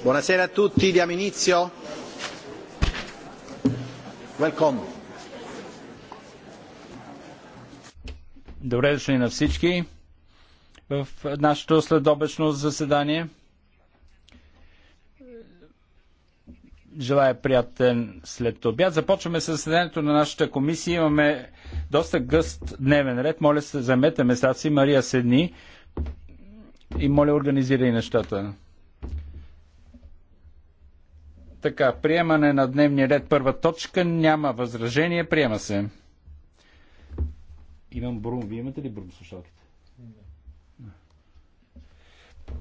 Buonasera a tutti, diamo inizio. Welcome. Добре дошли на всички в нашето следобечно заседание. Желая приятен след обяд. Започваме с заседанието на нашата комисия. Имаме доста гъст дневен ред. Моля се, замете места си. Мария седни и моля, организирай нещата. Така, приемане на дневния ред първа точка. Няма възражение. Приема се. Имам брум. Вие имате ли брум слушалките?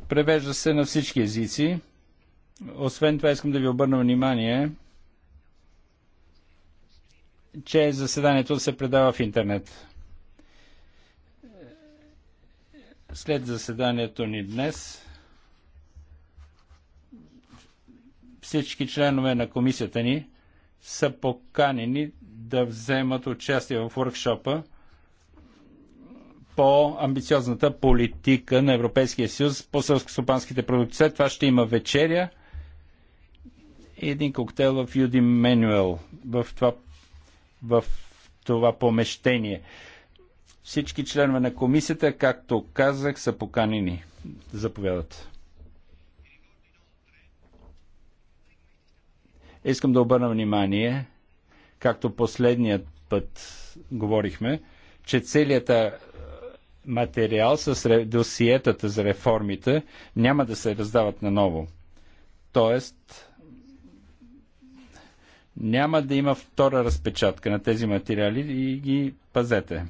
Превежда се на всички езици. Освен това искам да ви обърна внимание, че заседанието се предава в интернет. След заседанието ни днес Всички членове на комисията ни са поканени да вземат участие в уркшопа по амбициозната политика на Европейския съюз по сълскостопанските продукти. След това ще има вечеря и един коктейл в Юди Менюел в това, в това помещение. Всички членове на комисията, както казах, са поканени. Заповядат. Искам да обърна внимание, както последният път говорихме, че целият материал с досиетата за реформите няма да се раздават наново. Тоест, няма да има втора разпечатка на тези материали и ги пазете.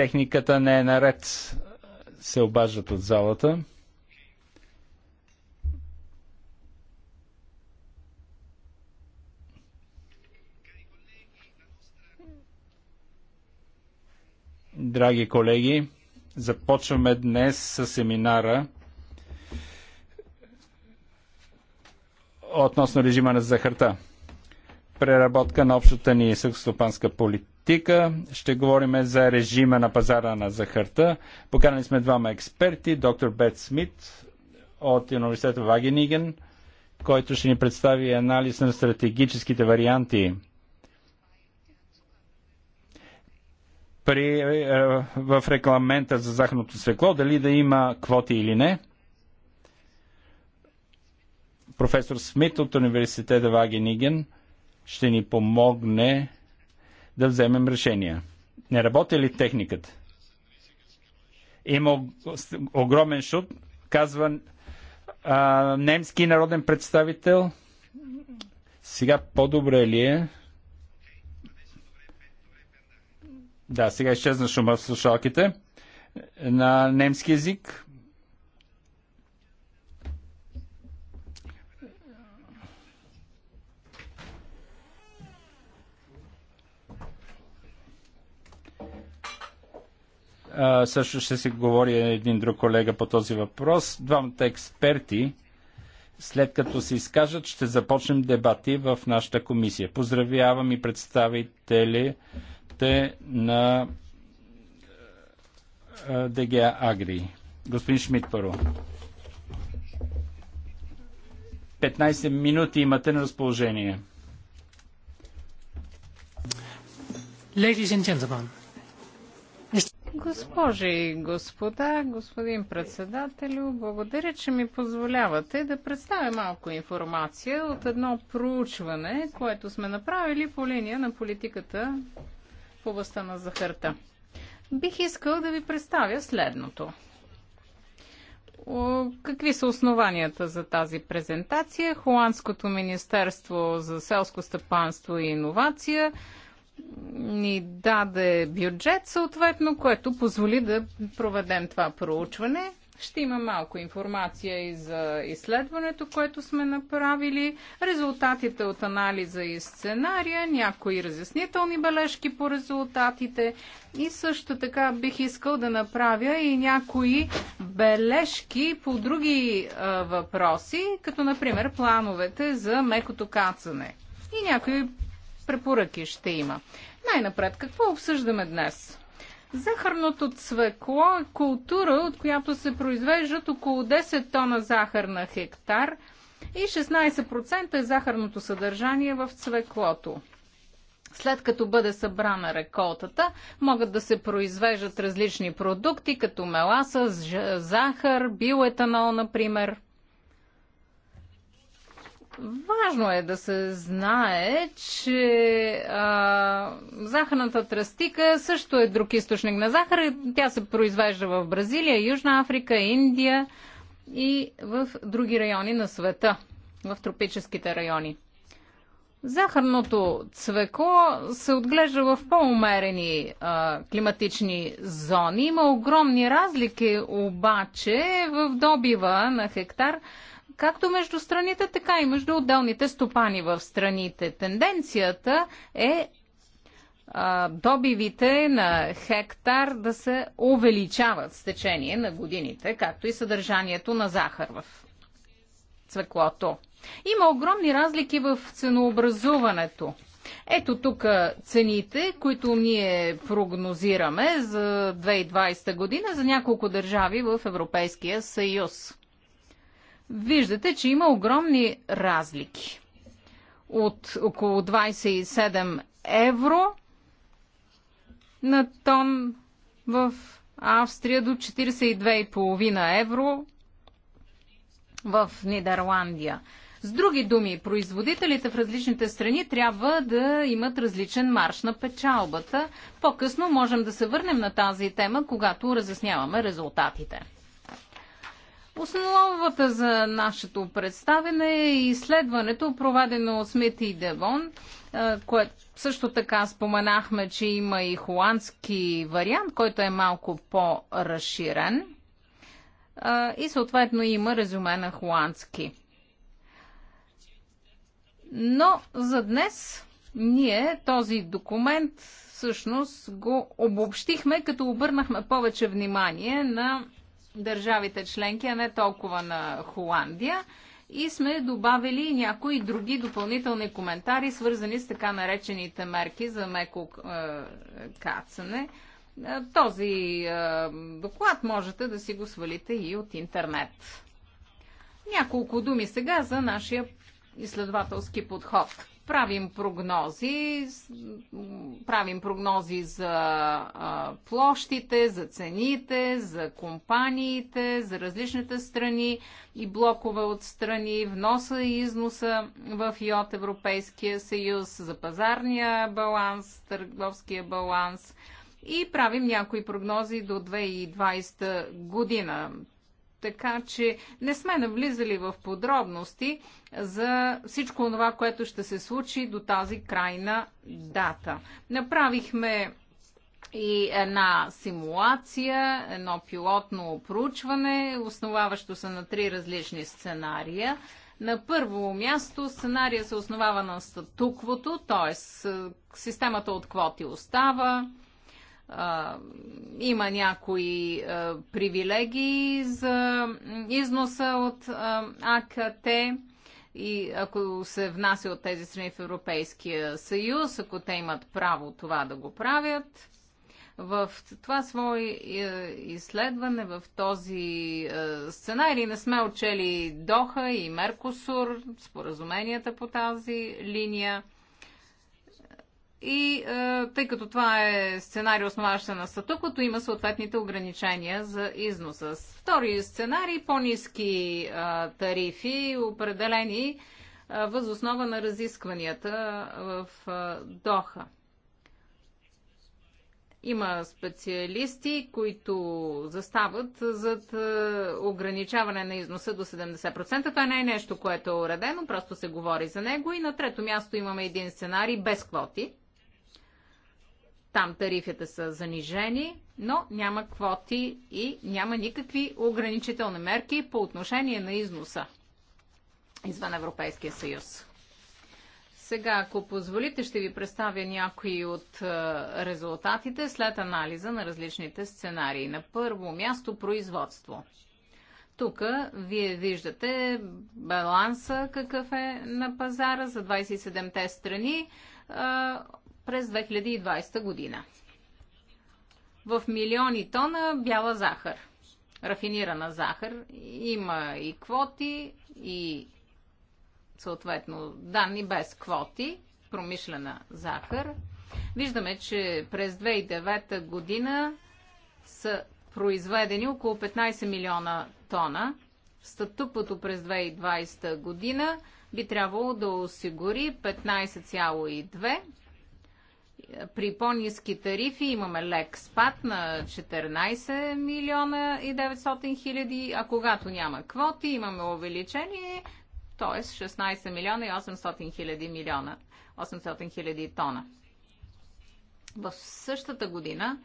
Техниката не е наред, се обаждат от залата. Драги колеги, започваме днес с семинара относно режима на захарта. Преработка на общата ни съкстопанска политика политика. Ще говорим за режима на пазара на захарта. Поканали сме двама експерти, доктор Бет Смит от университета Вагениген, който ще ни представи анализ на стратегическите варианти при, е, в рекламента за захарното свекло, дали да има квоти или не. Професор Смит от университета Вагениген ще ни помогне да вземем решения. Не работи ли техниката? Има огромен шут, казва а, немски народен представител. Сега по-добре ли е? Да, сега изчезна шума в слушалките на немски язик. също ще си говори един друг колега по този въпрос. Двамата експерти, след като се изкажат, ще започнем дебати в нашата комисия. Поздравявам и представителите на ДГА Агри. Господин Шмидт, първо. 15 минути имате на разположение. Ladies and gentlemen, Госпожи и господа, господин председателю, благодаря, че ми позволявате да представя малко информация от едно проучване, което сме направили по линия на политиката в областта на захарта. Бих искал да ви представя следното. Какви са основанията за тази презентация? Холандското министерство за селско стъпанство и иновация ни даде бюджет, съответно, което позволи да проведем това проучване. Ще има малко информация и за изследването, което сме направили, резултатите от анализа и сценария, някои разяснителни бележки по резултатите и също така бих искал да направя и някои бележки по други а, въпроси, като например плановете за мекото кацане и някои препоръки ще има. Най-напред, какво обсъждаме днес? Захарното цвекло е култура, от която се произвеждат около 10 тона захар на хектар и 16% е захарното съдържание в цвеклото. След като бъде събрана реколтата, могат да се произвеждат различни продукти, като меласа, захар, биоетанол, например – Важно е да се знае, че а, захарната тръстика също е друг източник на захар. Тя се произвежда в Бразилия, Южна Африка, Индия и в други райони на света, в тропическите райони. Захарното цвеко се отглежда в по-умерени климатични зони. Има огромни разлики обаче в добива на хектар както между страните, така и между отделните стопани в страните. Тенденцията е добивите на хектар да се увеличават с течение на годините, както и съдържанието на захар в цвеклото. Има огромни разлики в ценообразуването. Ето тук цените, които ние прогнозираме за 2020 година за няколко държави в Европейския съюз виждате, че има огромни разлики. От около 27 евро на тон в Австрия до 42,5 евро в Нидерландия. С други думи, производителите в различните страни трябва да имат различен марш на печалбата. По-късно можем да се върнем на тази тема, когато разясняваме резултатите. Основата за нашето представене е изследването, проведено от Смит и Девон, което също така споменахме, че има и холандски вариант, който е малко по-разширен. И съответно има резюме на холандски. Но за днес ние този документ всъщност го обобщихме, като обърнахме повече внимание на държавите членки, а не толкова на Холандия. И сме добавили някои други допълнителни коментари, свързани с така наречените мерки за меко е, кацане. Е, този е, доклад можете да си го свалите и от интернет. Няколко думи сега за нашия изследователски подход правим прогнози, правим прогнози за площите, за цените, за компаниите, за различните страни и блокове от страни, вноса и износа в и от Европейския съюз, за пазарния баланс, търговския баланс и правим някои прогнози до 2020 година така че не сме навлизали в подробности за всичко това, което ще се случи до тази крайна дата. Направихме и една симулация, едно пилотно проучване, основаващо се на три различни сценария. На първо място сценария се основава на статуквото, т.е. системата от квоти остава, а, има някои а, привилегии за износа от а, АКТ и ако се внася от тези страни в Европейския съюз, ако те имат право това да го правят, в това свое е, изследване, в този е, сценарий не сме отчели Доха и Меркосур, споразуменията по тази линия. И е, тъй като това е сценарий основаващ се на статуквото, има съответните ограничения за износа. Втори сценарий по-низки е, тарифи, определени е, възоснова на разискванията е, в е, Доха. Има специалисти, които застават зад е, ограничаване на износа до 70%. Това не е нещо, което е уредено, просто се говори за него. И на трето място имаме един сценарий без квоти. Там тарифите са занижени, но няма квоти и няма никакви ограничителни мерки по отношение на износа извън Европейския съюз. Сега, ако позволите, ще ви представя някои от е, резултатите след анализа на различните сценарии. На първо място производство. Тук вие виждате баланса какъв е на пазара за 27-те страни е, през 2020 година. В милиони тона бяла захар, рафинирана захар. Има и квоти, и съответно данни без квоти, промишлена захар. Виждаме, че през 2009 година са произведени около 15 милиона тона. Статупото през 2020 година би трябвало да осигури 15,2 при по-низки тарифи имаме лек спад на 14 милиона и 900 хиляди, а когато няма квоти имаме увеличение, т.е. 16 милиона и 800 хиляди милиона, 800 хиляди тона. В същата година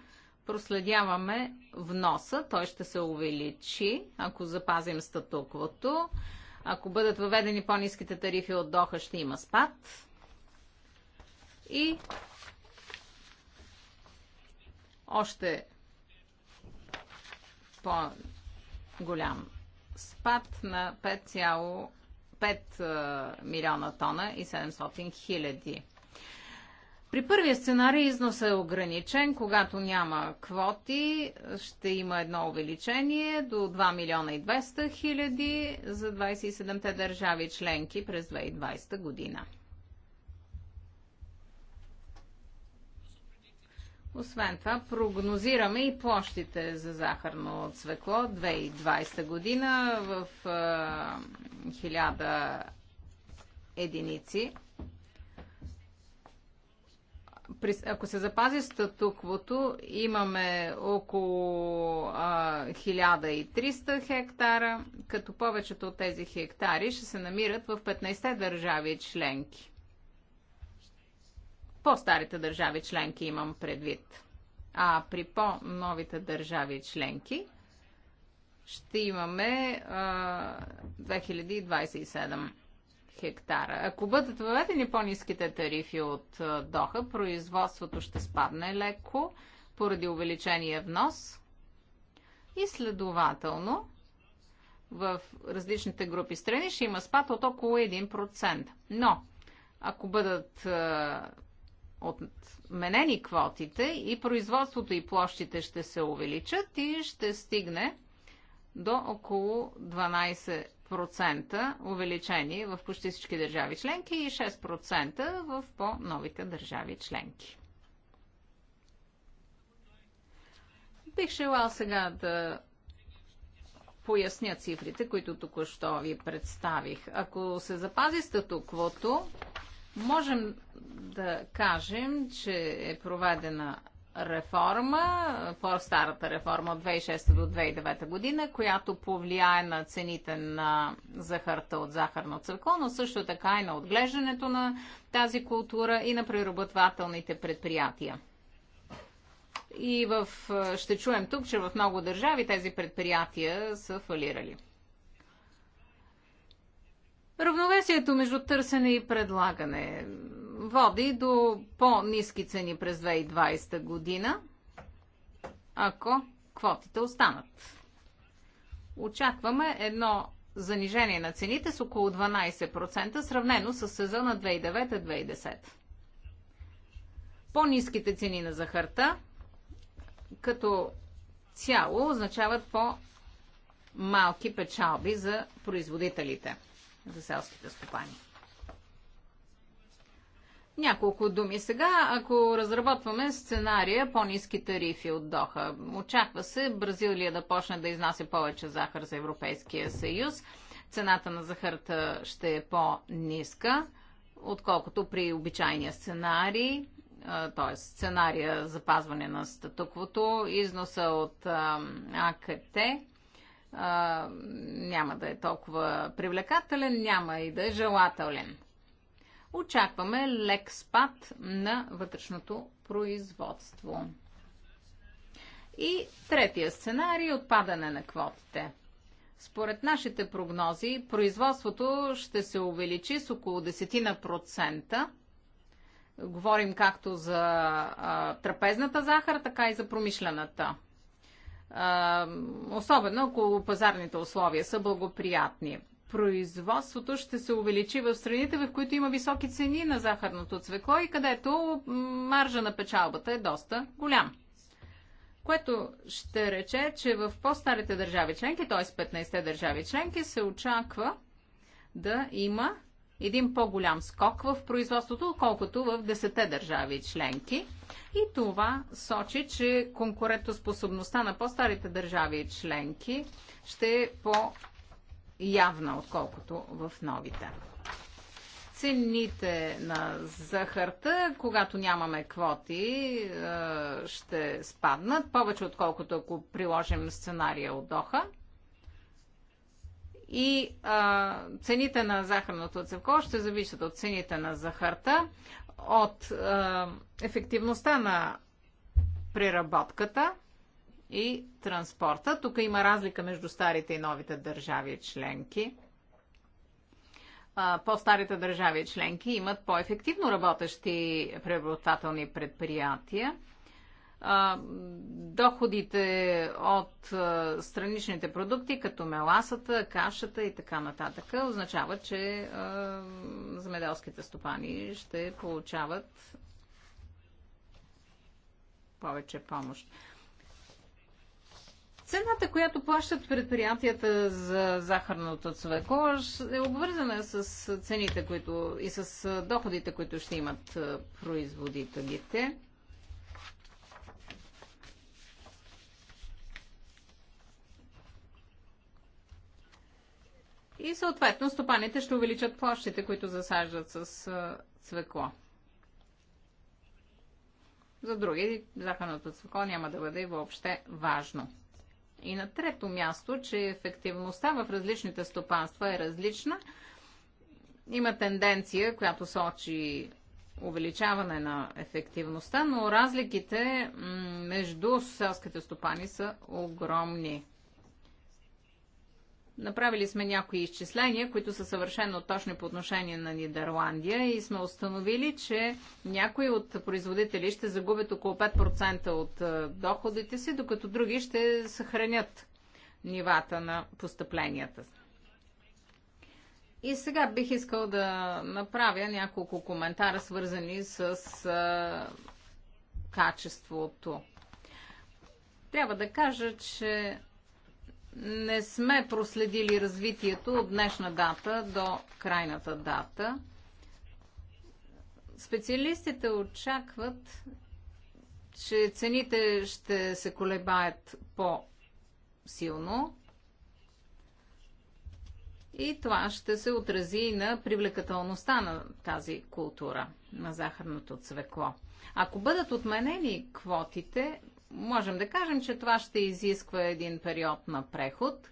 проследяваме вноса, той ще се увеличи, ако запазим статуквото. Ако бъдат въведени по-низките тарифи от Доха, ще има спад. И още по-голям спад на 5,5 милиона тона и 700 хиляди. При първия сценарий износ е ограничен. Когато няма квоти, ще има едно увеличение до 2 милиона и 200 хиляди за 27-те държави членки през 2020 година. Освен това, прогнозираме и площите за захарно цвекло 2020 година в е, 1000 единици. Ако се запази статуквото, имаме около а, 1300 хектара, като повечето от тези хектари ще се намират в 15 държави членки по-старите държави членки имам предвид. А при по-новите държави членки ще имаме а, 2027 хектара. Ако бъдат въведени по-низките тарифи от а, Доха, производството ще спадне леко поради увеличение внос и следователно в различните групи страни ще има спад от около 1%. Но ако бъдат а, отменени квотите и производството и площите ще се увеличат и ще стигне до около 12% увеличение в почти всички държави членки и 6% в по-новите държави членки. Бих желал сега да поясня цифрите, които току-що ви представих. Ако се запази статуквото, Можем да кажем, че е проведена реформа, по-старата реформа от 2006 до 2009 година, която повлияе на цените на захарта от захарно църкло, но също така и на отглеждането на тази култура и на преработвателните предприятия. И в, ще чуем тук, че в много държави тези предприятия са фалирали. Равновесието между търсене и предлагане води до по-низки цени през 2020 година, ако квотите останат. Очакваме едно занижение на цените с около 12%, сравнено с сезона 2009-2010. По-низките цени на захарта като цяло означават по-малки печалби за производителите за селските стопани. Няколко думи сега. Ако разработваме сценария по-низки тарифи от Доха, очаква се Бразилия да почне да изнася повече захар за Европейския съюз. Цената на захарта ще е по-ниска, отколкото при обичайния сценарий, т.е. сценария запазване на статуквото, износа от АКТ а, няма да е толкова привлекателен, няма и да е желателен. Очакваме лек спад на вътрешното производство. И третия сценарий отпадане на квотите. Според нашите прогнози, производството ще се увеличи с около 10%. Говорим както за а, трапезната захар, така и за промишлената особено ако пазарните условия са благоприятни. Производството ще се увеличи в страните, в които има високи цени на захарното цвекло и където маржа на печалбата е доста голям. Което ще рече, че в по-старите държави членки, т.е. 15-те държави членки, се очаква да има един по-голям скок в производството, отколкото в 10 държави членки. И това сочи, че конкурентоспособността на по-старите държави членки ще е по-явна, отколкото в новите. Цените на захарта, когато нямаме квоти, е, ще спаднат повече, отколкото ако приложим сценария от Доха и а, цените на захарното цевко ще зависят от цените на захарта, от а, ефективността на преработката и транспорта. Тук има разлика между старите и новите държави членки. По-старите държави членки имат по-ефективно работещи преработвателни предприятия доходите от страничните продукти, като меласата, кашата и така нататък, означава, че а, земеделските стопани ще получават повече помощ. Цената, която плащат предприятията за захарното цвеко, е обвързана с цените които, и с доходите, които ще имат производителите. И съответно стопаните ще увеличат площите, които засаждат с цвекло. За други захарното цвекло няма да бъде въобще важно. И на трето място, че ефективността в различните стопанства е различна. Има тенденция, която сочи увеличаване на ефективността, но разликите между селските стопани са огромни. Направили сме някои изчисления, които са съвършено точни по отношение на Нидерландия и сме установили, че някои от производители ще загубят около 5% от е, доходите си, докато други ще съхранят нивата на постъпленията. И сега бих искал да направя няколко коментара, свързани с е, качеството. Трябва да кажа, че не сме проследили развитието от днешна дата до крайната дата. Специалистите очакват, че цените ще се колебаят по-силно и това ще се отрази и на привлекателността на тази култура, на захарното цвекло. Ако бъдат отменени квотите, можем да кажем, че това ще изисква един период на преход.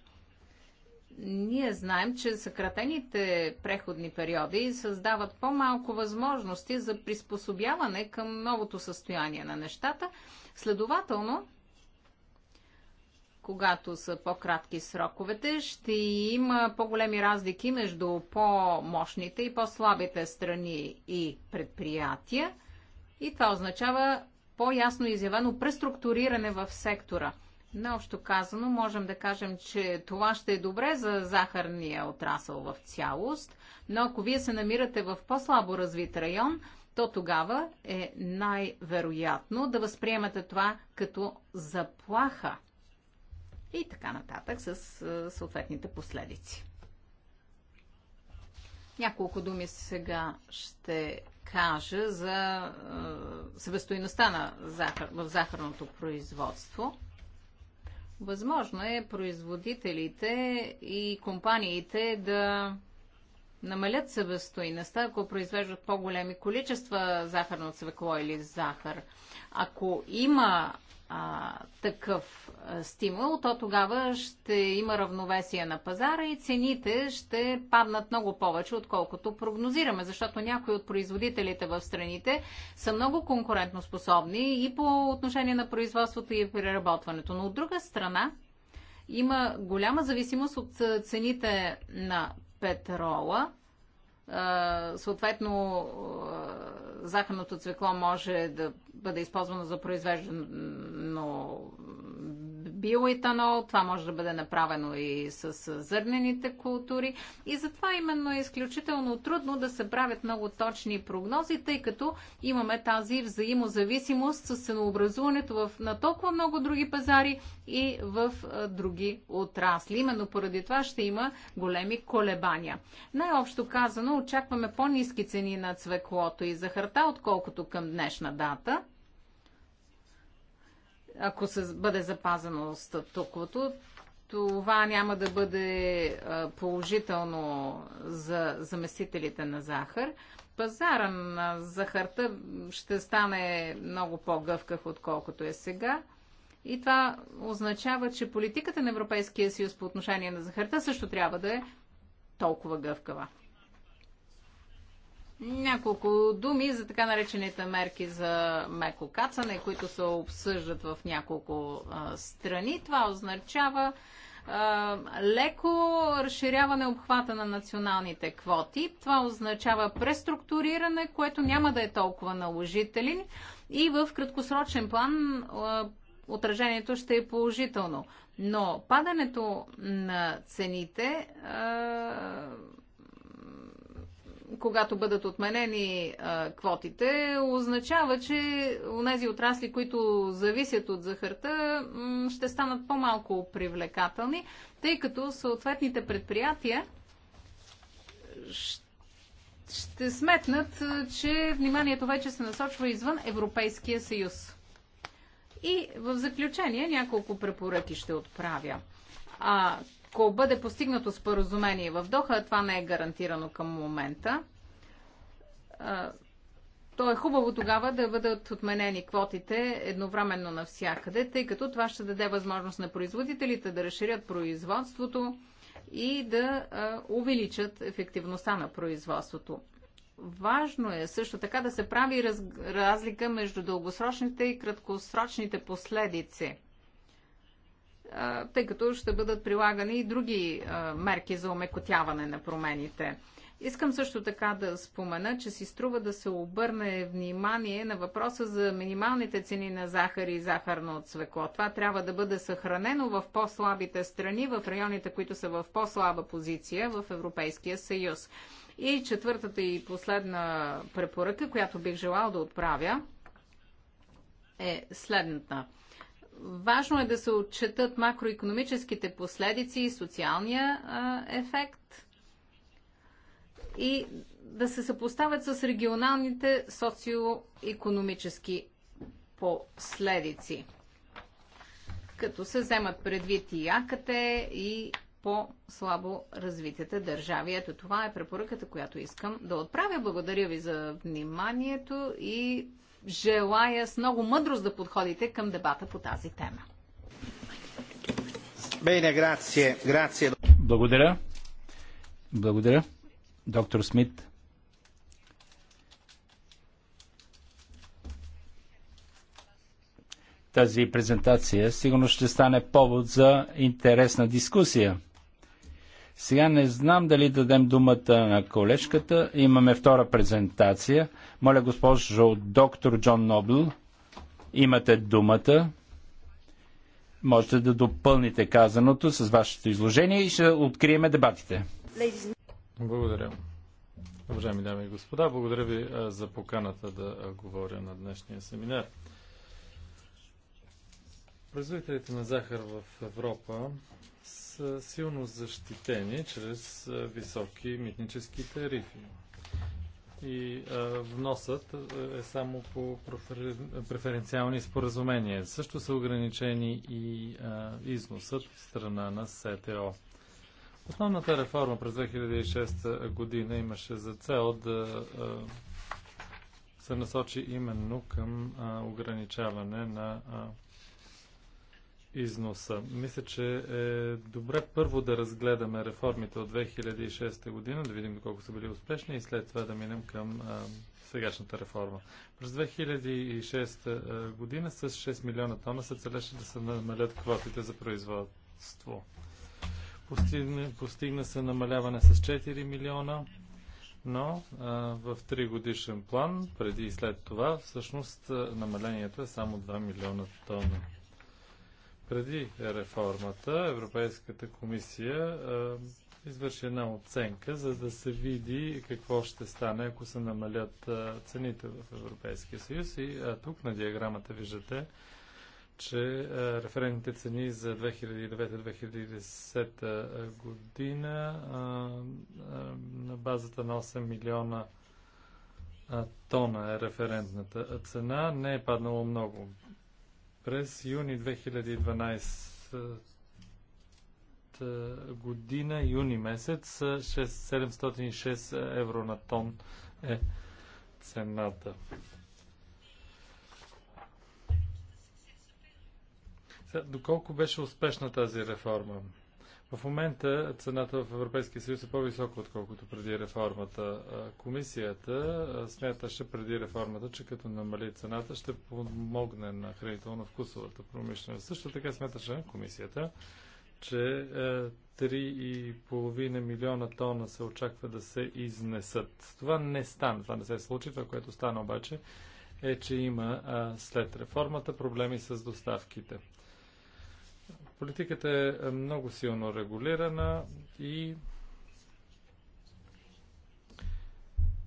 Ние знаем, че съкратените преходни периоди създават по-малко възможности за приспособяване към новото състояние на нещата. Следователно, когато са по-кратки сроковете, ще има по-големи разлики между по-мощните и по-слабите страни и предприятия. И това означава по-ясно изявено преструктуриране в сектора. Наобщо казано, можем да кажем, че това ще е добре за захарния отрасъл в цялост, но ако вие се намирате в по-слабо развит район, то тогава е най-вероятно да възприемате това като заплаха и така нататък с съответните последици. Няколко думи сега ще кажа за е, себестоиността на захар, в захарното производство. Възможно е производителите и компаниите да намалят себестоиността, ако произвеждат по-големи количества захарно цвекло или захар. Ако има а, такъв стимул, то тогава ще има равновесие на пазара и цените ще паднат много повече, отколкото прогнозираме, защото някои от производителите в страните са много конкурентно способни и по отношение на производството и преработването. Но от друга страна, има голяма зависимост от цените на петрола съответно захарното цвекло може да бъде използвано за произвеждано биоетанол, това може да бъде направено и с зърнените култури. И затова именно е изключително трудно да се правят много точни прогнози, тъй като имаме тази взаимозависимост с ценообразуването в, на толкова много други пазари и в а, други отрасли. Именно поради това ще има големи колебания. Най-общо казано, очакваме по-низки цени на цвеклото и захарта, отколкото към днешна дата – ако се бъде запазено статуквото, това няма да бъде положително за заместителите на захар. Пазара на захарта ще стане много по-гъвкав, отколкото е сега. И това означава, че политиката на Европейския съюз по отношение на захарта също трябва да е толкова гъвкава. Няколко думи за така наречените мерки за меко кацане, които се обсъждат в няколко а, страни. Това означава а, леко разширяване обхвата на националните квоти. Това означава преструктуриране, което няма да е толкова наложителен и в краткосрочен план а, отражението ще е положително. Но падането на цените когато бъдат отменени а, квотите, означава, че тези отрасли, които зависят от захарта, ще станат по-малко привлекателни, тъй като съответните предприятия ще ще сметнат, че вниманието вече се насочва извън Европейския съюз. И в заключение няколко препоръки ще отправя. А, ако бъде постигнато споразумение в Доха, това не е гарантирано към момента, то е хубаво тогава да бъдат отменени квотите едновременно навсякъде, тъй като това ще даде възможност на производителите да разширят производството и да увеличат ефективността на производството. Важно е също така да се прави разлика между дългосрочните и краткосрочните последици тъй като ще бъдат прилагани и други мерки за омекотяване на промените. Искам също така да спомена, че си струва да се обърне внимание на въпроса за минималните цени на захар и захарно цвекло. Това трябва да бъде съхранено в по-слабите страни, в районите, които са в по-слаба позиция в Европейския съюз. И четвъртата и последна препоръка, която бих желал да отправя, е следната – Важно е да се отчетат макроекономическите последици и социалния а, ефект и да се съпоставят с регионалните социоекономически последици, като се вземат предвид и якате и по-слабо развитите държави. Ето това е препоръката, която искам да отправя. Благодаря ви за вниманието и желая с много мъдрост да подходите към дебата по тази тема. грация, грация. Благодаря. Благодаря. Доктор Смит. Тази презентация сигурно ще стане повод за интересна дискусия. Сега не знам дали дадем думата на колежката. Имаме втора презентация. Моля, госпожо доктор Джон Нобл, имате думата. Можете да допълните казаното с вашето изложение и ще откриеме дебатите. Благодаря. Уважаеми дами и господа, благодаря ви за поканата да говоря на днешния семинар. Производителите на захар в Европа са силно защитени чрез високи митнически тарифи. И а, вносът е само по преференциални споразумения. Също са ограничени и а, износът в страна на СТО. Основната реформа през 2006 година имаше за цел да а, се насочи именно към ограничаване на износа. Мисля, че е добре първо да разгледаме реформите от 2006 година, да видим колко са били успешни и след това да минем към а, сегашната реформа. През 2006 година с 6 милиона тона се целеше да се намалят квотите за производство. Постигна, постигна се намаляване с 4 милиона, но а, в 3 годишен план, преди и след това, всъщност намалението е само 2 милиона тона. Преди реформата Европейската комисия а, извърши една оценка, за да се види какво ще стане, ако се намалят а, цените в Европейския съюз. И а, тук на диаграмата виждате, че референтните цени за 2009-2010 година на базата на 8 милиона тона е референтната цена. Не е паднало много. През юни 2012 година, юни месец, 706 евро на тон е цената. Доколко беше успешна тази реформа? В момента цената в Европейския съюз е по-висока, отколкото преди реформата. Комисията смяташе преди реформата, че като намали цената, ще помогне на хранително-вкусовата промишленост. Също така смяташе комисията, че 3,5 милиона тона се очаква да се изнесат. Това не стана, това не се случи. Това, което стана обаче, е, че има след реформата проблеми с доставките. Политиката е, е много силно регулирана и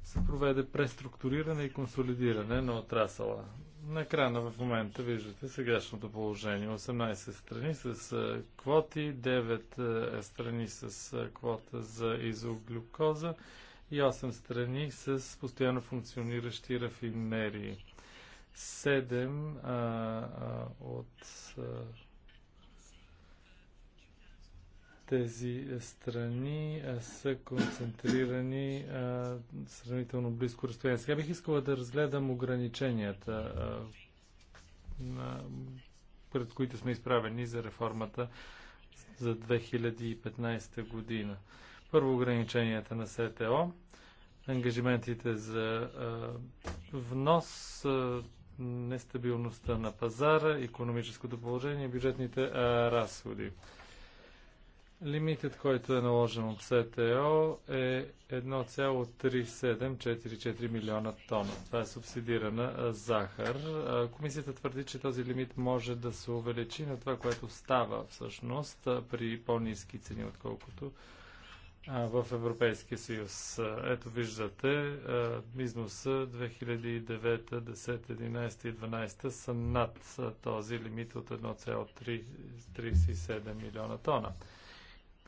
се проведе преструктуриране и консолидиране на отрасала. На екрана в момента виждате сегашното положение. 18 страни с е, квоти, 9 е, страни с квота за изоглюкоза и 8 страни с постоянно функциониращи рафинерии. 7 а, а, от а, тези е, страни е, са концентрирани а, е, сравнително близко разстояние. Сега бих искала да разгледам ограниченията, а, на, пред които сме изправени за реформата за 2015 година. Първо ограниченията на СТО, ангажиментите за а, внос, а, нестабилността на пазара, економическото положение, бюджетните а, разходи. Лимитът, който е наложен от СТО е 1,3744 милиона тона. Това е субсидирана захар. Комисията твърди, че този лимит може да се увеличи на това, което става всъщност при по-низки цени, отколкото в Европейския съюз. Ето виждате, износа 2009, 10, 11 и 12 са над този лимит от 1,37 милиона тона.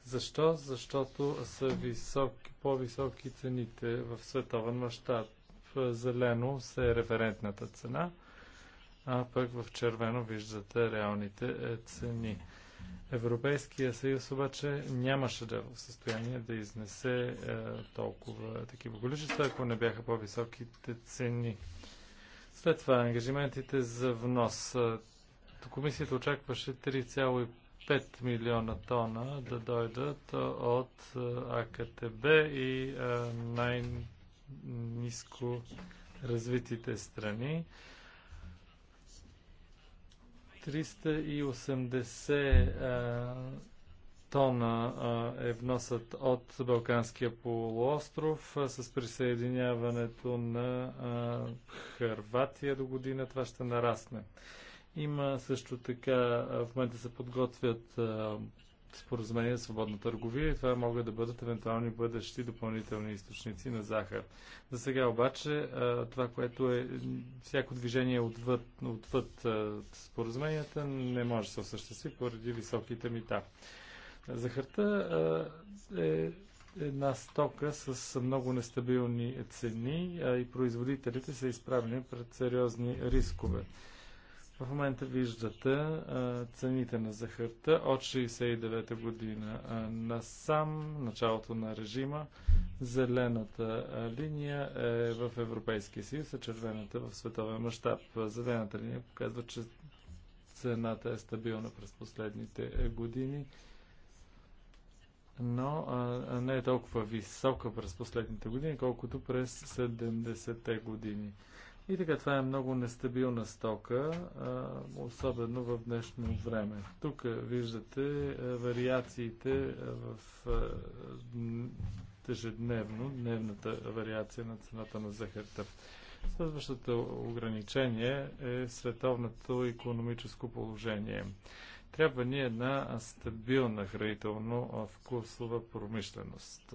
Защо? Защото са високи, по-високи цените в световен мащаб. Зелено се е референтната цена, а пък в червено виждате реалните е, цени. Европейския съюз обаче нямаше да е в състояние да изнесе е, толкова е, такива количества, ако не бяха по-високите цени. След това ангажиментите за внос. Е, комисията очакваше 3,5 5 милиона тона да дойдат от АКТБ и най-низко развитите страни. 380 тона е вносът от Балканския полуостров с присъединяването на Харватия до година. Това ще нарасне. Има също така, в момента се подготвят споразумения за свободна търговия и това могат да бъдат евентуални бъдещи допълнителни източници на захар. За сега обаче това, което е всяко движение е отвъд, отвъд споразуменията не може да се осъществи поради високите мита. Захарта е една стока с много нестабилни цени и производителите са изправени пред сериозни рискове. В момента виждате а, цените на захарта от 69-та година а, насам, началото на режима. Зелената а, линия е в Европейския съюз, а червената в световен мащаб. Зелената линия показва, че цената е стабилна през последните е, години, но а, не е толкова висока през последните години, колкото през 70-те години. И така, това е много нестабилна стока, особено в днешно време. Тук виждате вариациите в ежедневно, дневната вариация на цената на захарта. Следващото ограничение е световното економическо положение. Трябва ни една стабилна хранително-вкусова промишленост.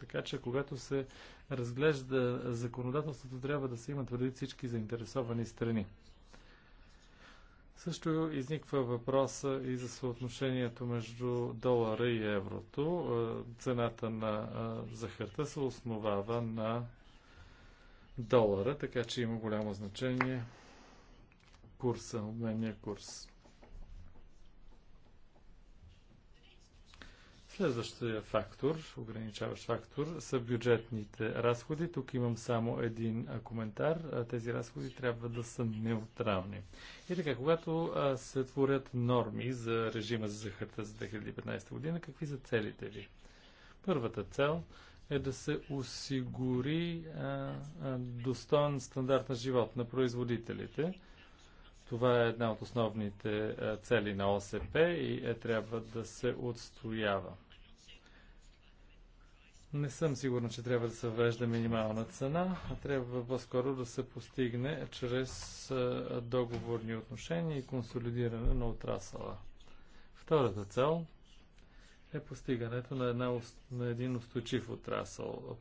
Така че, когато се разглежда законодателството, трябва да се имат предвид всички заинтересовани страни. Също изниква въпроса и за съотношението между долара и еврото. Е, цената на е, захарта се основава на долара, така че има голямо значение курса, обменния курс. Следващия фактор, ограничаващ фактор, са бюджетните разходи. Тук имам само един коментар. Тези разходи трябва да са неутрални. И така, когато се творят норми за режима за захарта за 2015 година, какви са целите ви? Първата цел е да се осигури достоен стандарт на живот на производителите. Това е една от основните цели на ОСП и е трябва да се отстоява. Не съм сигурна, че трябва да се въвежда минимална цена, а трябва по-скоро да се постигне чрез договорни отношения и консолидиране на отрасъла. Втората цел е постигането на, една, на един устойчив отрасъл.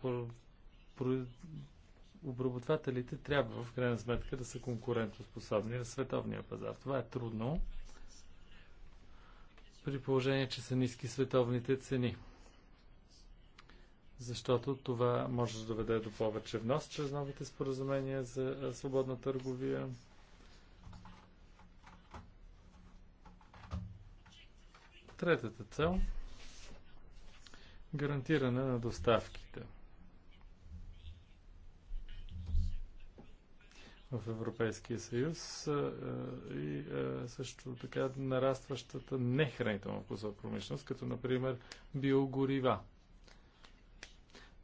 Обработвателите трябва в крайна сметка да са конкурентоспособни на световния пазар. Това е трудно при положение, че са ниски световните цени защото това може да доведе до повече внос чрез новите споразумения за свободна търговия. Третата цел гарантиране на доставките. в Европейския съюз и също така нарастващата нехранителна вкусова промишленост, като например биогорива.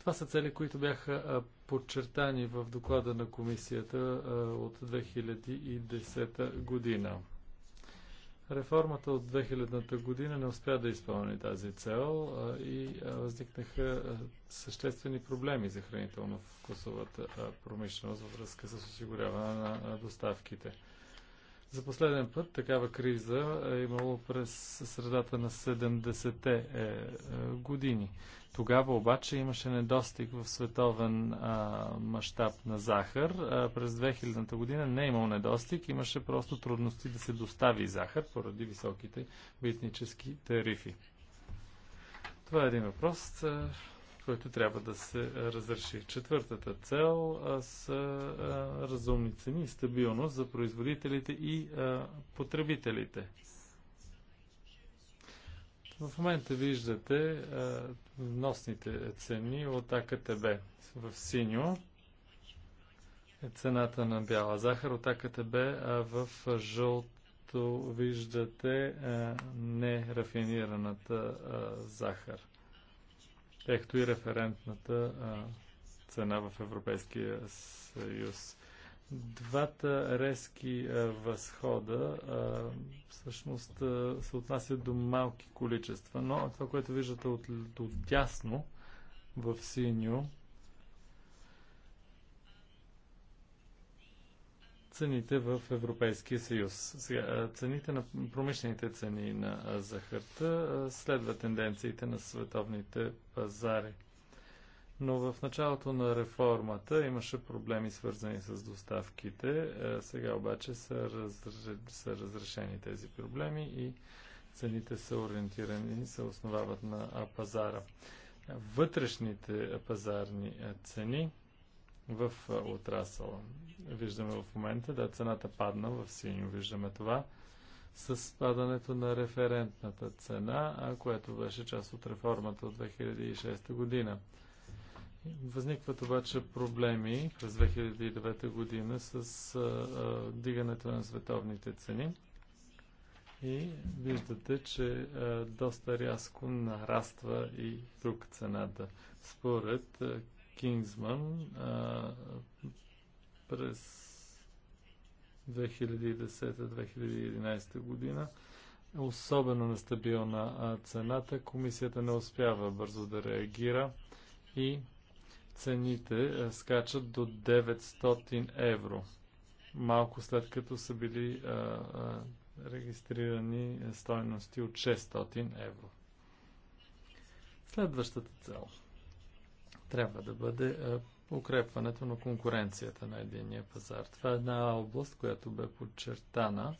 Това са цели, които бяха подчертани в доклада на комисията от 2010 година. Реформата от 2000-та година не успя да изпълни тази цел и възникнаха съществени проблеми за хранително-вкусовата промишленост във връзка с осигуряване на доставките. За последен път такава криза е имало през средата на 70-те е, е, години. Тогава обаче имаше недостиг в световен мащаб на захар. А, през 2000-та година не е имал недостиг, имаше просто трудности да се достави захар поради високите битнически тарифи. Това е един въпрос. Е, което трябва да се разреши. Четвъртата цел са разумни цени и стабилност за производителите и потребителите. В момента виждате вносните цени от АКТБ. В синьо е цената на бяла захар от АКТБ, а в жълто виждате нерафинираната захар като и референтната цена в Европейския съюз. Двата резки възхода всъщност се отнасят до малки количества, но това, което виждате от, от дясно в синьо, цените в Европейския съюз. Сега, цените на промишлените цени на захарта следва тенденциите на световните пазари. Но в началото на реформата имаше проблеми свързани с доставките. Сега обаче са, разр... са разрешени тези проблеми и цените са ориентирани и се основават на пазара. Вътрешните пазарни цени в отрасъла. Виждаме в момента, да, цената падна в синьо, виждаме това с падането на референтната цена, което беше част от реформата от 2006 година. Възникват обаче проблеми през 2009 година с а, а, дигането на световните цени и виждате, че а, доста рязко нараства и тук цената. Според а, Кингсман а, през 2010-2011 година е особено нестабилна цената. Комисията не успява бързо да реагира и цените скачат до 900 евро. Малко след като са били а, а, регистрирани стойности от 600 евро. Следващата цел – трябва да бъде укрепването на конкуренцията на единния пазар. Това е една област, която бе подчертана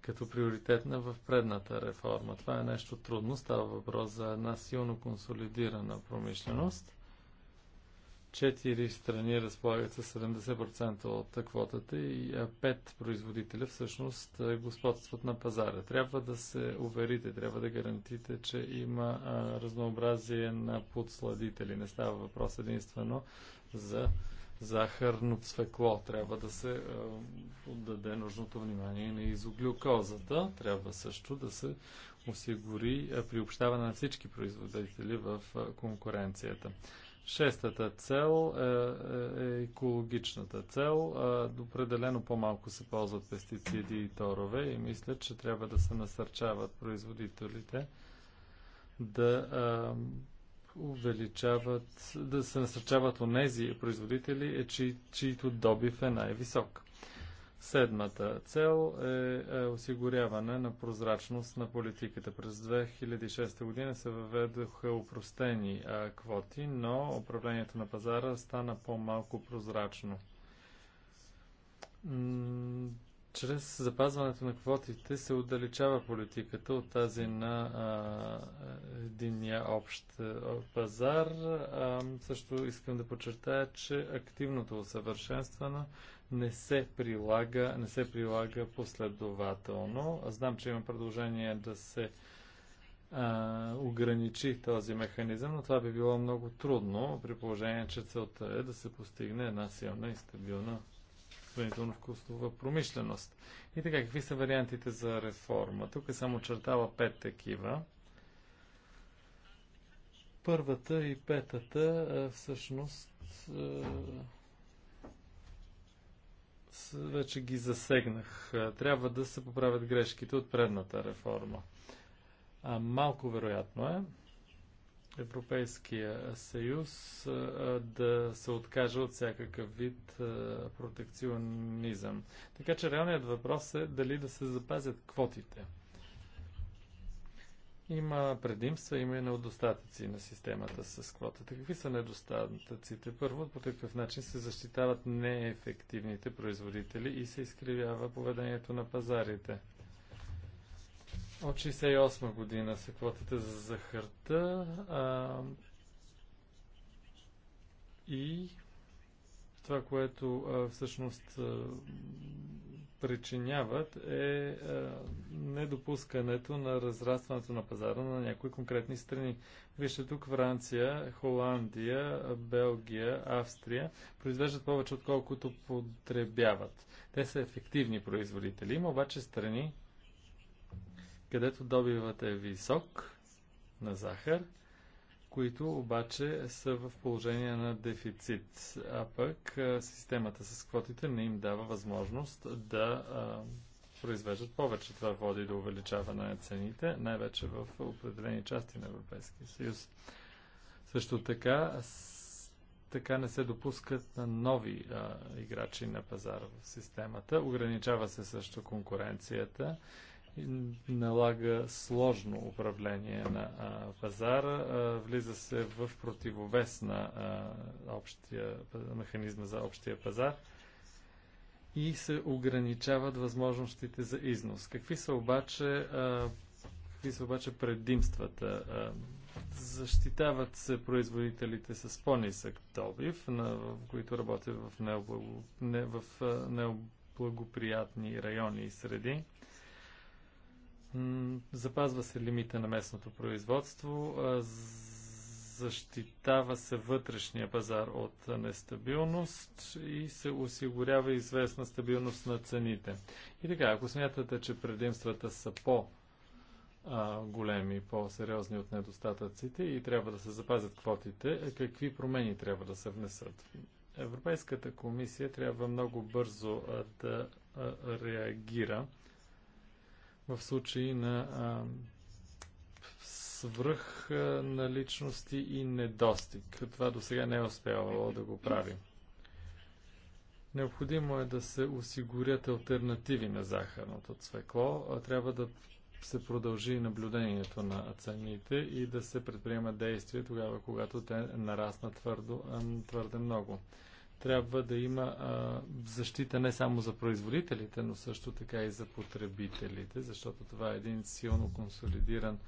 като приоритетна в предната реформа. Това е нещо трудно. Става въпрос за една силно консолидирана промишленост Четири страни разполагат с 70% от квотата и пет производителя всъщност господстват на пазара. Трябва да се уверите, трябва да гарантите, че има разнообразие на подсладители. Не става въпрос единствено за захарно цвекло. Трябва да се отдаде нужното внимание на изоглюкозата. Трябва също да се осигури приобщаване на всички производители в конкуренцията. Шестата цел е, е, е екологичната цел. Е, определено по-малко се ползват пестициди и торове и мисля, че трябва да се насърчават производителите да е, увеличават, да се насърчават нези производители, чи, е, чието добив е най-висок. Седмата цел е, е осигуряване на прозрачност на политиката. През 2006 година се въведоха упростени а, квоти, но управлението на пазара стана по-малко прозрачно чрез запазването на квотите се отдалечава политиката от тази на а, единния общ пазар. А, също искам да подчертая, че активното усъвършенстване не се прилага, не се прилага последователно. знам, че има предложение да се а, ограничи този механизъм, но това би било много трудно, при положение, че целта е да се постигне една силна и стабилна хранително-вкусова промишленост. И така, какви са вариантите за реформа? Тук е само чертава пет такива. Първата и петата всъщност вече ги засегнах. Трябва да се поправят грешките от предната реформа. малко вероятно е. Европейския съюз да се откаже от всякакъв вид протекционизъм. Така че реалният въпрос е дали да се запазят квотите. Има предимства, има и недостатъци на системата с квотата. Какви са недостатъците? Първо, по такъв начин се защитават неефективните производители и се изкривява поведението на пазарите. От 68 година са квотите за захарта а, и това, което а, всъщност а, причиняват е а, недопускането на разрастването на пазара на някои конкретни страни. Вижте тук Франция, Холандия, Белгия, Австрия произвеждат повече отколкото потребяват. Те са ефективни производители. Има обаче страни, където добивът е висок на захар, които обаче са в положение на дефицит. А пък системата с квотите не им дава възможност да произвеждат повече. Това води до увеличаване на цените, най-вече в определени части на Европейския съюз. Също така, така не се допускат нови а, играчи на пазара в системата. Ограничава се също конкуренцията налага сложно управление на а, пазара, а, влиза се в противовес на а, общия, механизма за общия пазар и се ограничават възможностите за износ. Какви са обаче, а, какви са обаче предимствата? А, защитават се производителите с по-нисък добив, на, в които работят в, необлаго, не, в необлагоприятни райони и среди Запазва се лимита на местното производство, защитава се вътрешния пазар от нестабилност и се осигурява известна стабилност на цените. И така, ако смятате, че предимствата са по- големи, по-сериозни от недостатъците и трябва да се запазят квотите, е, какви промени трябва да се внесат? Европейската комисия трябва много бързо да реагира в случаи на свръх наличности и недостиг. Това до сега не е успявало да го прави. Необходимо е да се осигурят альтернативи на захарното цвекло. Трябва да се продължи наблюдението на цените и да се предприемат действия тогава, когато те нараснат твърдо, твърде много трябва да има а, защита не само за производителите, но също така и за потребителите, защото това е един силно консолидиран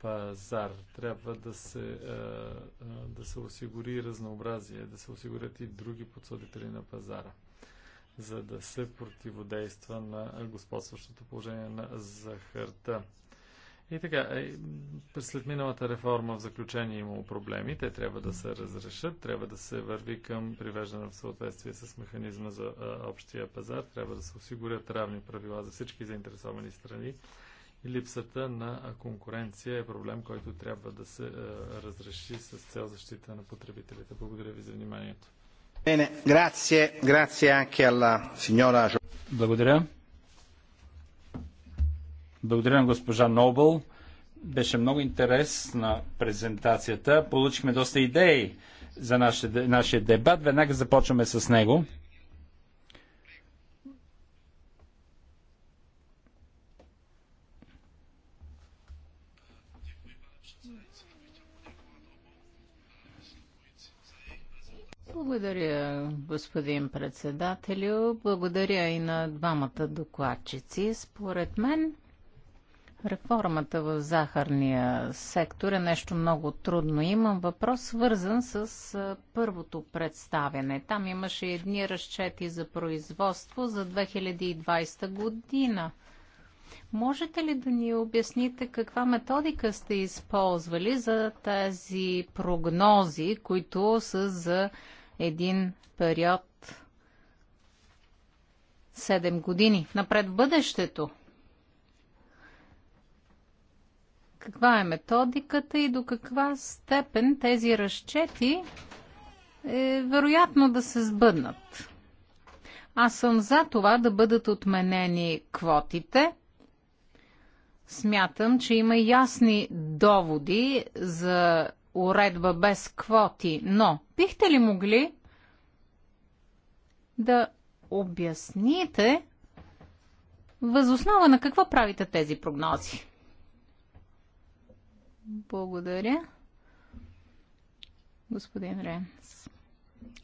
пазар. Трябва да се, а, да се осигури разнообразие, да се осигурят и други подсудители на пазара, за да се противодейства на господстващото положение на захарта. И така, е, след миналата реформа в заключение е имало проблеми, те трябва да се разрешат, трябва да се върви към привеждане в съответствие с механизма за а, е, общия пазар, трябва да се осигурят равни правила за всички заинтересовани страни. И липсата на конкуренция е проблем, който трябва да се а, разреши с цел защита на потребителите. Благодаря ви за вниманието. Благодаря. Благодаря на госпожа Нобъл. Беше много интересна презентацията. Получихме доста идеи за нашия, нашия дебат. Веднага започваме с него. Благодаря, господин председателю. Благодаря и на двамата докладчици. Според мен, Реформата в захарния сектор е нещо много трудно. Имам въпрос, свързан с първото представяне. Там имаше едни разчети за производство за 2020 година. Можете ли да ни обясните каква методика сте използвали за тези прогнози, които са за един период 7 години напред в бъдещето? каква е методиката и до каква степен тези разчети е вероятно да се сбъднат. Аз съм за това да бъдат отменени квотите. Смятам, че има ясни доводи за уредба без квоти, но бихте ли могли да обясните възоснова на какво правите тези прогнози? Благодаря. Господин Ренс.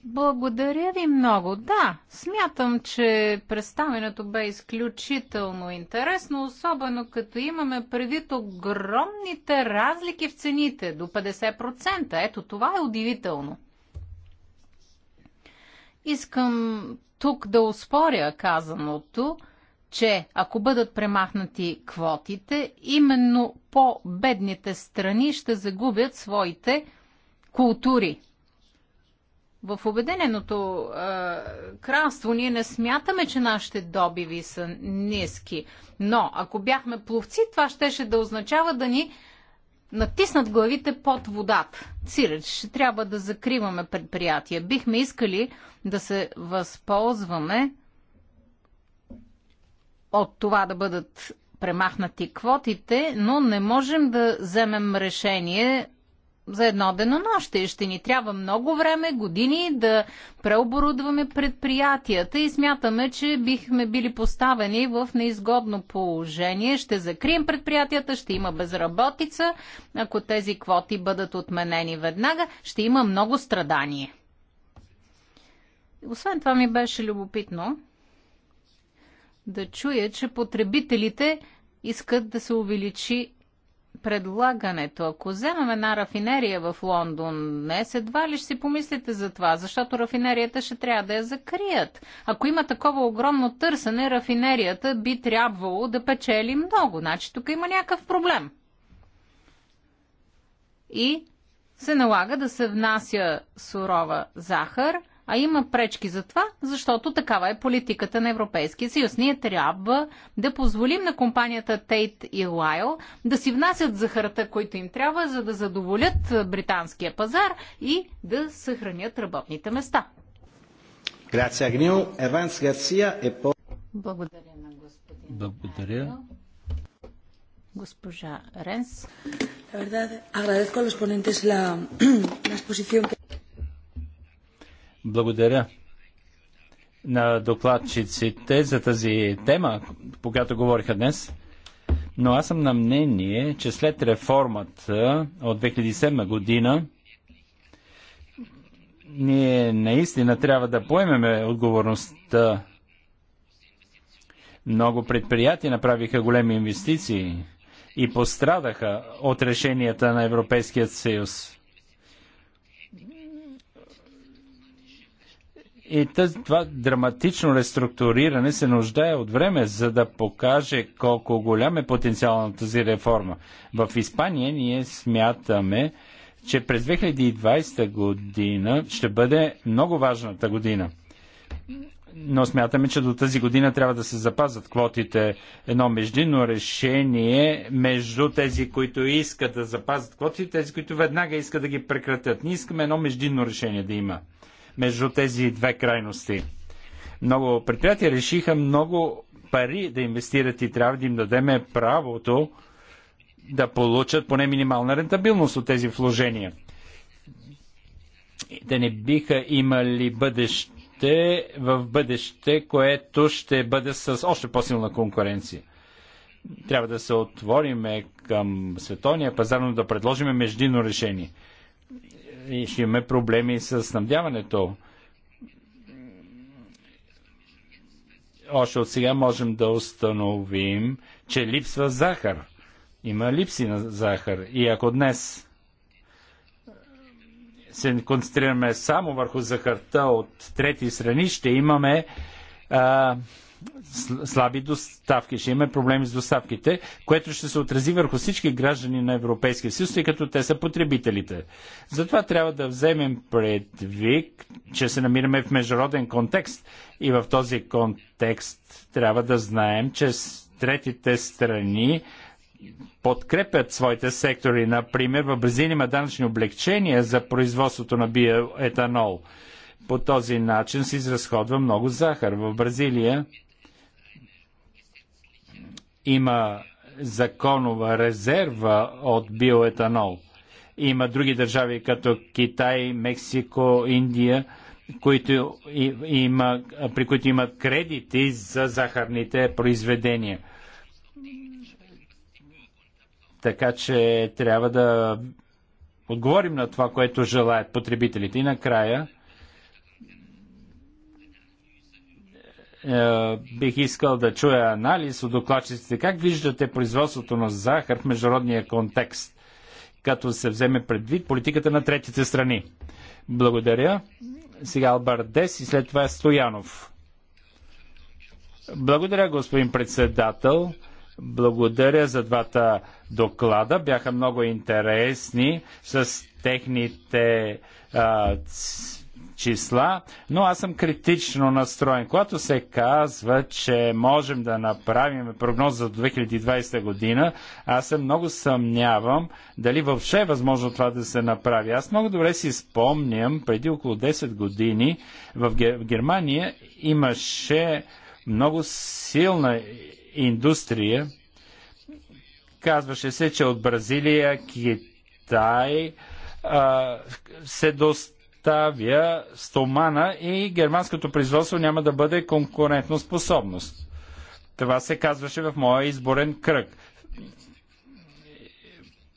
Благодаря ви много. Да, смятам, че представенето бе изключително интересно, особено като имаме предвид огромните разлики в цените до 50%. Ето това е удивително. Искам тук да успоря казаното че ако бъдат премахнати квотите, именно по-бедните страни ще загубят своите култури. В Обединеното е, кралство ние не смятаме, че нашите добиви са ниски, но ако бяхме пловци, това щеше да означава да ни натиснат главите под водата. Сиреч, ще трябва да закриваме предприятия. Бихме искали да се възползваме от това да бъдат премахнати квотите, но не можем да вземем решение за едно денонощие. Ще ни трябва много време, години да преоборудваме предприятията и смятаме, че бихме били поставени в неизгодно положение. Ще закрием предприятията, ще има безработица, ако тези квоти бъдат отменени веднага, ще има много страдание. Освен това ми беше любопитно, да чуя, че потребителите искат да се увеличи предлагането. Ако вземем една рафинерия в Лондон днес, едва ли ще си помислите за това, защото рафинерията ще трябва да я закрият. Ако има такова огромно търсене, рафинерията би трябвало да печели много. Значи тук има някакъв проблем. И се налага да се внася сурова захар – а има пречки за това, защото такава е политиката на Европейския съюз. Ние трябва да позволим на компанията Тейт и Лайл да си внасят захарата, които им трябва, за да задоволят британския пазар и да съхранят работните места. E Благодаря на господин. Благодаря. Госпожа Ренс. Благодаря. Благодаря. agradezco a los Благодаря. la, la exposición que... Благодаря на докладчиците за тази тема, по която говориха днес. Но аз съм на мнение, че след реформата от 2007 година ние наистина трябва да поемеме отговорността. Много предприятия направиха големи инвестиции и пострадаха от решенията на Европейския съюз. И тъз, това драматично реструктуриране се нуждае от време, за да покаже колко голям е потенциал на тази реформа. В Испания ние смятаме, че през 2020 година ще бъде много важната година. Но смятаме, че до тази година трябва да се запазят квотите. Едно междинно решение между тези, които искат да запазят квотите, тези, които веднага искат да ги прекратят. Ние искаме едно междинно решение да има между тези две крайности. Много предприятия решиха много пари да инвестират и трябва да им дадем правото да получат поне минимална рентабилност от тези вложения. Да не биха имали бъдеще в бъдеще, което ще бъде с още по-силна конкуренция. Трябва да се отвориме към световния пазар, но да предложим междинно решение – и ще имаме проблеми с снабдяването. Още от сега можем да установим, че липсва захар. Има липси на захар. И ако днес се концентрираме само върху захарта от трети страни, ще имаме а, слаби доставки, ще имаме проблеми с доставките, което ще се отрази върху всички граждани на Европейския съюз, тъй като те са потребителите. Затова трябва да вземем предвид, че се намираме в международен контекст и в този контекст трябва да знаем, че третите страни подкрепят своите сектори. Например, в Бразилия има данъчни облегчения за производството на биоетанол. По този начин се изразходва много захар. В Бразилия има законова резерва от биоетанол. Има други държави като Китай, Мексико, Индия, които има, при които имат кредити за захарните произведения. Така че трябва да отговорим на това, което желаят потребителите. И накрая Е, бих искал да чуя анализ от докладчиците. Как виждате производството на захар в международния контекст, като се вземе предвид политиката на третите страни? Благодаря. Сега Албардес и след това е Стоянов. Благодаря, господин председател. Благодаря за двата доклада. Бяха много интересни с техните а, числа, но аз съм критично настроен. Когато се казва, че можем да направим прогноза за 2020 година, аз се много съмнявам дали въобще е възможно това да се направи. Аз много добре си спомням, преди около 10 години в Германия имаше много силна индустрия. Казваше се, че от Бразилия, Китай, се доставя доставя стомана и германското производство няма да бъде конкурентно способност. Това се казваше в моя изборен кръг.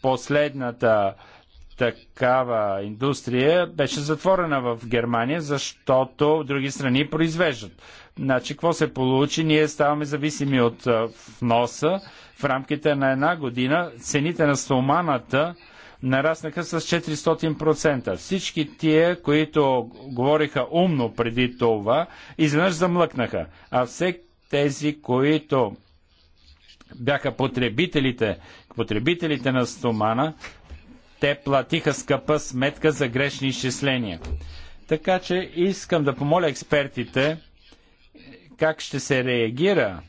Последната такава индустрия беше затворена в Германия, защото други страни произвеждат. Значи, какво се получи? Ние ставаме зависими от вноса. В рамките на една година цените на стоманата нараснаха с 400%. Всички тия, които говориха умно преди това, изведнъж замлъкнаха. А все тези, които бяха потребителите, потребителите на стомана, те платиха скъпа сметка за грешни изчисления. Така че искам да помоля експертите как ще се реагира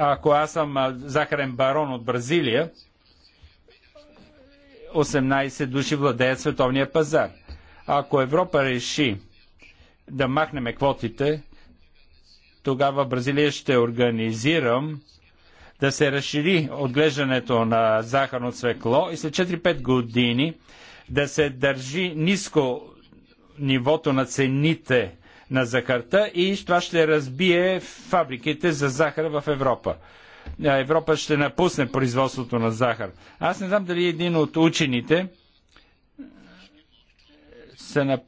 ако аз съм захарен барон от Бразилия, 18 души владеят световния пазар. Ако Европа реши да махнеме квотите, тогава Бразилия ще организирам да се разшири отглеждането на захарно свекло и след 4-5 години да се държи ниско нивото на цените на захарта и това ще разбие фабриките за захар в Европа. Европа ще напусне производството на захар. Аз не знам дали един от учените са на...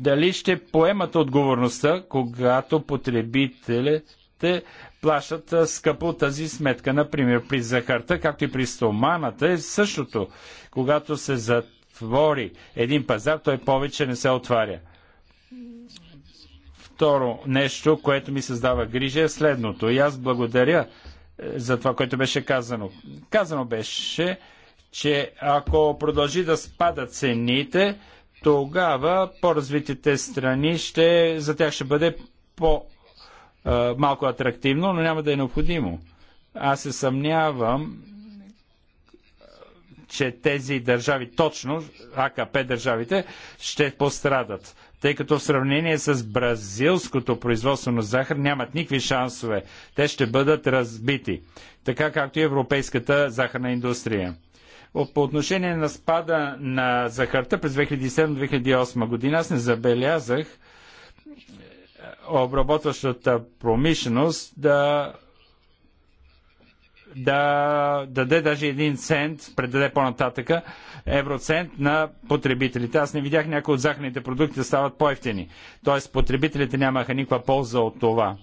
дали ще поемат отговорността, когато потребителите плащат скъпо тази сметка. Например, при захарта, както и при стоманата е същото. Когато се затвори един пазар, той повече не се отваря. Второ нещо, което ми създава грижа е следното. И аз благодаря е, за това, което беше казано. Казано беше, че ако продължи да спадат цените, тогава по-развитите страни ще, за тях ще бъде по е, малко атрактивно, но няма да е необходимо. Аз се съмнявам, че тези държави, точно АКП държавите, ще пострадат тъй като в сравнение с бразилското производство на захар нямат никакви шансове. Те ще бъдат разбити, така както и европейската захарна индустрия. По отношение на спада на захарта през 2007-2008 година аз не забелязах е, обработващата промишленост да да даде даже един цент, предаде по-нататъка, евроцент на потребителите. Аз не видях някои от захарните продукти да стават по-ефтини. Тоест потребителите нямаха никаква полза от това.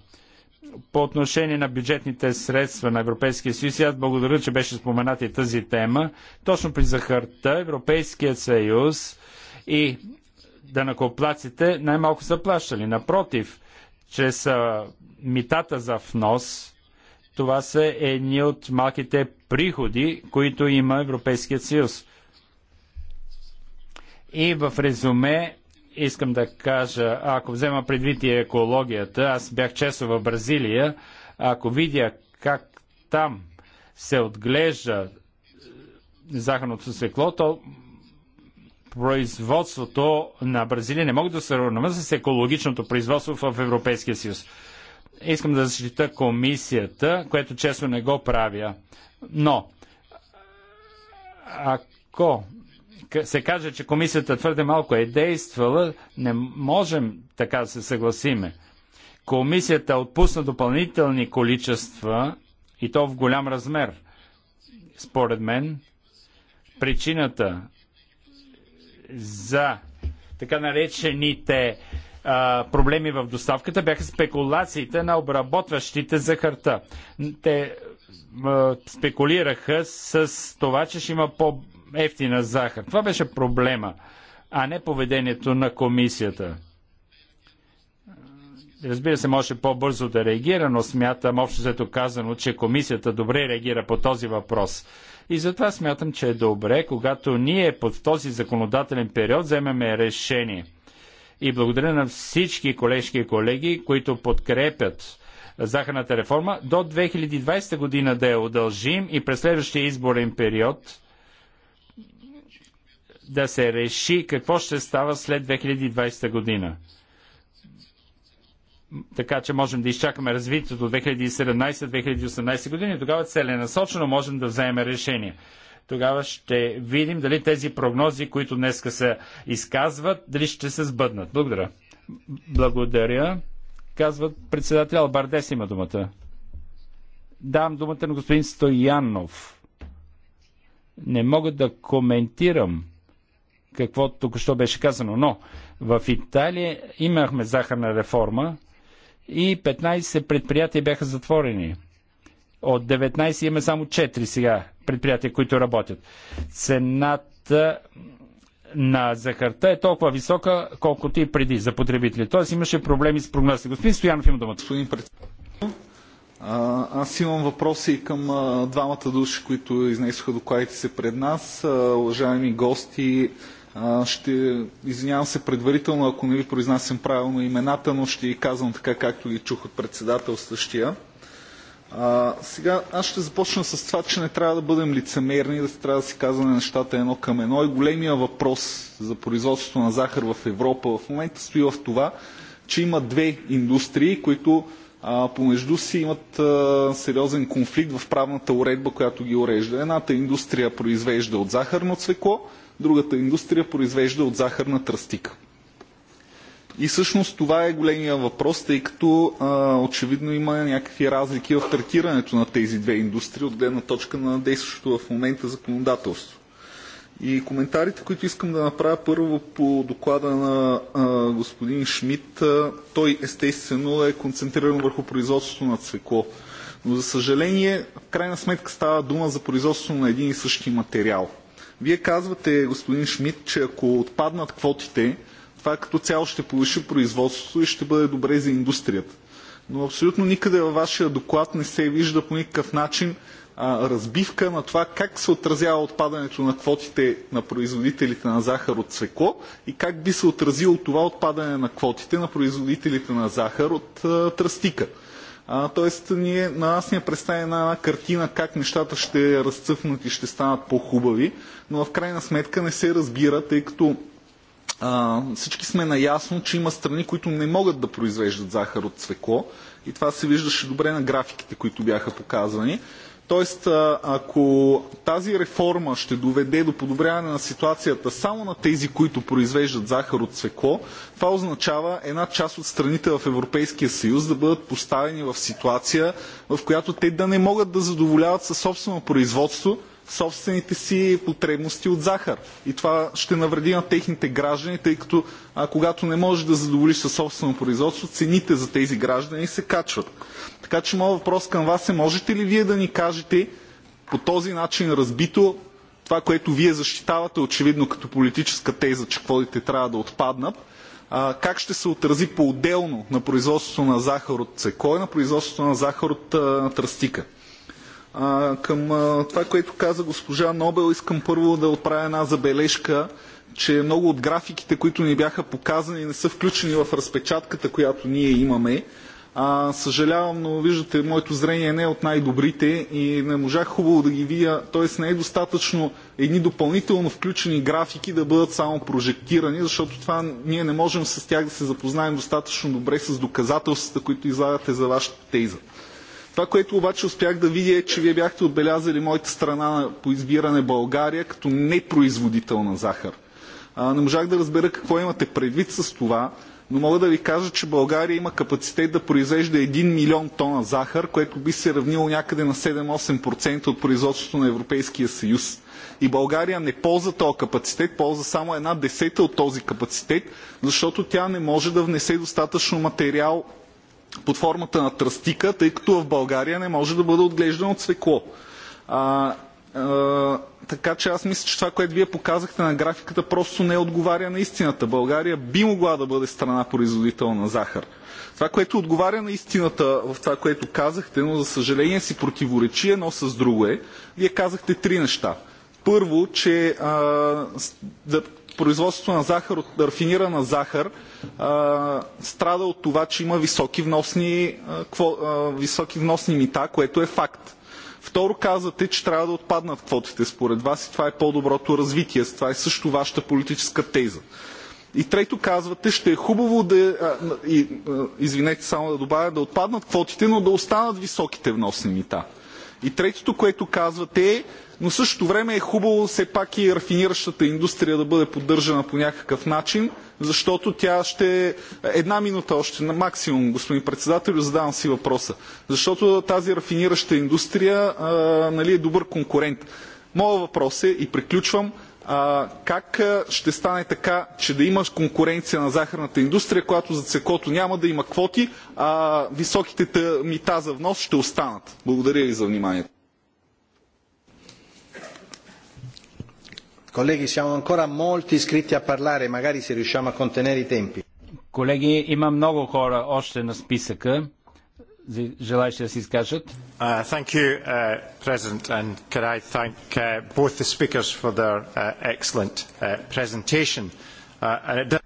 По отношение на бюджетните средства на Европейския съюз, аз благодаря, че беше спомената и тази тема. Точно при захарта Европейският съюз и данакоплаците най-малко са плащали. Напротив, чрез митата за внос, това са едни от малките приходи, които има Европейският съюз. И в резюме искам да кажа, ако взема предвид и екологията, аз бях често в Бразилия, ако видя как там се отглежда захарното свекло, то производството на Бразилия не могат да се равнава с екологичното производство в Европейския съюз искам да защита комисията, което често не го правя. Но, ако се каже, че комисията твърде малко е действала, не можем така да се съгласиме. Комисията отпусна допълнителни количества и то в голям размер. Според мен, причината за така наречените а, проблеми в доставката бяха спекулациите на обработващите захарта. Те а, спекулираха с това, че ще има по-ефтина захар. Това беше проблема, а не поведението на комисията. Разбира се, може по-бързо да реагира, но смятам общо взето казано, че комисията добре реагира по този въпрос. И затова смятам, че е добре, когато ние под този законодателен период вземеме решение – и благодаря на всички колежки и колеги, които подкрепят захарната реформа. До 2020 година да я удължим и през следващия изборен период да се реши какво ще става след 2020 година. Така че можем да изчакаме развитието до 2017-2018 години и тогава целенасочено можем да вземем решение тогава ще видим дали тези прогнози, които днеска се изказват, дали ще се сбъднат. Благодаря. Благодаря. Казват председател Бардес има думата. Дам думата на господин Стоянов. Не мога да коментирам какво току-що беше казано, но в Италия имахме захарна реформа и 15 предприятия бяха затворени от 19 имаме само 4 сега предприятия, които работят. Цената на захарта е толкова висока, колкото и преди за потребители. Тоест имаше проблеми с прогнозите. Господин Стоянов има думата. Господин председател, аз имам въпроси към а, двамата души, които изнесоха докладите се пред нас. А, уважаеми гости, а, ще извинявам се предварително, ако не ви произнасям правилно имената, но ще ви казвам така, както ги чух от председателстващия. А, сега аз ще започна с това, че не трябва да бъдем лицемерни, да трябва да си казваме нещата едно към едно. И големия въпрос за производството на захар в Европа в момента стои в това, че има две индустрии, които а, помежду си имат а, сериозен конфликт в правната уредба, която ги урежда. Едната индустрия произвежда от захарно цвекло, другата индустрия произвежда от захарна тръстика. И всъщност това е големия въпрос, тъй като а, очевидно има някакви разлики в третирането на тези две индустрии от гледна точка на действащото в момента законодателство. И коментарите, които искам да направя първо по доклада на а, господин Шмидт, а, той естествено е концентриран върху производството на цвекло. Но за съжаление, в крайна сметка става дума за производство на един и същи материал. Вие казвате, господин Шмидт, че ако отпаднат квотите, това като цяло ще повиши производството и ще бъде добре за индустрията. Но абсолютно никъде във вашия доклад не се вижда по никакъв начин а, разбивка на това как се отразява отпадането на квотите на производителите на захар от цвекло и как би се отразило това отпадане на квотите на производителите на захар от а, тръстика. А, тоест, ние, на нас ни е представена една картина как нещата ще разцъфнат и ще станат по-хубави, но в крайна сметка не се разбира, тъй като а, всички сме наясно, че има страни, които не могат да произвеждат захар от цвекло. И това се виждаше добре на графиките, които бяха показвани. Тоест, ако тази реформа ще доведе до подобряване на ситуацията само на тези, които произвеждат захар от цвекло, това означава една част от страните в Европейския съюз да бъдат поставени в ситуация, в която те да не могат да задоволяват със собствено производство собствените си потребности от захар. И това ще навреди на техните граждани, тъй като а, когато не можеш да задоволиш със собствено производство, цените за тези граждани се качват. Така че моят въпрос към вас е, можете ли вие да ни кажете по този начин разбито това, което вие защитавате очевидно като политическа теза, че квотите трябва да отпаднат, а, как ще се отрази по-отделно на производството на захар от цекой, на производството на захар от а, тръстика? А, към а, това, което каза госпожа Нобел, искам първо да отправя една забележка, че много от графиките, които ни бяха показани, не са включени в разпечатката, която ние имаме. А, съжалявам, но виждате, моето зрение не е от най-добрите и не можах хубаво да ги видя. Тоест не е достатъчно едни допълнително включени графики да бъдат само прожектирани, защото това ние не можем с тях да се запознаем достатъчно добре с доказателствата, които излагате за вашата теза. Това, което обаче успях да видя е, че вие бяхте отбелязали моята страна по избиране България като непроизводител на захар. А, не можах да разбера какво имате предвид с това, но мога да ви кажа, че България има капацитет да произвежда 1 милион тона захар, което би се равнило някъде на 7-8% от производството на Европейския съюз. И България не ползва този капацитет, ползва само една десета от този капацитет, защото тя не може да внесе достатъчно материал под формата на тръстика, тъй като в България не може да бъде отглеждано цвекло. А, а, така че аз мисля, че това, което вие показахте на графиката, просто не отговаря на истината. България би могла да бъде страна производител на захар. Това, което отговаря на истината в това, което казахте, но за съжаление си противоречи едно с друго е, вие казахте три неща. Първо, че а, да, производството на захар, от рафинирана захар, а, страда от това, че има високи вносни, а, кво, а, високи вносни мита, което е факт. Второ, казвате, че трябва да отпаднат квотите според вас и това е по-доброто развитие. Това е също вашата политическа теза. И трето казвате, ще е хубаво да. А, и, а, извинете, само да добавя, да отпаднат квотите, но да останат високите вносни мита. И третото, което казвате е, но в същото време е хубаво все пак и рафиниращата индустрия да бъде поддържана по някакъв начин, защото тя ще... Една минута още на максимум, господин председател, задавам си въпроса. Защото тази рафинираща индустрия а, нали, е добър конкурент. Моя въпрос е, и приключвам, как ще стане така, че да има конкуренция на захарната индустрия, която за цекото няма да има квоти, а високите мита за внос ще останат? Благодаря ви за вниманието. Колеги, siamo ancora molti iscritti a parlare, magari se riusciamo a contenere i tempi. има много хора още на списъка желаящи да се изкажат? Uh, thank you, uh, President, and could I thank uh, both the speakers for their uh, excellent uh, presentation. Uh, and it...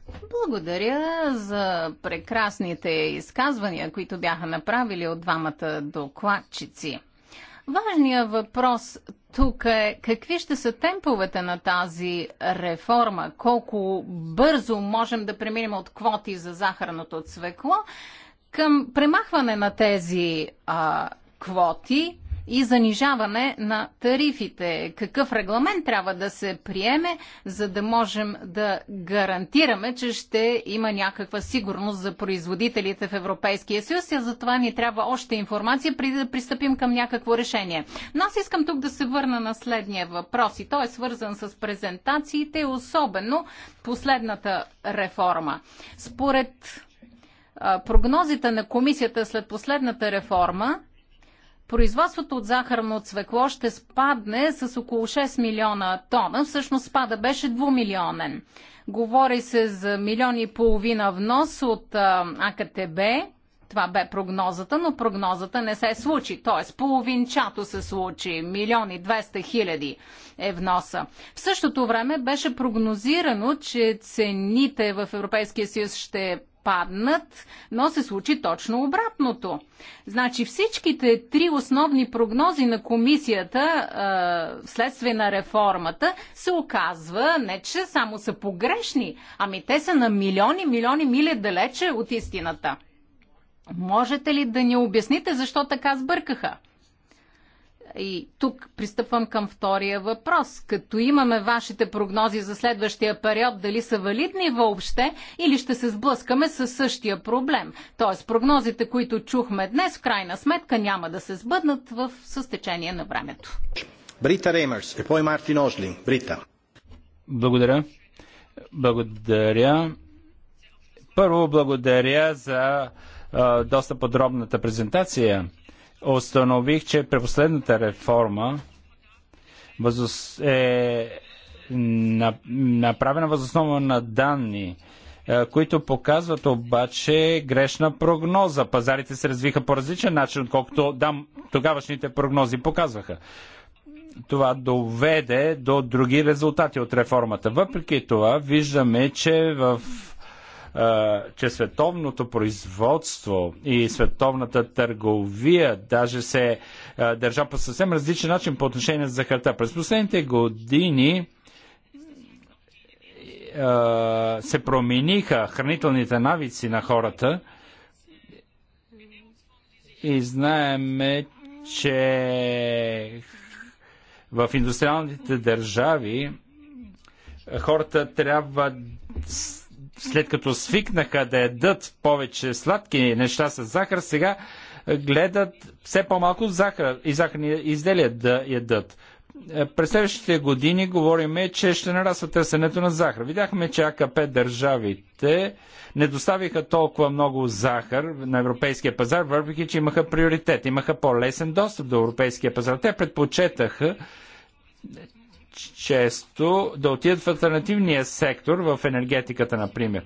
Благодаря за прекрасните изказвания, които бяха направили от двамата докладчици. Важният въпрос тук е какви ще са темповете на тази реформа, колко бързо можем да преминем от квоти за захарното цвекло към премахване на тези а, квоти и занижаване на тарифите. Какъв регламент трябва да се приеме, за да можем да гарантираме, че ще има някаква сигурност за производителите в Европейския съюз и за това ни трябва още информация преди да пристъпим към някакво решение. Но аз искам тук да се върна на следния въпрос и той е свързан с презентациите, особено последната реформа. Според прогнозите на комисията след последната реформа, производството от захарно цвекло ще спадне с около 6 милиона тона. Всъщност спада беше 2 милионен. Говори се за милион и половина внос от АКТБ. Това бе прогнозата, но прогнозата не се случи. Т.е. половинчато се случи. Милион и 200 хиляди е вноса. В същото време беше прогнозирано, че цените в Европейския съюз ще паднат, но се случи точно обратното. Значи всичките три основни прогнози на комисията е, вследствие на реформата се оказва не че само са погрешни, ами те са на милиони, милиони мили далече от истината. Можете ли да ни обясните защо така сбъркаха? И тук пристъпвам към втория въпрос. Като имаме вашите прогнози за следващия период, дали са валидни въобще или ще се сблъскаме с същия проблем? Тоест, прогнозите, които чухме днес, в крайна сметка няма да се сбъднат в състечение на времето. Брита Реймърс и пой Мартин Ожлин. Брита. Благодаря. Благодаря. Първо благодаря за а, доста подробната презентация установих, че препоследната реформа е направена възоснова на данни, е, които показват обаче грешна прогноза. Пазарите се развиха по различен начин, отколкото дам, тогавашните прогнози показваха. Това доведе до други резултати от реформата. Въпреки това, виждаме, че в че световното производство и световната търговия даже се държа по съвсем различен начин по отношение на захарта. През последните години се промениха хранителните навици на хората и знаеме, че в индустриалните държави хората трябва след като свикнаха да ядат повече сладки неща с захар, сега е, гледат все по-малко захар и захарни изделия да ядат. Е, през следващите години говориме, че ще нараства търсенето на захар. Видяхме, че АКП държавите не доставиха толкова много захар на европейския пазар, въпреки че имаха приоритет, имаха по-лесен достъп до европейския пазар. Те предпочетаха често да отидат в альтернативния сектор, в енергетиката, например,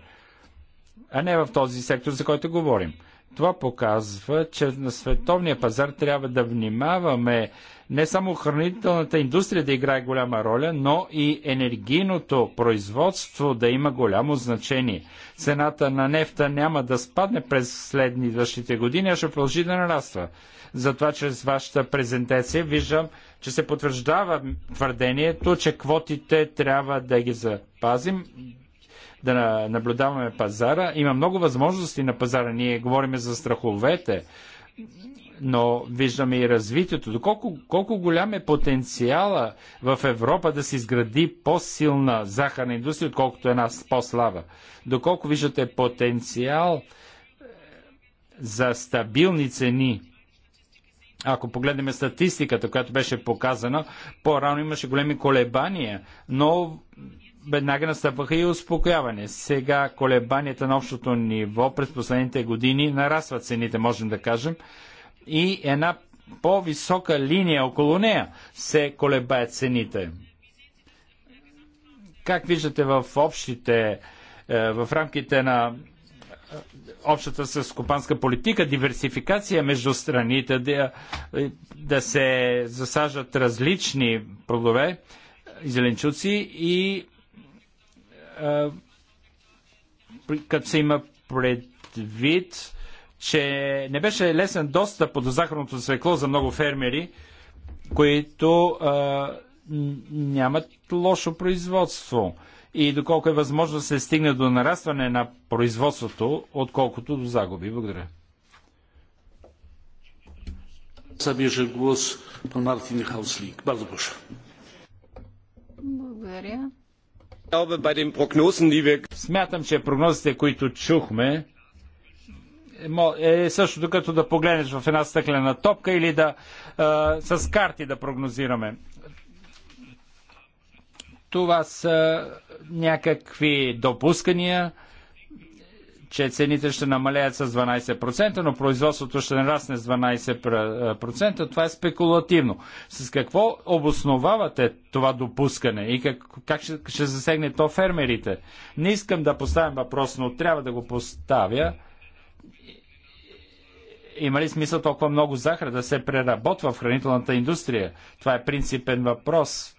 а не в този сектор, за който говорим. Това показва, че на световния пазар трябва да внимаваме не само хранителната индустрия да играе голяма роля, но и енергийното производство да има голямо значение. Цената на нефта няма да спадне през следващите години, а ще продължи да нараства. Затова чрез вашата презентация виждам, че се потвърждава твърдението, че квотите трябва да ги запазим да наблюдаваме пазара. Има много възможности на пазара. Ние говорим за страховете, но виждаме и развитието. Доколко колко голям е потенциала в Европа да се изгради по-силна захарна индустрия, отколкото една по-слава? Доколко виждате потенциал е, за стабилни цени? Ако погледнем статистиката, която беше показана, по-рано имаше големи колебания, но веднага настъпаха и успокояване. Сега колебанията на общото ниво през последните години нарастват цените, можем да кажем, и една по-висока линия около нея се колебаят цените. Как виждате в общите, е, в рамките на е, общата скопанска политика, диверсификация между страните, да, е, да се засажат различни плодове, зеленчуци и като се има предвид, че не беше лесен достъп до захарното свекло за много фермери, които а, нямат лошо производство. И доколко е възможно да се стигне до нарастване на производството, отколкото до загуби. Благодаря. Събежа глас pan Мартин Hausling. Благодаря. Смятам, че прогнозите, които чухме, е същото като да погледнеш в една стъклена топка или да а, с карти да прогнозираме. Това са някакви допускания, че цените ще намалеят с 12%, но производството ще нарасне с 12%. Това е спекулативно. С какво обосновавате това допускане и как, как ще, ще засегне то фермерите? Не искам да поставям въпрос, но трябва да го поставя. Има ли смисъл толкова много захар да се преработва в хранителната индустрия? Това е принципен въпрос,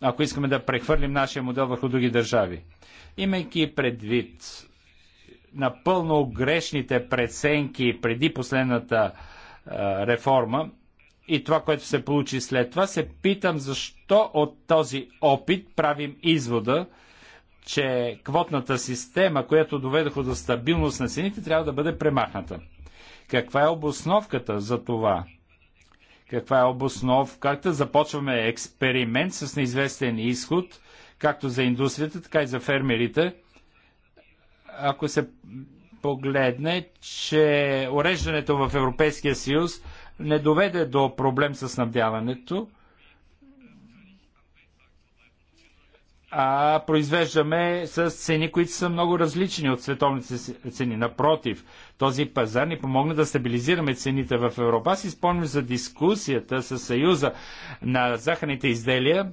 ако искаме да прехвърлим нашия модел върху други държави. Имайки предвид напълно грешните преценки преди последната а, реформа и това, което се получи след това, се питам защо от този опит правим извода, че квотната система, която доведоха до стабилност на цените, трябва да бъде премахната. Каква е обосновката за това? Каква е обосновката? Започваме експеримент с неизвестен изход, както за индустрията, така и за фермерите – ако се погледне, че уреждането в Европейския съюз не доведе до проблем с снабдяването, а произвеждаме с цени, които са много различни от световните цени. Напротив, този пазар ни помогна да стабилизираме цените в Европа. Аз изпомням за дискусията с Съюза на захарните изделия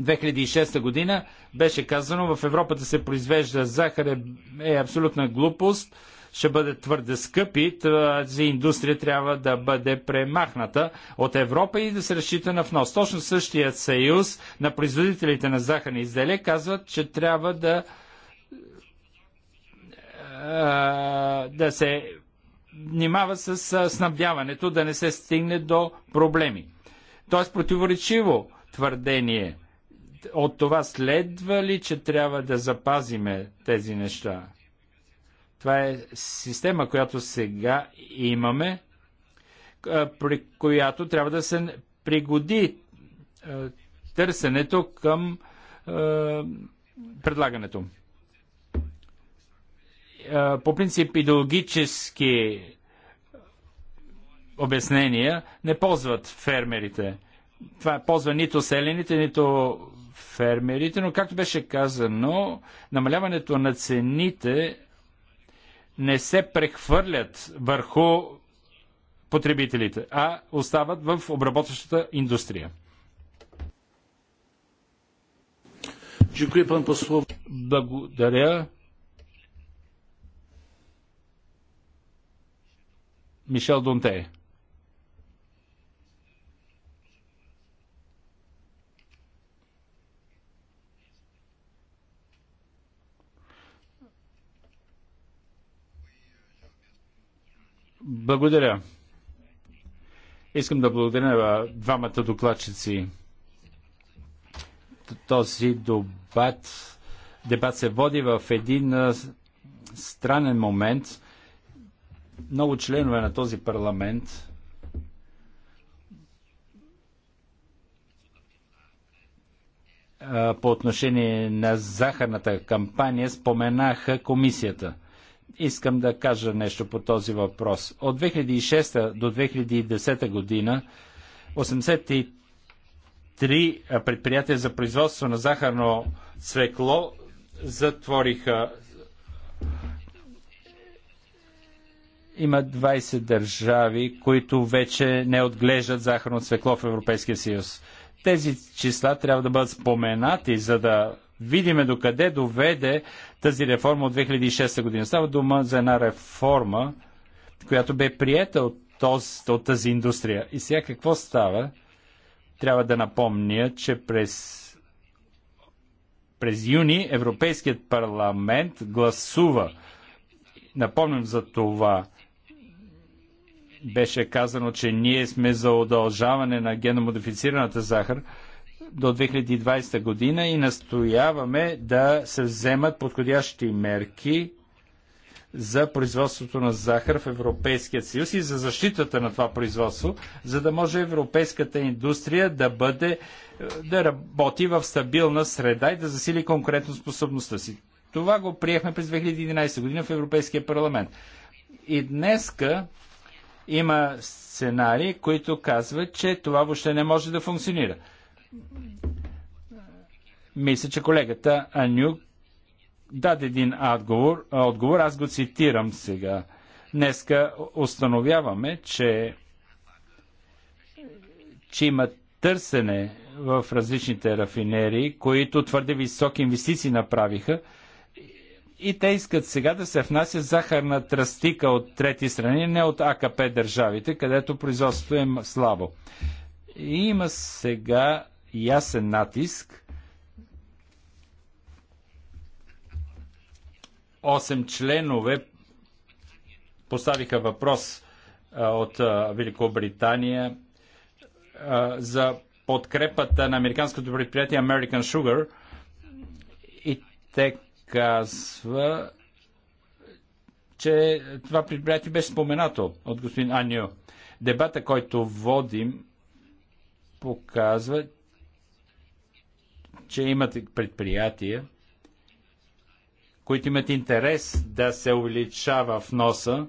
2006 година беше казано, в Европа да се произвежда захар е, е абсолютна глупост, ще бъде твърде скъпи, тази индустрия трябва да бъде премахната от Европа и да се разчита на внос. Точно същият съюз на производителите на захарни изделия казват, че трябва да да се внимава с снабдяването, да не се стигне до проблеми. Тоест противоречиво твърдение – от това следва ли, че трябва да запазиме тези неща? Това е система, която сега имаме, при която трябва да се пригоди търсенето към предлагането. По принцип, идеологически обяснения не ползват фермерите. Това ползва нито селените, нито фермерите, но както беше казано, намаляването на цените не се прехвърлят върху потребителите, а остават в обработващата индустрия. Благодаря. Мишел Донтея. Благодаря. Искам да благодаря на двамата докладчици. Този дебат, дебат се води в един странен момент. Много членове на този парламент по отношение на захарната кампания споменаха комисията – Искам да кажа нещо по този въпрос. От 2006 до 2010 година 83 предприятия за производство на захарно свекло затвориха. Има 20 държави, които вече не отглеждат захарно свекло в Европейския съюз. Тези числа трябва да бъдат споменати, за да видиме докъде доведе тази реформа от 2006 година. Става дума за една реформа, която бе приета от, този, от тази индустрия. И сега какво става? Трябва да напомня, че през през юни Европейският парламент гласува. Напомням за това. Беше казано, че ние сме за удължаване на геномодифицираната захар – до 2020 година и настояваме да се вземат подходящи мерки за производството на захар в Европейския съюз и за защитата на това производство, за да може европейската индустрия да бъде да работи в стабилна среда и да засили конкурентоспособността си. Това го приехме през 2011 година в Европейския парламент. И днеска има сценарии, които казват, че това въобще не може да функционира. Мисля, че колегата Анюк даде един отговор. отговор. Аз го цитирам сега. Днеска установяваме, че, че има търсене в различните рафинерии, които твърде високи инвестиции направиха. И те искат сега да се внася захарна тръстика от трети страни, не от АКП държавите, където производството е слабо. И има сега ясен натиск. 8 членове поставиха въпрос от Великобритания за подкрепата на американското предприятие American Sugar и те казва, че това предприятие беше споменато от господин Аню. Дебата, който водим, показва, че имат предприятия, които имат интерес да се увеличава в носа.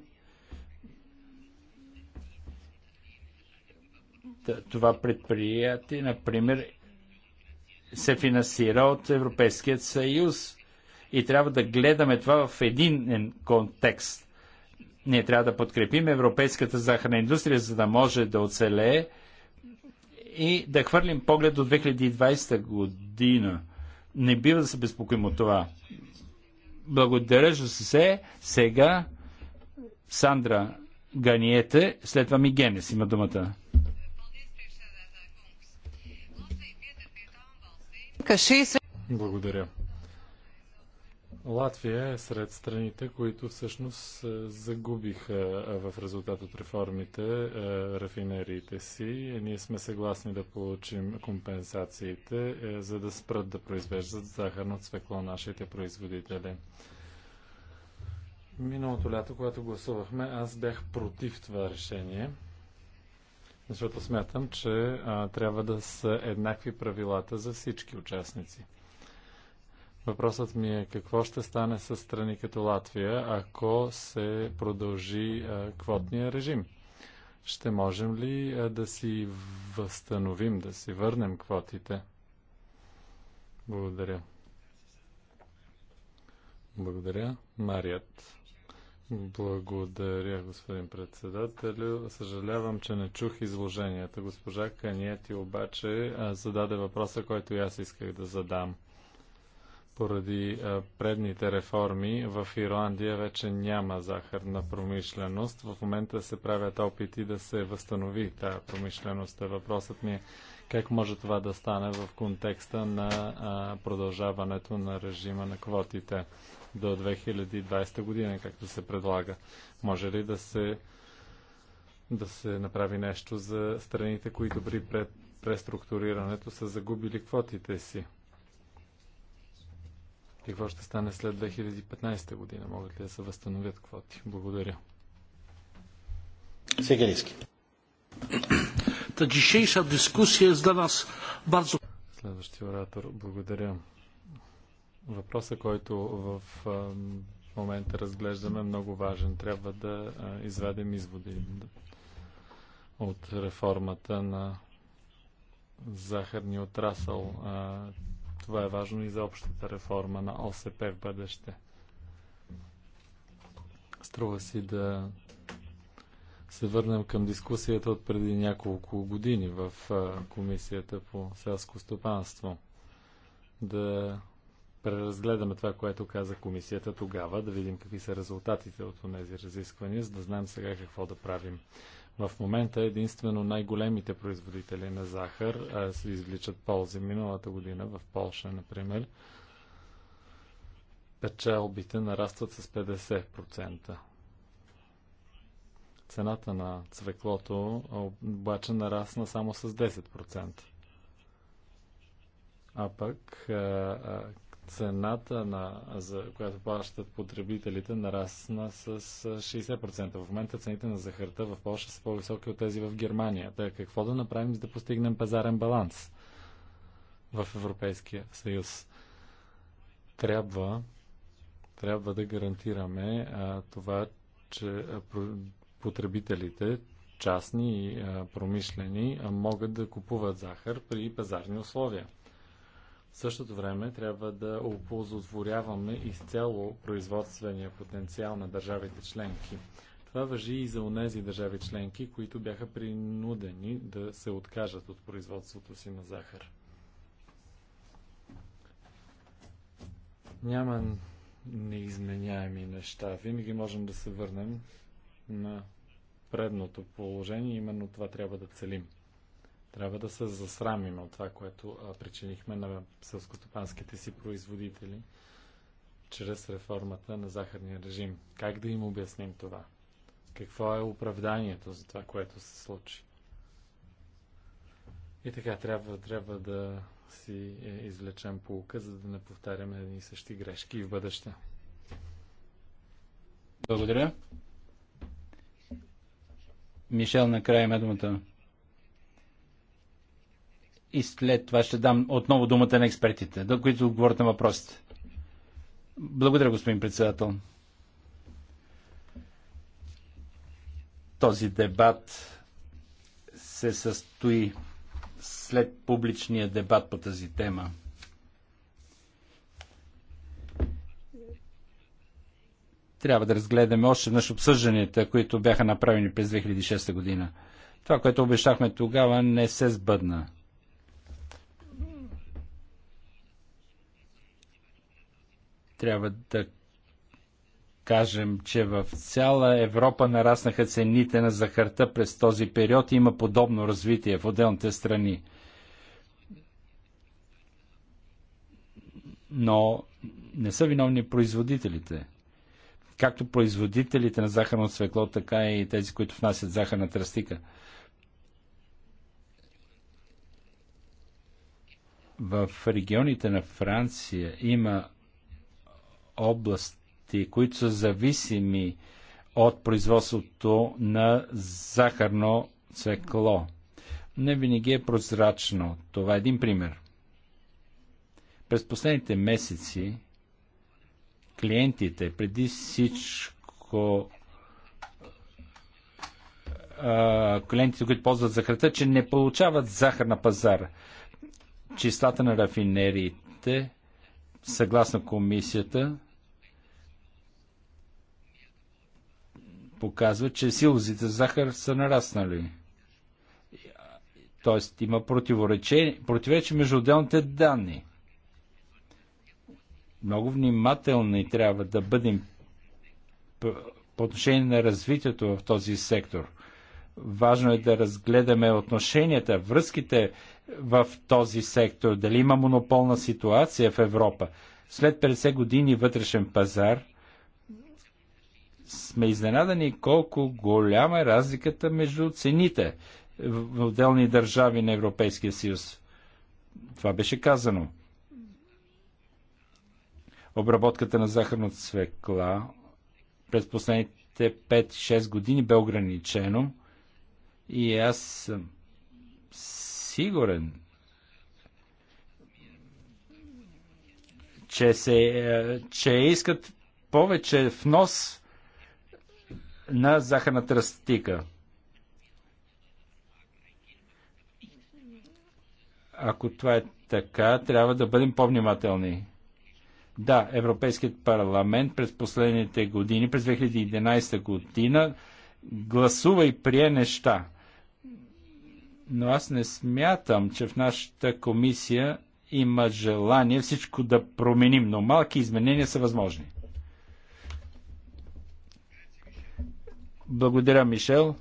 Това предприятие, например, се финансира от Европейският съюз. И трябва да гледаме това в един контекст. Ние трябва да подкрепим европейската захарна индустрия, за да може да оцелее и да хвърлим поглед до 2020 година. Не бива да се безпокоим от това. Благодаря, се. Сега Сандра Ганиете, след това Мигенес има думата. Благодаря. Латвия е сред страните, които всъщност е, загубиха е, в резултат от реформите е, рафинериите си. Ние сме съгласни да получим компенсациите, за да спрат да произвеждат захарно цвекло нашите производители. Миналото лято, когато гласувахме, аз бях против това решение, защото смятам, че трябва да са еднакви правилата за всички участници. Въпросът ми е какво ще стане с страни като Латвия, ако се продължи квотния режим? Ще можем ли да си възстановим, да си върнем квотите? Благодаря. Благодаря. Марият. Благодаря, господин председател. Съжалявам, че не чух изложенията. Госпожа Каниети обаче зададе въпроса, който и аз исках да задам. Поради предните реформи в Ирландия вече няма захарна промишленост. В момента се правят опити да се възстанови тази промишленост. Въпросът ми е как може това да стане в контекста на продължаването на режима на квотите до 2020 година, както се предлага. Може ли да се, да се направи нещо за страните, които при преструктурирането са загубили квотите си? И какво ще стане след 2015 година? Могат ли да се възстановят квоти? Благодаря. Сегериски. Та дискусия е за нас bardzo... Следващия оратор. Благодаря. Въпроса, който в момента разглеждаме, е много важен. Трябва да извадим изводи от реформата на захарния отрасъл. Това е важно и за общата реформа на ОСП в бъдеще. Струва си да се върнем към дискусията от преди няколко години в Комисията по селско стопанство. Да преразгледаме това, което каза комисията тогава, да видим какви са резултатите от тези разисквания, за да знаем сега какво да правим. В момента единствено най-големите производители на захар а, се извличат ползи. Миналата година в Полша, например, печалбите нарастват с 50%. Цената на цвеклото обаче нарасна само с 10%. А пък а, а, цената, на, за която плащат потребителите, нарасна с 60%. В момента цените на захарта в Польша са по-високи от тези в Германия. Така какво да направим, за да постигнем пазарен баланс в Европейския съюз? Трябва, трябва да гарантираме а, това, че а, потребителите, частни и а, промишлени, а, могат да купуват захар при пазарни условия в същото време трябва да оползотворяваме изцяло производствения потенциал на държавите членки. Това въжи и за онези държави членки, които бяха принудени да се откажат от производството си на захар. Няма неизменяеми неща. Винаги можем да се върнем на предното положение. Именно това трябва да целим. Трябва да се засрамим от това, което а, причинихме на селскостопанските си производители чрез реформата на захарния режим. Как да им обясним това? Какво е оправданието за това, което се случи? И така, трябва, трябва да си е, извлечем полука, за да не повтаряме едни и същи грешки и в бъдеще. Благодаря. Мишел, накрая има думата и след това ще дам отново думата на експертите, до които отговорят на въпросите. Благодаря, господин председател. Този дебат се състои след публичния дебат по тази тема. Трябва да разгледаме още веднъж обсъжданията, които бяха направени през 2006 година. Това, което обещахме тогава, не се сбъдна. Трябва да кажем, че в цяла Европа нараснаха цените на захарта през този период и има подобно развитие в отделните страни. Но не са виновни производителите. Както производителите на захарно свекло, така и тези, които внасят захарна тръстика. В регионите на Франция има области, които са зависими от производството на захарно цвекло. Не винаги е прозрачно. Това е един пример. През последните месеци клиентите, преди всичко клиентите, които ползват захарта, че не получават захар на пазар. Числата на рафинериите, съгласно комисията, показва, че силозите за захар са нараснали. Тоест има противоречие между отделните данни. Много внимателни трябва да бъдем по отношение на развитието в този сектор. Важно е да разгледаме отношенията, връзките в този сектор, дали има монополна ситуация в Европа. След 50 години вътрешен пазар – сме изненадани колко голяма е разликата между цените в отделни държави на Европейския съюз. Това беше казано. Обработката на захарната свекла през последните 5-6 години бе ограничено и аз съм сигурен, че, се, е, че искат повече внос на захарната растика. Ако това е така, трябва да бъдем по-внимателни. Да, Европейският парламент през последните години, през 2011 година, гласува и прие неща. Но аз не смятам, че в нашата комисия има желание всичко да променим, но малки изменения са възможни. Благодаря, Мишел.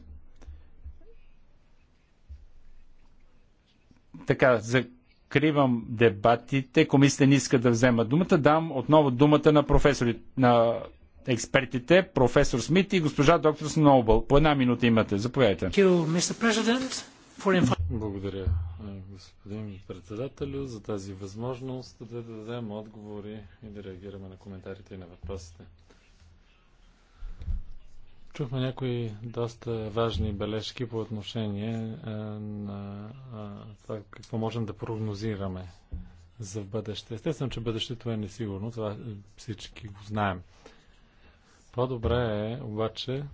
Така, закривам дебатите. Комисията не иска да взема думата. Дам отново думата на професори, на експертите, професор Смит и госпожа доктор Сноубъл. По една минута имате. Заповядайте. Благодаря, е, господин председателю, за тази възможност да дадем отговори и да реагираме на коментарите и на въпросите. Чухме някои доста важни бележки по отношение е, на е, това какво можем да прогнозираме за бъдеще. Естествено, че бъдещето е несигурно, това всички го знаем. По-добре е обаче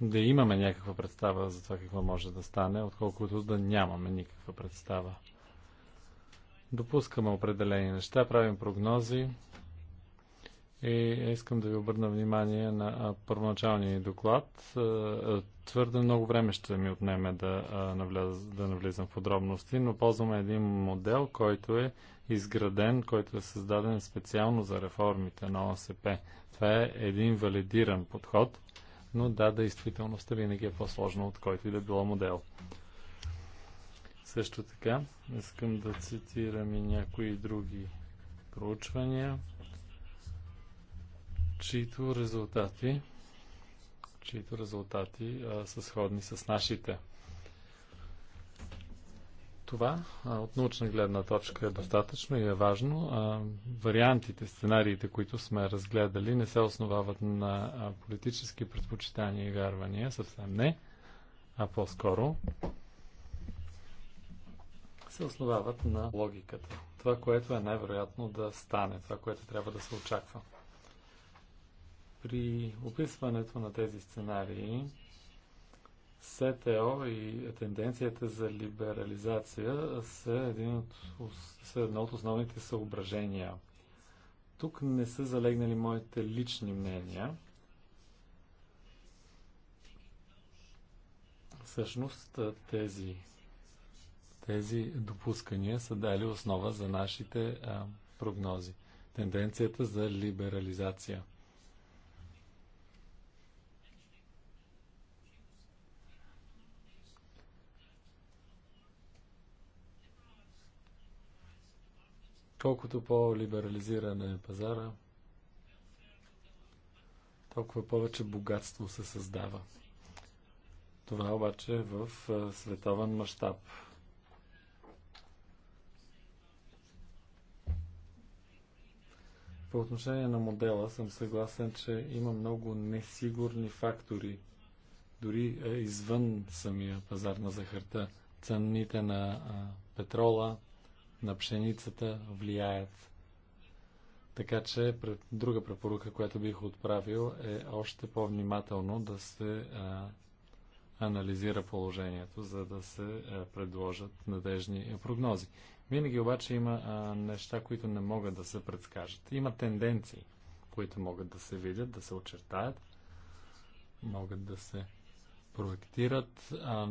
да имаме някаква представа за това какво може да стане, отколкото да нямаме никаква представа. Допускаме определени неща, правим прогнози, и искам да ви обърна внимание на първоначалния доклад. Твърде много време ще ми отнеме да, навляз, да навлизам в подробности, но ползваме един модел, който е изграден, който е създаден специално за реформите на ОСП. Това е един валидиран подход, но да, действителността винаги е по-сложна от който и да било модел. Също така, искам да цитирам и някои други проучвания чието резултати, чието резултати а, са сходни с нашите. Това а, от научна гледна точка е достатъчно и е важно. А, вариантите, сценариите, които сме разгледали, не се основават на а, политически предпочитания и вярвания, съвсем не, а по-скоро се основават на логиката. Това, което е най-вероятно да стане, това, което трябва да се очаква. При описването на тези сценарии, СТО и тенденцията за либерализация са, един от, са едно от основните съображения. Тук не са залегнали моите лични мнения. Всъщност тези, тези допускания са дали основа за нашите а, прогнози. Тенденцията за либерализация – Колкото по-либерализиране е пазара, толкова повече богатство се създава. Това обаче е в световен мащаб. По отношение на модела съм съгласен, че има много несигурни фактори, дори извън самия пазар на захарта. Цените на петрола, на пшеницата влияят. Така че друга препоръка, която бих отправил е още по-внимателно да се а, анализира положението, за да се а, предложат надежни прогнози. Винаги обаче има а, неща, които не могат да се предскажат. Има тенденции, които могат да се видят, да се очертаят, могат да се проектират, а,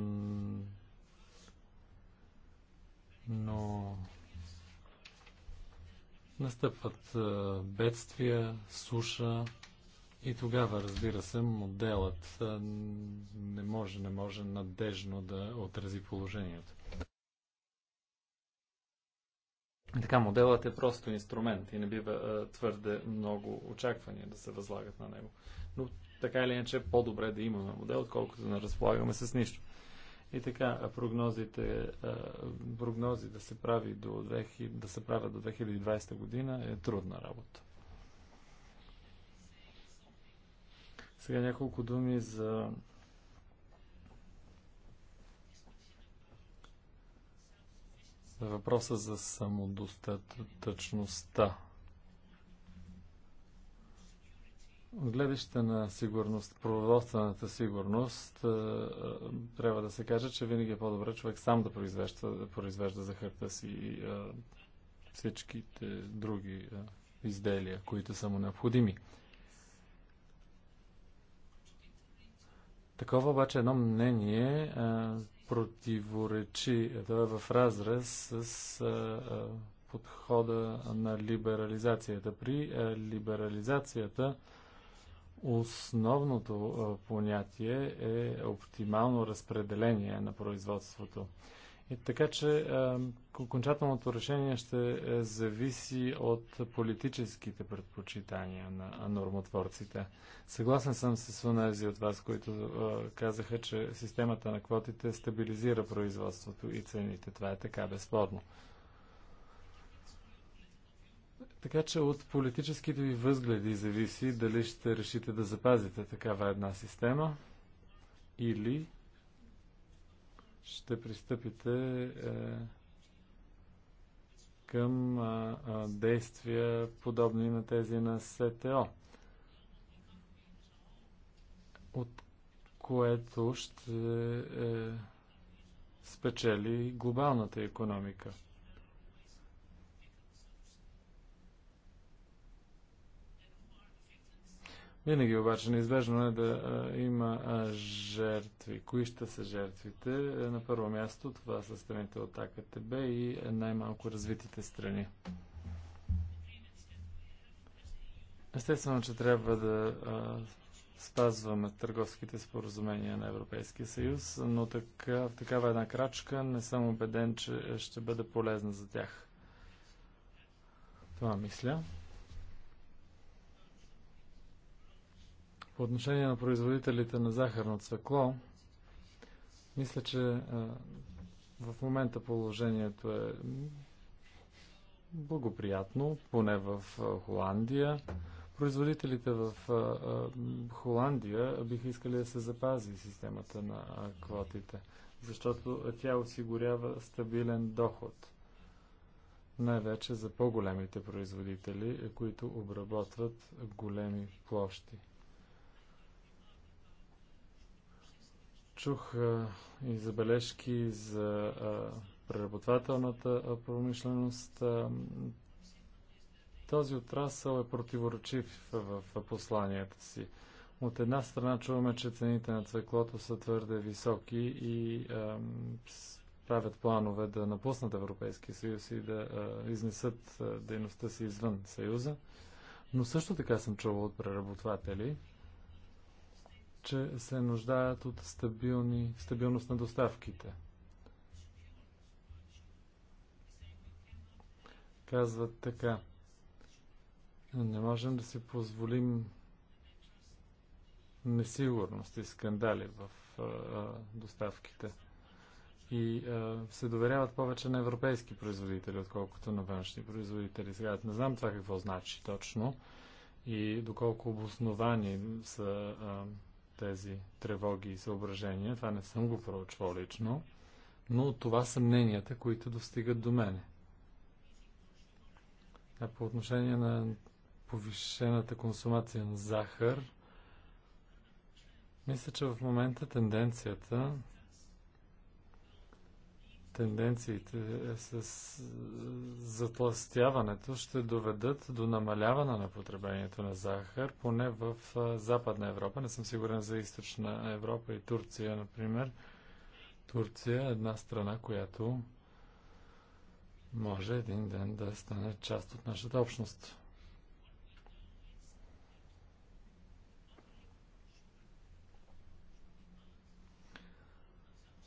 но Настъпват бедствия, суша и тогава, разбира се, моделът не може, не може надежно да отрази положението. Така, моделът е просто инструмент и не бива а, твърде много очаквания да се възлагат на него. Но така или иначе, по-добре да имаме модел, отколкото да не разполагаме с нищо. И така, прогнозите, прогнози да се, прави до 2000, да се правят до 2020 година е трудна работа. Сега няколко думи за въпроса за самодостатъчността От гледаща на сигурност, продоволствената сигурност, е, е, трябва да се каже, че винаги е по-добре човек сам да произвежда, да произвежда захарта си и е, всичките други изделия, които са му необходими. Такова обаче едно мнение а, противоречи, то е в разрез с а, а, подхода на либерализацията. При а, либерализацията Основното понятие е оптимално разпределение на производството. И така че окончателното решение ще е, зависи от политическите предпочитания на нормотворците. Съгласен съм с онези от вас, които казаха, че системата на квотите стабилизира производството и цените. Това е така, безспорно. Така че от политическите ви възгледи зависи дали ще решите да запазите такава една система или ще пристъпите е, към е, действия подобни на тези на СТО, от което ще е, спечели глобалната економика. Винаги обаче неизбежно е да а, има а, жертви. Кои ще са жертвите? Е, на първо място това са страните от АКТБ и най-малко развитите страни. Естествено, че трябва да а, спазваме търговските споразумения на Европейския съюз, но така, в такава една крачка не съм убеден, че ще бъде полезна за тях. Това мисля. По отношение на производителите на захарно цвекло, мисля, че в момента положението е благоприятно, поне в Холандия. Производителите в Холандия биха искали да се запази системата на квотите, защото тя осигурява стабилен доход. Най-вече за по-големите производители, които обработват големи площи. Чух а, и забележки за а, преработвателната промишленост. А, този отрасъл е противоречив в, в посланията си. От една страна чуваме, че цените на цвеклото са твърде високи и а, правят планове да напуснат Европейския съюз и да а, изнесат а, дейността си извън съюза. Но също така съм чувал от преработватели, че се нуждаят от стабилни, стабилност на доставките. Казват така. Не можем да си позволим несигурност и скандали в а, доставките. И а, се доверяват повече на европейски производители, отколкото на външни производители. Сега не знам това какво значи точно и доколко обосновани са а, тези тревоги и съображения. Това не съм го проучвал лично, но това са мненията, които достигат до мене. А по отношение на повишената консумация на захар, мисля, че в момента тенденцията тенденциите е, с е, затластяването ще доведат до намаляване на потреблението на захар, поне в е, Западна Европа. Не съм сигурен за Източна Европа и Турция, например. Турция е една страна, която може един ден да стане част от нашата общност.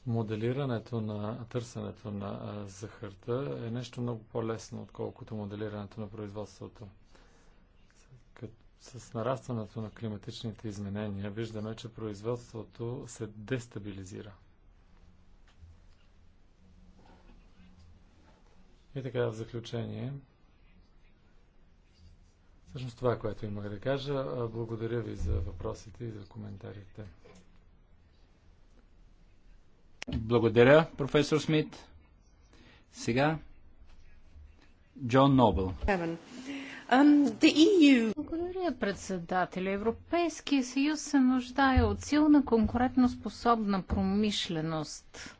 моделирането на търсенето на захарта е нещо много по-лесно, отколкото моделирането на производството. С нарастването на климатичните изменения виждаме, че производството се дестабилизира. И така, в заключение, всъщност това, което имах да кажа, благодаря ви за въпросите и за коментарите. Благодаря, професор Смит. Сега Джон Нобел. Um, e Благодаря, председателя. Европейския съюз се нуждае от силна конкурентоспособна промишленост.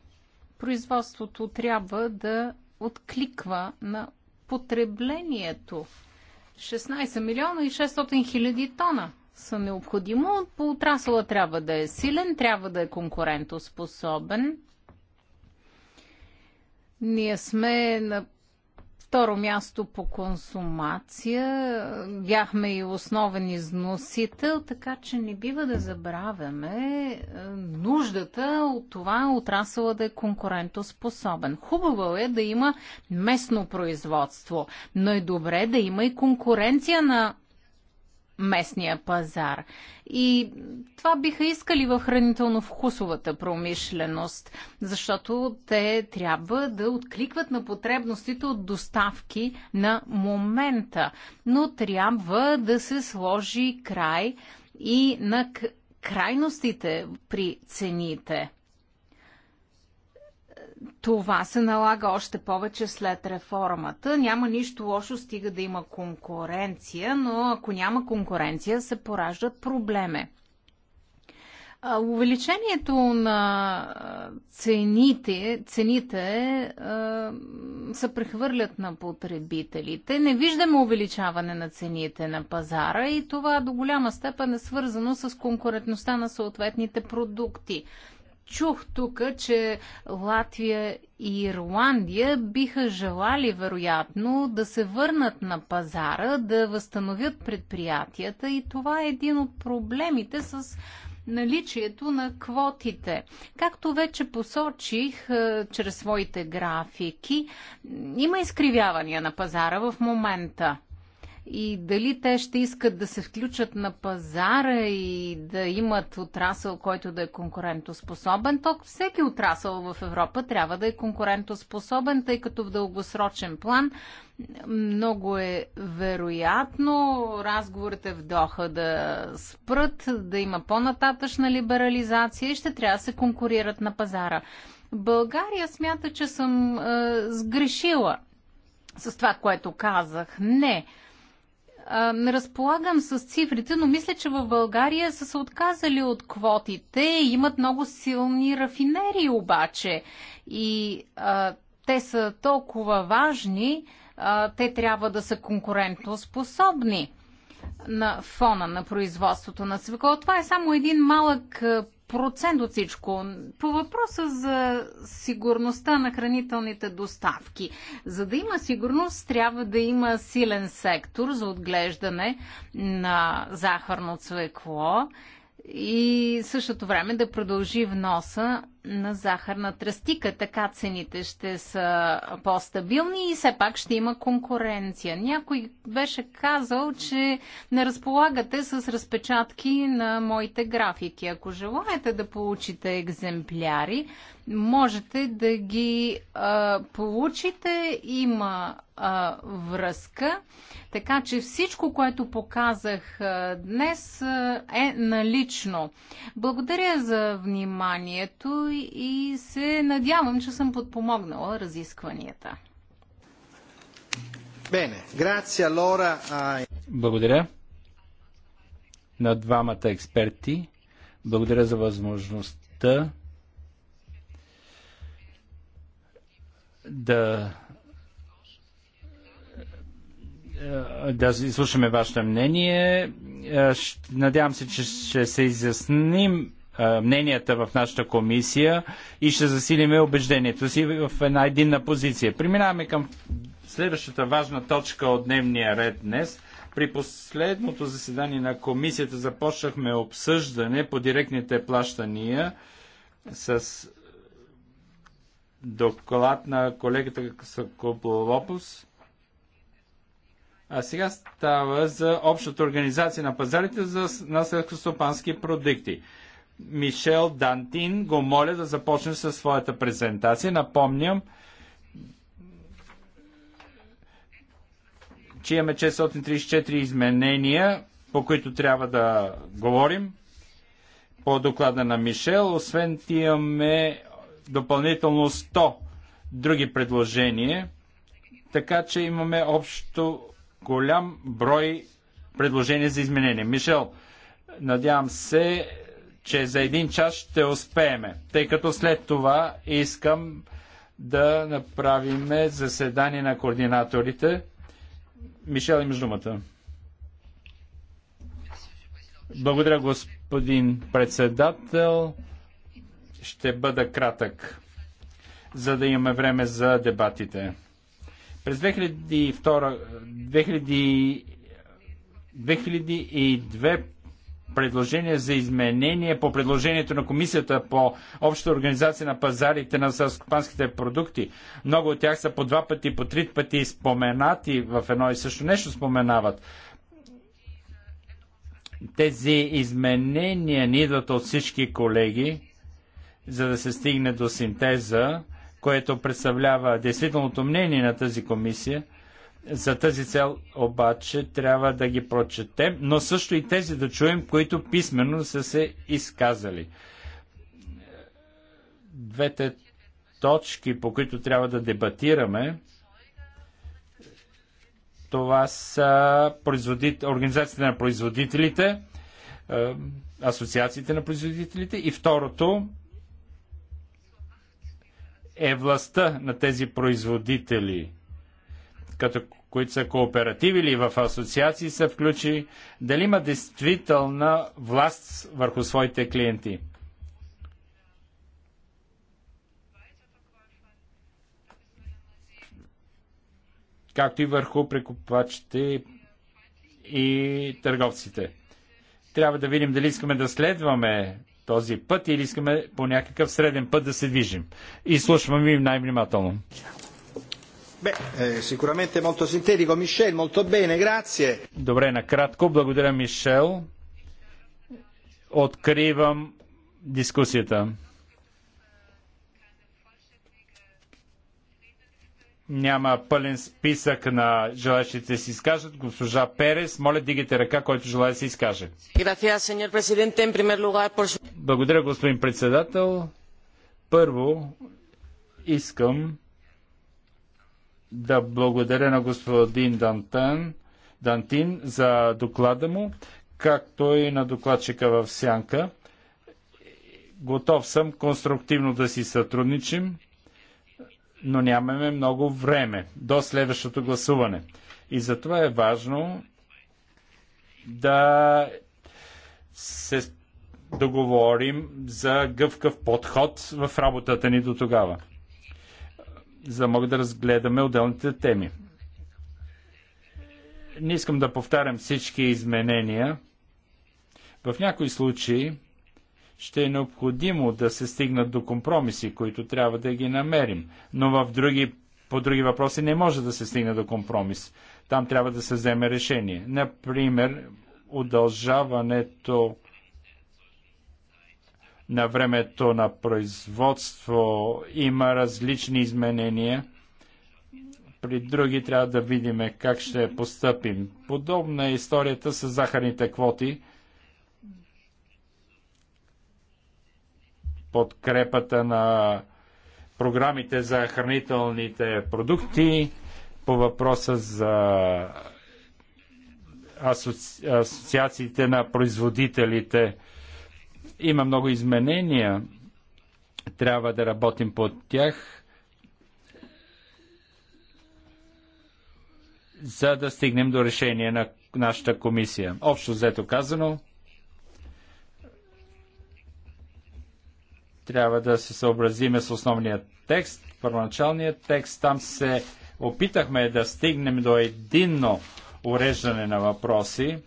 Производството трябва да откликва на потреблението. 16 милиона и 600 хиляди тона са необходимо. По отрасъла трябва да е силен, трябва да е конкурентоспособен. Ние сме на второ място по консумация. Бяхме и основен износител, така че не бива да забравяме е, нуждата от това отрасъла да е конкурентоспособен. Хубаво е да има местно производство, но е добре да има и конкуренция на местния пазар. И това биха искали в хранително-вкусовата промишленост, защото те трябва да откликват на потребностите от доставки на момента. Но трябва да се сложи край и на крайностите при цените това се налага още повече след реформата. Няма нищо лошо, стига да има конкуренция, но ако няма конкуренция, се пораждат проблеми. Увеличението на цените, цените е, се прехвърлят на потребителите. Не виждаме увеличаване на цените на пазара и това до голяма степен е свързано с конкурентността на съответните продукти чух тук, че Латвия и Ирландия биха желали вероятно да се върнат на пазара, да възстановят предприятията и това е един от проблемите с наличието на квотите. Както вече посочих е, чрез своите графики, има изкривявания на пазара в момента и дали те ще искат да се включат на пазара и да имат отрасъл, който да е конкурентоспособен, то всеки отрасъл в Европа трябва да е конкурентоспособен, тъй като в дългосрочен план много е вероятно разговорите в Доха да спрат, да има по-нататъчна либерализация и ще трябва да се конкурират на пазара. България смята, че съм е, сгрешила с това, което казах. Не не разполагам с цифрите, но мисля, че в България са се отказали от квотите. Имат много силни рафинерии обаче. И а, те са толкова важни, а, те трябва да са конкурентоспособни на фона на производството на свекло. Това е само един малък процент от всичко. По въпроса за сигурността на хранителните доставки. За да има сигурност, трябва да има силен сектор за отглеждане на захарно цвекло и същото време да продължи вноса на захарна тръстика. Така цените ще са по-стабилни и все пак ще има конкуренция. Някой беше казал, че не разполагате с разпечатки на моите графики. Ако желаете да получите екземпляри, можете да ги а, получите. Има а, връзка. Така че всичко, което показах а, днес, а, е налично. Благодаря за вниманието и се надявам, че съм подпомогнала разискванията. Бене, грация, Лора. Благодаря на двамата експерти. Благодаря за възможността да е, да изслушаме вашето мнение. Е, надявам се, че ще се изясним мненията в нашата комисия и ще засилиме убеждението си в една единна позиция. Преминаваме към следващата важна точка от дневния ред днес. При последното заседание на комисията започнахме обсъждане по директните плащания с доклад на колегата Кополопус. А сега става за общата организация на пазарите за, на селскостопански продукти. Мишел Дантин го моля да започне със своята презентация. Напомням, че имаме 634 изменения, по които трябва да говорим по доклада на Мишел. Освен ти имаме допълнително 100 други предложения, така че имаме общо голям брой предложения за изменения. Мишел, надявам се че за един час ще успееме, тъй като след това искам да направим заседание на координаторите. Мишел, имаш думата. Благодаря, господин председател. Ще бъда кратък, за да имаме време за дебатите. През 2002, 2002 предложение за изменение по предложението на комисията по обща организация на пазарите на селскопанските продукти. Много от тях са по два пъти, по три пъти споменати в едно и също нещо споменават. Тези изменения ни идват от всички колеги, за да се стигне до синтеза, което представлява действителното мнение на тази комисия – за тази цел обаче трябва да ги прочетем, но също и тези да чуем, които писменно са се изказали. Двете точки, по които трябва да дебатираме, това са организациите на производителите, е, асоциациите на производителите и второто е властта на тези производители като които са кооперативи или в асоциации се включи, дали има действителна власт върху своите клиенти. както и върху прекупвачите и търговците. Трябва да видим дали искаме да следваме този път или искаме по някакъв среден път да се движим. И слушваме ви най-внимателно eh, sicuramente molto sintetico, Michel, molto bene, grazie. Добре, накратко, благодаря Мишел. Откривам дискусията. Няма пълен списък на желаящите да се изкажат. Госпожа Перес, моля дигите ръка, който желая да се изкаже. Благодаря, господин председател. Първо, искам да благодаря на господин Дантен, Дантин за доклада му, както и на докладчика в Сянка. Готов съм конструктивно да си сътрудничим, но нямаме много време до следващото гласуване. И затова е важно да се договорим за гъвкав подход в работата ни до тогава за да мога да разгледаме отделните теми. Не искам да повтарям всички изменения. В някои случаи ще е необходимо да се стигнат до компромиси, които трябва да ги намерим. Но в други, по други въпроси не може да се стигне до компромис. Там трябва да се вземе решение. Например, удължаването на времето на производство има различни изменения. При други трябва да видим как ще постъпим. Подобна е историята с захарните квоти. Подкрепата на програмите за хранителните продукти по въпроса за асоци... асоциациите на производителите има много изменения. Трябва да работим под тях, за да стигнем до решение на нашата комисия. Общо взето казано, трябва да се съобразиме с основния текст, първоначалния текст. Там се опитахме да стигнем до единно уреждане на въпроси.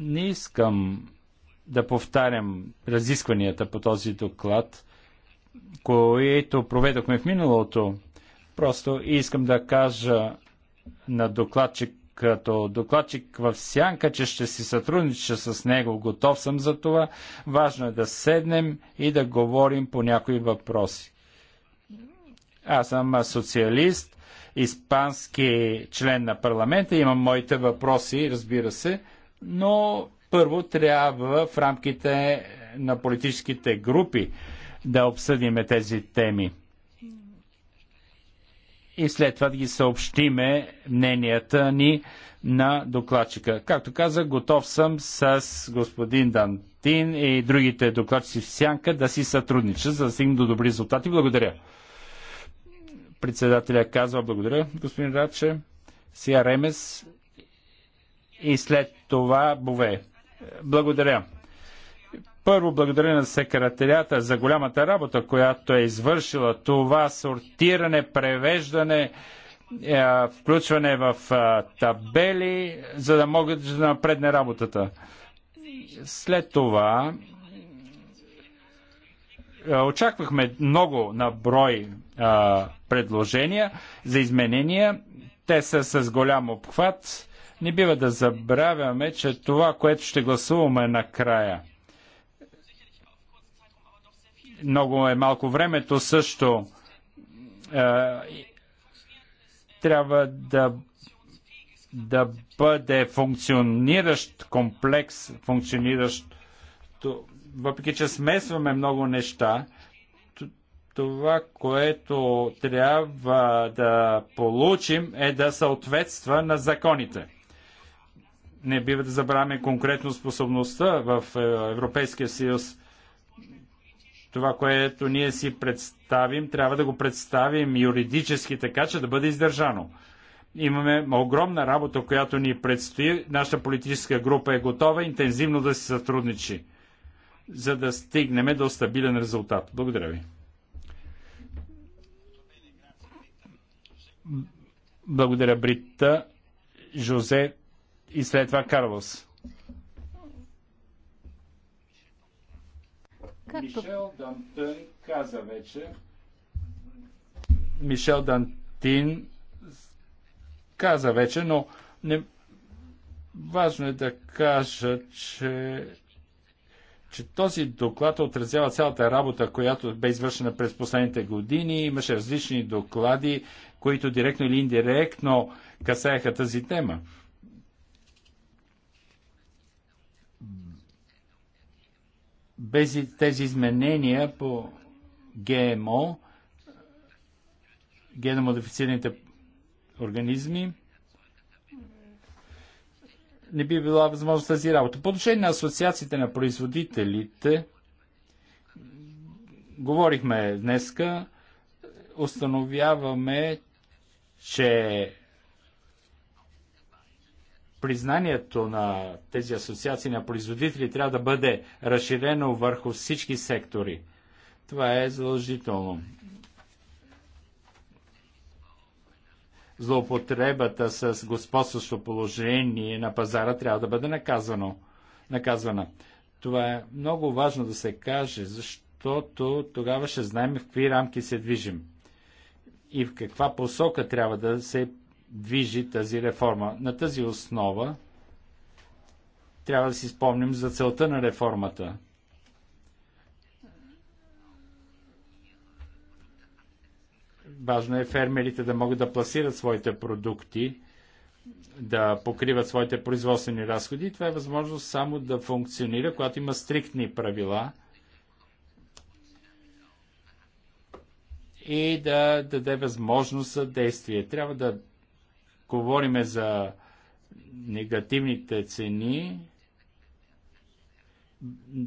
Не искам да повтарям разискванията по този доклад, които проведохме в миналото. Просто искам да кажа на докладчик, като докладчик в сянка, че ще си сътруднича с него. Готов съм за това. Важно е да седнем и да говорим по някои въпроси. Аз съм социалист, испански член на парламента, имам моите въпроси, разбира се но първо трябва в рамките на политическите групи да обсъдиме тези теми. И след това да ги съобщиме мненията ни на докладчика. Както каза, готов съм с господин Дантин и другите докладчици в Сянка да си сътрудничат, за да стигнем до добри резултати. Благодаря. Председателя казва благодаря, господин Раче. Сия Ремес и след това Бове. Благодаря. Първо, благодаря на секретарията за голямата работа, която е извършила. Това сортиране, превеждане, е, включване в е, табели, за да могат да напредне работата. След това е, очаквахме много на брой предложения за изменения. Те са с голям обхват не бива да забравяме, че това, което ще гласуваме накрая, много е малко времето също, е, трябва да, да бъде функциониращ комплекс, функциониращ, въпреки че смесваме много неща, това, което трябва да получим е да съответства на законите не бива да забравяме конкретно способността в е, Европейския съюз. Това, което ние си представим, трябва да го представим юридически така, че да бъде издържано. Имаме огромна работа, която ни предстои. Нашата политическа група е готова интензивно да се сътрудничи, за да стигнем до стабилен резултат. Благодаря ви. Благодаря, Брита. Жозе и след това Карлос. Както... Мишел Дантин каза вече. Мишел Дантин каза вече, но не... важно е да кажа, че че този доклад отразява цялата работа, която бе извършена през последните години. Имаше различни доклади, които директно или индиректно касаеха тази тема. без тези изменения по ГМО, геномодифицираните организми, не би била възможност тази работа. По отношение на асоциациите на производителите, говорихме днеска, установяваме, че признанието на тези асоциации на производители трябва да бъде разширено върху всички сектори. Това е задължително. Злоупотребата с господстващо положение на пазара трябва да бъде наказано, наказвана. Това е много важно да се каже, защото тогава ще знаем в какви рамки се движим и в каква посока трябва да се движи тази реформа. На тази основа трябва да си спомним за целта на реформата. Важно е фермерите да могат да пласират своите продукти, да покриват своите производствени разходи. Това е възможно само да функционира, когато има стриктни правила и да даде възможност за действие. Трябва да говориме за негативните цени,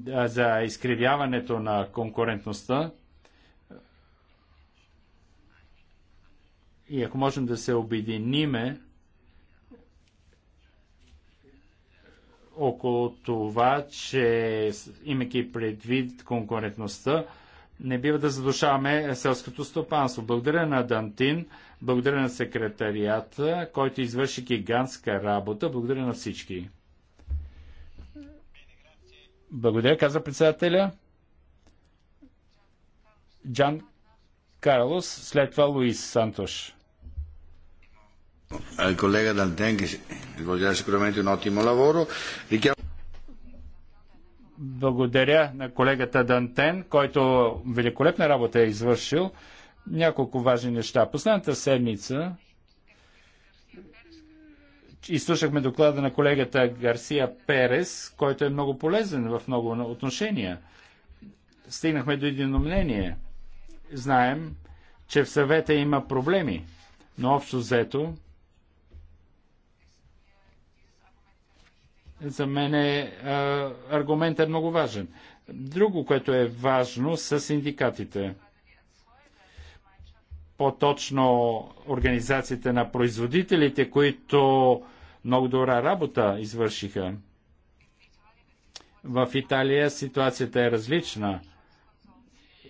за изкривяването на конкурентността, и ако можем да се обединиме около това, че имайки предвид конкурентността, не бива да задушаваме селското стопанство. Благодаря на Дантин благодаря на секретарията, който извърши гигантска работа. Благодаря на всички. Благодаря, каза председателя. Джан Карлос, след това Луис Сантош. Al collega благодаря che svolgerà sicuramente un ottimo lavoro. Благодаря на колегата Дантен, който великолепна работа е извършил няколко важни неща. Последната седмица изслушахме доклада на колегата Гарсия Перес, който е много полезен в много отношения. Стигнахме до едно мнение. Знаем, че в съвета има проблеми, но общо взето за мен е, аргумент е много важен. Друго, което е важно, са синдикатите по-точно организациите на производителите, които много добра работа извършиха. В Италия ситуацията е различна.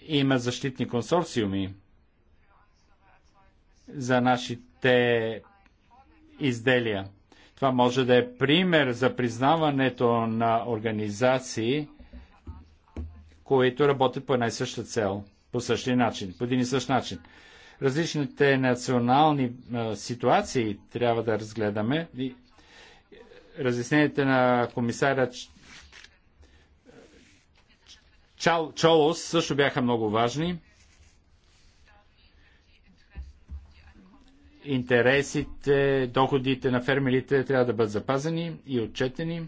Има защитни консорциуми за нашите изделия. Това може да е пример за признаването на организации, които работят по една и съща цел, по същия начин, по един и същ начин различните национални а, ситуации трябва да разгледаме. И разясненията на комисаря Чал, Чолос също бяха много важни. Интересите, доходите на фермерите трябва да бъдат запазени и отчетени.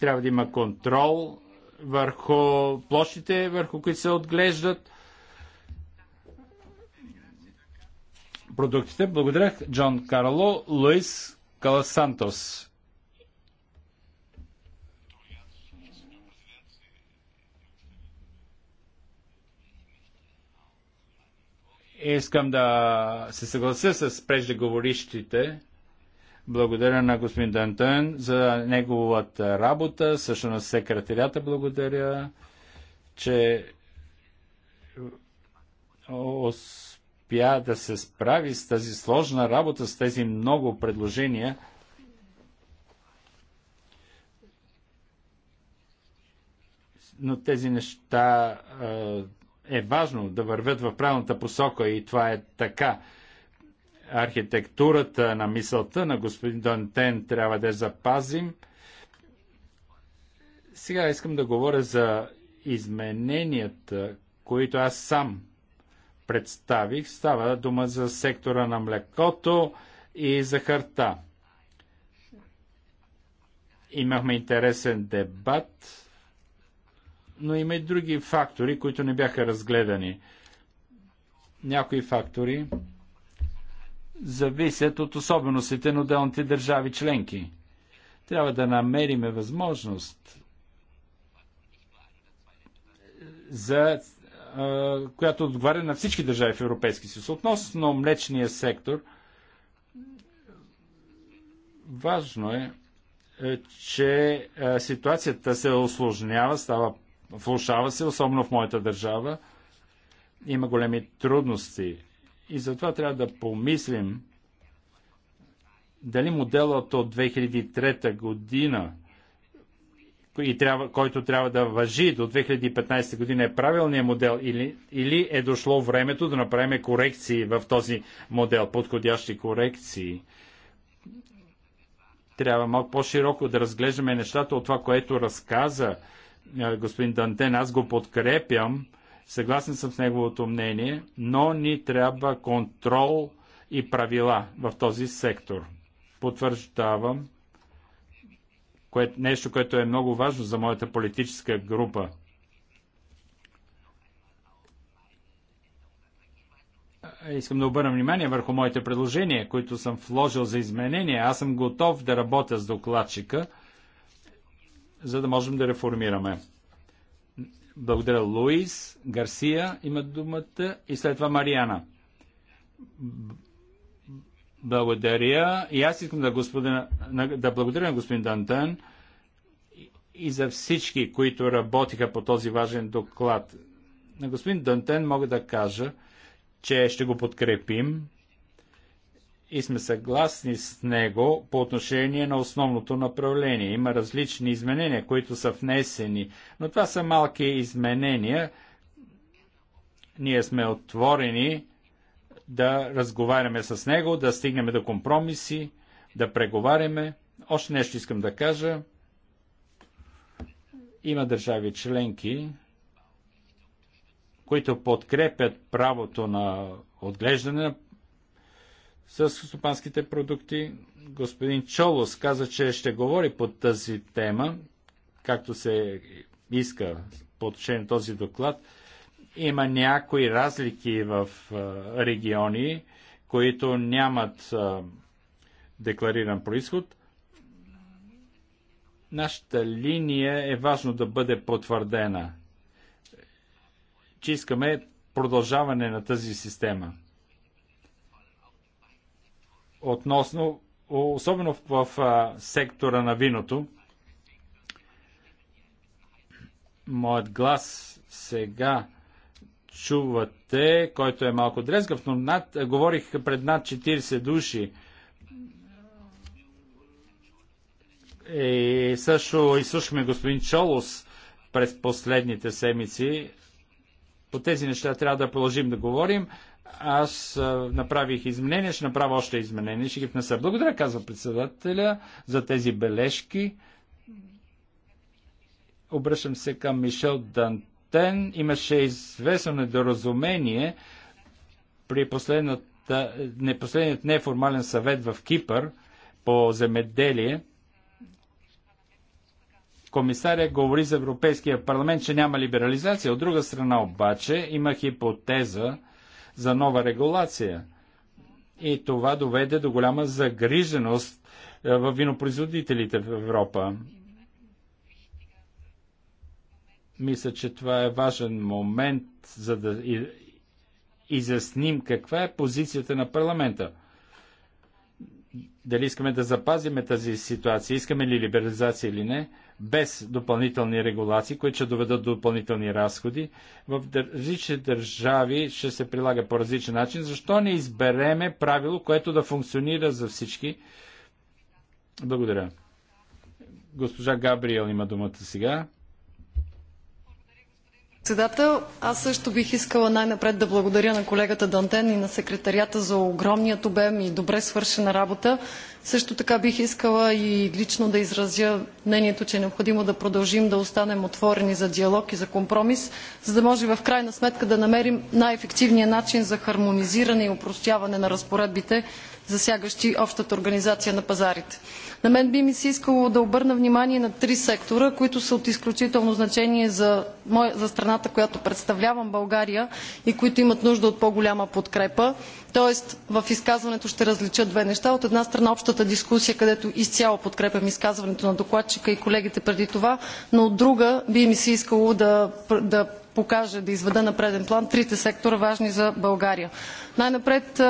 Трябва да има контрол върху площите, върху които се отглеждат – продуктите. Благодаря Джон Карло, Луис Каласантос. Искам да се съглася с преждеговорищите. Благодаря на господин Дантен за неговата работа, също на секретарията благодаря, че успя да се справи с тази сложна работа, с тези много предложения. Но тези неща е важно да вървят в правилната посока и това е така. Архитектурата на мисълта на господин Донтен трябва да я запазим. Сега искам да говоря за измененията, които аз сам представих, става дума за сектора на млекото и захарта. Имахме интересен дебат, но има и други фактори, които не бяха разгледани. Някои фактори зависят от особеностите на отделните държави членки. Трябва да намериме възможност за която отговаря на всички държави в Европейски съюз. Относно млечния сектор, важно е, е че ситуацията се осложнява, става, влушава се, особено в моята държава. Има големи трудности. И затова трябва да помислим дали моделът от 2003 година, и трябва, който трябва да въжи до 2015 година е правилният модел или, или е дошло времето да направим корекции в този модел, подходящи корекции. Трябва малко по-широко да разглеждаме нещата от това, което разказа господин Дантен. Аз го подкрепям, съгласен съм с неговото мнение, но ни трябва контрол и правила в този сектор. Потвърждавам, нещо, което е много важно за моята политическа група. Искам да обърна внимание върху моите предложения, които съм вложил за изменения. Аз съм готов да работя с докладчика, за да можем да реформираме. Благодаря Луис, Гарсия има думата и след това Мариана. Благодаря. И аз искам да, господина, да благодаря на господин Дантен и за всички, които работиха по този важен доклад. На господин Дантен мога да кажа, че ще го подкрепим и сме съгласни с него по отношение на основното направление. Има различни изменения, които са внесени, но това са малки изменения. Ние сме отворени да разговаряме с него, да стигнем до компромиси, да преговаряме. Още нещо искам да кажа. Има държави членки, които подкрепят правото на отглеждане с стопанските продукти. Господин Чолос каза, че ще говори по тази тема, както се иска по отношение на този доклад. Има някои разлики в региони, които нямат деклариран происход. Нашата линия е важно да бъде потвърдена, че искаме продължаване на тази система. Относно, особено в, в сектора на виното, моят глас сега чувате, който е малко дрезгав, но над, говорих пред над 40 души. И е, също изслушахме господин Чолос през последните седмици. По тези неща трябва да продължим да говорим. Аз направих изменения, ще направя още изменения, ще ги внеса. Благодаря, казва председателя, за тези бележки. Обръщам се към Мишел Дант Тен имаше известно недоразумение при не последният неформален съвет в Кипър по земеделие. Комисаря говори за Европейския парламент, че няма либерализация. От друга страна обаче има хипотеза за нова регулация. И това доведе до голяма загриженост е, в винопроизводителите в Европа. Мисля, че това е важен момент, за да изясним каква е позицията на парламента. Дали искаме да запазиме тази ситуация, искаме ли либерализация или не, без допълнителни регулации, които ще доведат до допълнителни разходи. В различни държави ще се прилага по различен начин. Защо не избереме правило, което да функционира за всички? Благодаря. Госпожа Габриел има думата сега. Председател, аз също бих искала най-напред да благодаря на колегата Дантен и на секретарията за огромният обем и добре свършена работа. Също така бих искала и лично да изразя мнението, че е необходимо да продължим да останем отворени за диалог и за компромис, за да може в крайна сметка да намерим най-ефективния начин за хармонизиране и опростяване на разпоредбите, засягащи общата организация на пазарите. На мен би ми се искало да обърна внимание на три сектора, които са от изключително значение за, моя, за страната, която представлявам България и които имат нужда от по-голяма подкрепа. Тоест в изказването ще различа две неща. От една страна общата дискусия, където изцяло подкрепям изказването на докладчика и колегите преди това, но от друга би ми се искало да покажа, да изведа на преден план трите сектора, важни за България. Най-напред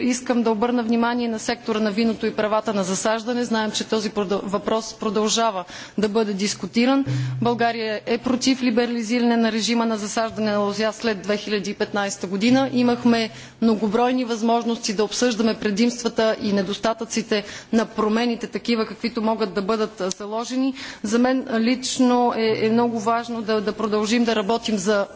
искам да обърна внимание на сектора на виното и правата на засаждане. Знаем, че този въпрос продължава да бъде дискутиран. България е против либерализиране на режима на засаждане на лозя след 2015 година. Имахме многобройни възможности да обсъждаме предимствата и недостатъците на промените, такива каквито могат да бъдат заложени. За мен лично е, е много важно да, да продължим да работим за за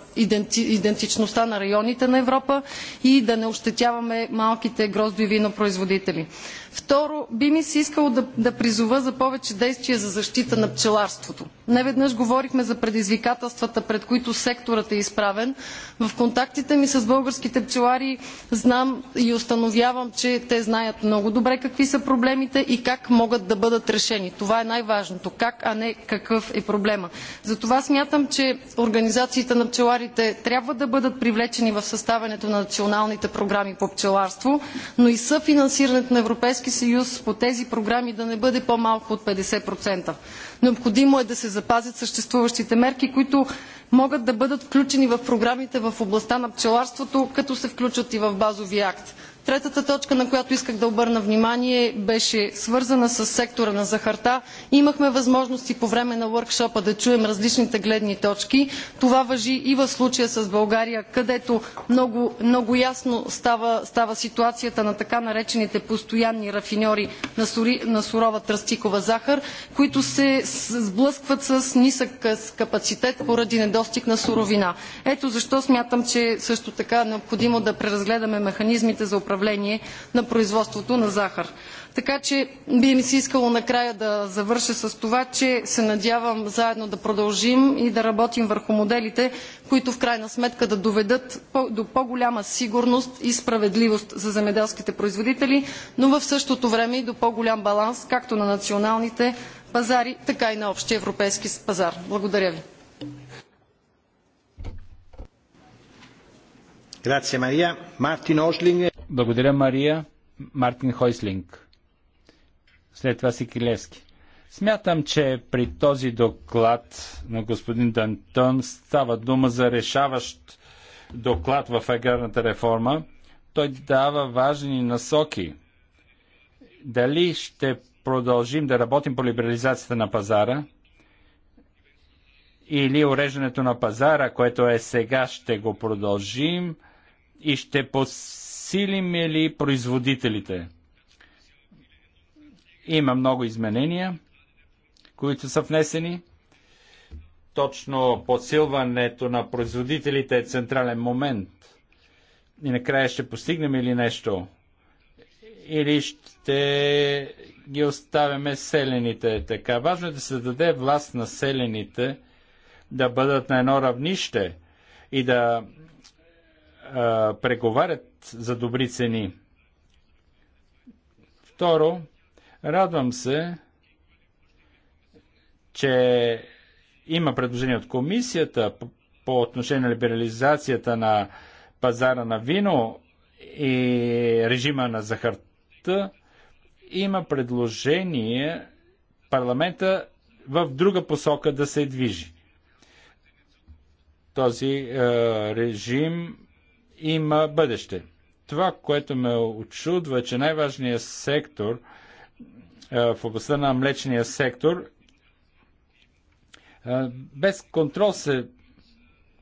идентичността на районите на Европа и да не ощетяваме малките гроздо и винопроизводители. Второ, би ми се искало да, да призова за повече действия за защита на пчеларството. Неведнъж говорихме за предизвикателствата, пред които секторът е изправен. В контактите ми с българските пчелари знам и установявам, че те знаят много добре какви са проблемите и как могат да бъдат решени. Това е най-важното. Как, а не какъв е проблема. Затова смятам, че организациите на пчеларите трябва да бъдат привлечени в съставянето на националните програми по пчеларство, но и съфинансирането на европейските Европейски съюз по тези програми да не бъде по-малко от 50%. Необходимо е да се запазят съществуващите мерки, които могат да бъдат включени в програмите в областта на пчеларството, като се включат и в базовия акт. Третата точка, на която исках да обърна внимание, беше свързана с сектора на захарта. Имахме възможности по време на въркшопа да чуем различните гледни точки. Това важи и в случая с България, където много, много ясно става, става ситуацията на така наречените постоянни рафиньори на, сури, на сурова тръстикова захар, които се сблъскват с нисък капацитет поради недостиг на суровина. Ето защо смятам, че също така е необходимо да преразгледаме механизмите за управление управление на производството на захар. Така че би ми се искало накрая да завърша с това, че се надявам заедно да продължим и да работим върху моделите, които в крайна сметка да доведат до по-голяма сигурност и справедливост за земеделските производители, но в същото време и до по-голям баланс както на националните пазари, така и на общия европейски пазар. Благодаря ви. Grazie Maria. Martin Osling благодаря, Мария. Мартин Хойслинг. След това си Килевски. Смятам, че при този доклад на господин Дантон става дума за решаващ доклад в аграрната реформа. Той дава важни насоки. Дали ще продължим да работим по либерализацията на пазара или уреждането на пазара, което е сега, ще го продължим и ще посилим подсилим ли производителите? Има много изменения, които са внесени. Точно подсилването на производителите е централен момент. И накрая ще постигнем ли нещо? Или ще ги оставяме селените така? Важно е да се даде власт на селените да бъдат на едно равнище и да а, преговарят за добри цени. Второ, радвам се, че има предложение от комисията по отношение на либерализацията на пазара на вино и режима на захарта. Има предложение парламента в друга посока да се движи. Този е, режим има бъдеще. Това, което ме очудва, е, че най-важният сектор е, в областта на млечния сектор е, без контрол се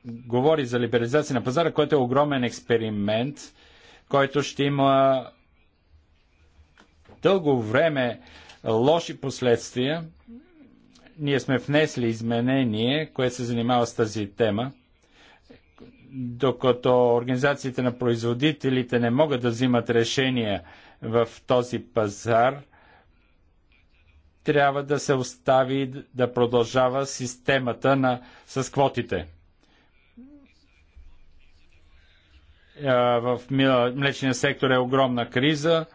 говори за либерализация на пазара, който е огромен експеримент, който ще има дълго време лоши последствия. Ние сме внесли изменение, което се занимава с тази тема – докато организациите на производителите не могат да взимат решения в този пазар, трябва да се остави да продължава системата на, с квотите. В млечния сектор е огромна криза,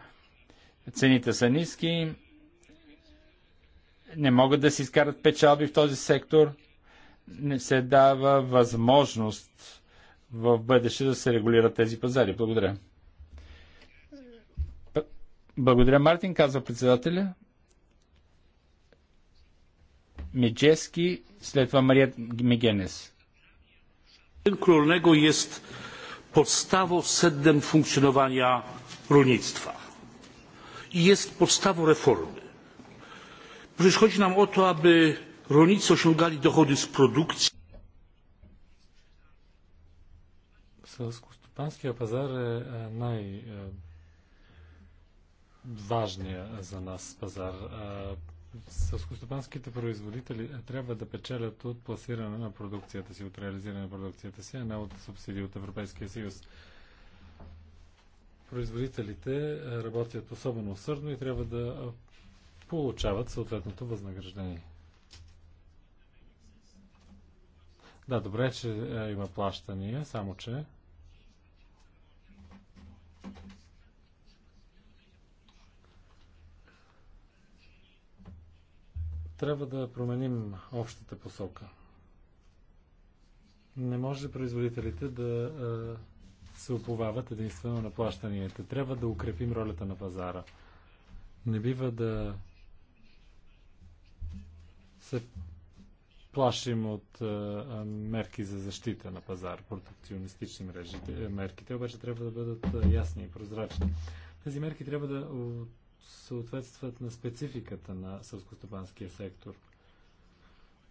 цените са ниски, не могат да се изкарат печалби в този сектор, не се дава възможност в бъдеще да се регулират тези пазари. Благодаря. Благодаря, Мартин, казва председателя. Миджески, след това Мария Мигенес. Królnego jest podstawą, sednem funkcjonowania rolnictwa i jest podstawą reformy. Przecież chodzi nam o to, aby rolnicy osiągali dochody z produkcji. Селскостопанския пазар е, е най- е, важния за нас пазар. Е, селскостопанските производители трябва да печелят от пласиране на продукцията си, от реализиране на продукцията си, а не от субсидии от Европейския съюз. Производителите работят особено усърдно и трябва да получават съответното възнаграждение. Да, добре, че има плащания, само че Трябва да променим общата посока. Не може производителите да се оповават единствено на плащанията. Трябва да укрепим ролята на пазара. Не бива да се плашим от мерки за защита на пазар, протекционистични мрежи. Мерките обаче трябва да бъдат ясни и прозрачни. Тези мерки трябва да съответстват на спецификата на сълскостопанския сектор.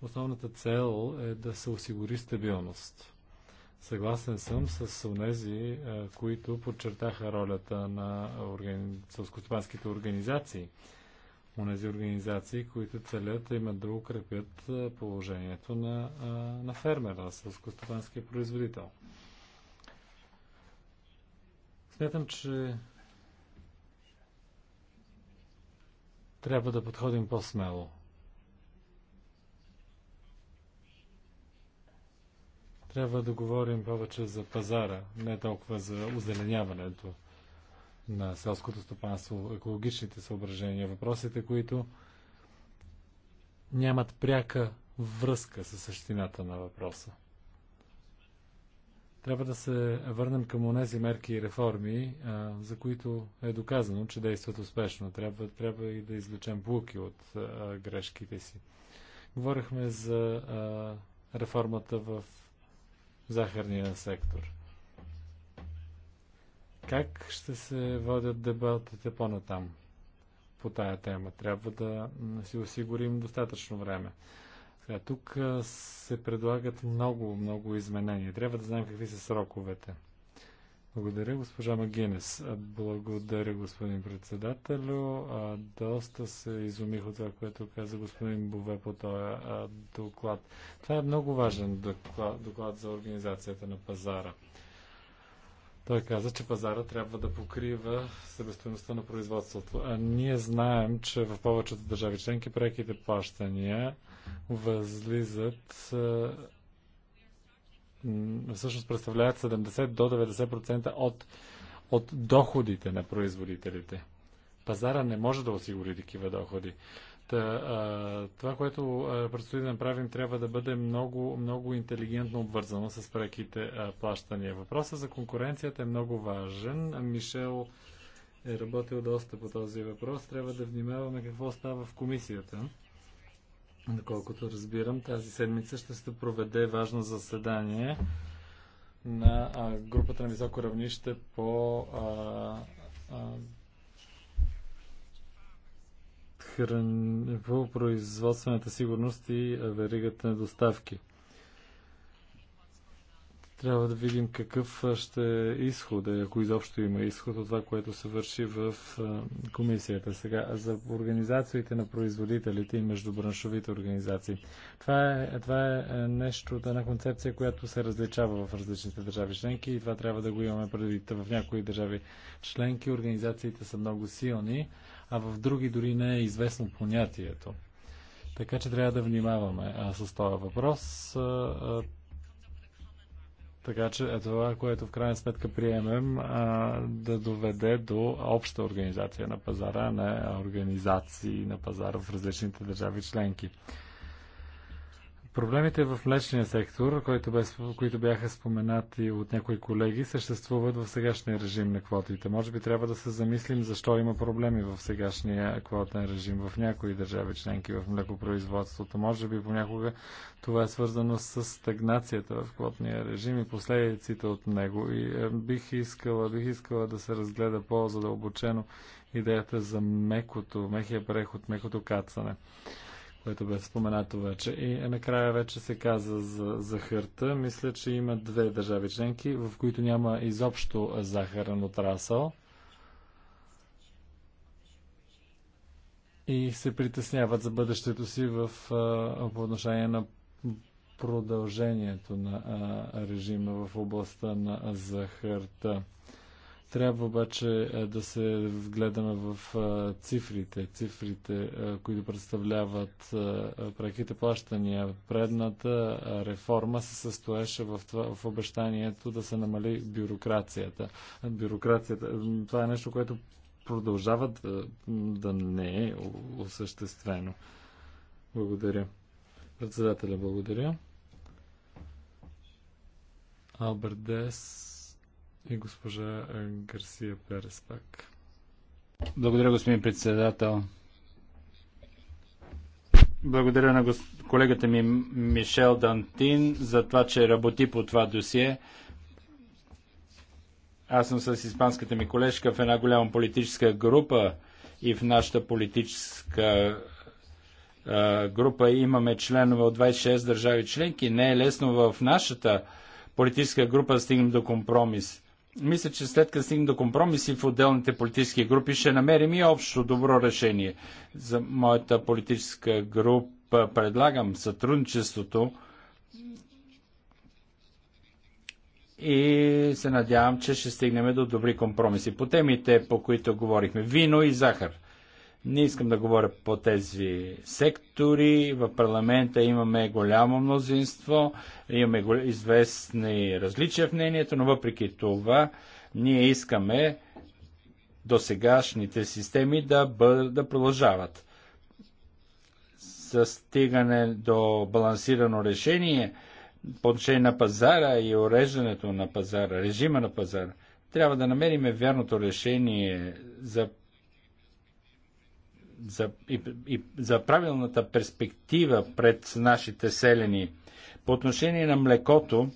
Основната цел е да се осигури стабилност. Съгласен съм с тези, е, които подчертаха ролята на органи... сълскостопанските организации. унези организации, които целят имат да укрепят е, положението на, е, на фермера, сълскостопанския производител. Смятам, че Трябва да подходим по-смело. Трябва да говорим повече за пазара, не толкова за озеленяването на селското стопанство, екологичните съображения, въпросите, които нямат пряка връзка с същината на въпроса. Трябва да се върнем към онези мерки и реформи, а, за които е доказано, че действат успешно. Трябва, трябва и да извлечем булки от а, грешките си. Говорихме за а, реформата в захарния сектор. Как ще се водят дебатите по-натам по тая тема? Трябва да си осигурим достатъчно време. Сега, тук се предлагат много, много изменения. Трябва да знаем какви са сроковете. Благодаря, госпожа Магинес. Благодаря, господин председателю. Доста се изумих от това, което каза господин Бове по този доклад. Това е много важен доклад, доклад за организацията на пазара. Той каза, че пазара трябва да покрива себестоеността на производството. А ние знаем, че в повечето държави членки преките плащания възлизат всъщност представляват 70 до 90% от, от доходите на производителите. Пазара не може да осигури такива доходи. Та, а, това, което а, предстои да направим, трябва да бъде много, много интелигентно обвързано с преките а, плащания. Въпросът за конкуренцията е много важен. Мишел е работил доста по този въпрос. Трябва да внимаваме какво става в комисията. Доколкото разбирам, тази седмица ще се проведе важно заседание на а, групата на високо равнище по а, а, хран... по производствената сигурност и веригата на доставки. Трябва да видим какъв ще е изход, е, ако изобщо има изход от това, което се върши в комисията. Сега за организациите на производителите и междубраншовите организации. Това е, това е, е нещо от една концепция, която се различава в различните държави членки и това трябва да го имаме предвид. В някои държави членки организациите са много силни, а в други дори не е известно понятието. Така че трябва да внимаваме а, с този въпрос. А, а, така че е това, което в крайна сметка приемем, а, да доведе до обща организация на пазара, а не организации на пазара в различните държави членки. Проблемите в млечния сектор, който без, които бяха споменати от някои колеги, съществуват в сегашния режим на квотите. Може би трябва да се замислим защо има проблеми в сегашния квотен режим в някои държави членки в млекопроизводството. Може би понякога това е свързано с стагнацията в квотния режим и последиците от него. И е, бих искала, бих искала да се разгледа по-задълбочено идеята за мекото, мехия преход, мекото кацане което бе споменато вече. И е, накрая вече се каза за захарта. Мисля, че има две държави членки, в които няма изобщо захарен отрасъл. И се притесняват за бъдещето си в, по отношение на продължението на режима в областта на захарта. Трябва обаче е, да се вгледаме в е, цифрите, цифрите, е, които представляват преките плащания. Предната реформа се състоеше в, това, в обещанието да се намали бюрокрацията. бюрокрацията. Това е нещо, което продължава да, да не е осъществено. Благодаря. Председателя, благодаря. Алберт Дес и госпожа е, Гарсия Перес пак. Благодаря, господин председател. Благодаря на колегата ми Мишел Дантин за това, че работи по това досие. Аз съм с испанската ми колежка в една голяма политическа група и в нашата политическа а, е, група имаме членове от 26 държави членки. Не е лесно в нашата политическа група да стигнем до компромис мисля, че след като стигнем до компромиси в отделните политически групи, ще намерим и общо добро решение. За моята политическа група предлагам сътрудничеството и се надявам, че ще стигнем до добри компромиси по темите, по които говорихме. Вино и захар. Не искам да говоря по тези сектори. В парламента имаме голямо мнозинство, имаме известни различия в мнението, но въпреки това ние искаме досегашните системи да, бъдат, да продължават. За стигане до балансирано решение по отношение на пазара и уреждането на пазара, режима на пазара, трябва да намериме вярното решение за за, и, и за правилната перспектива пред нашите селени. По отношение на млекото,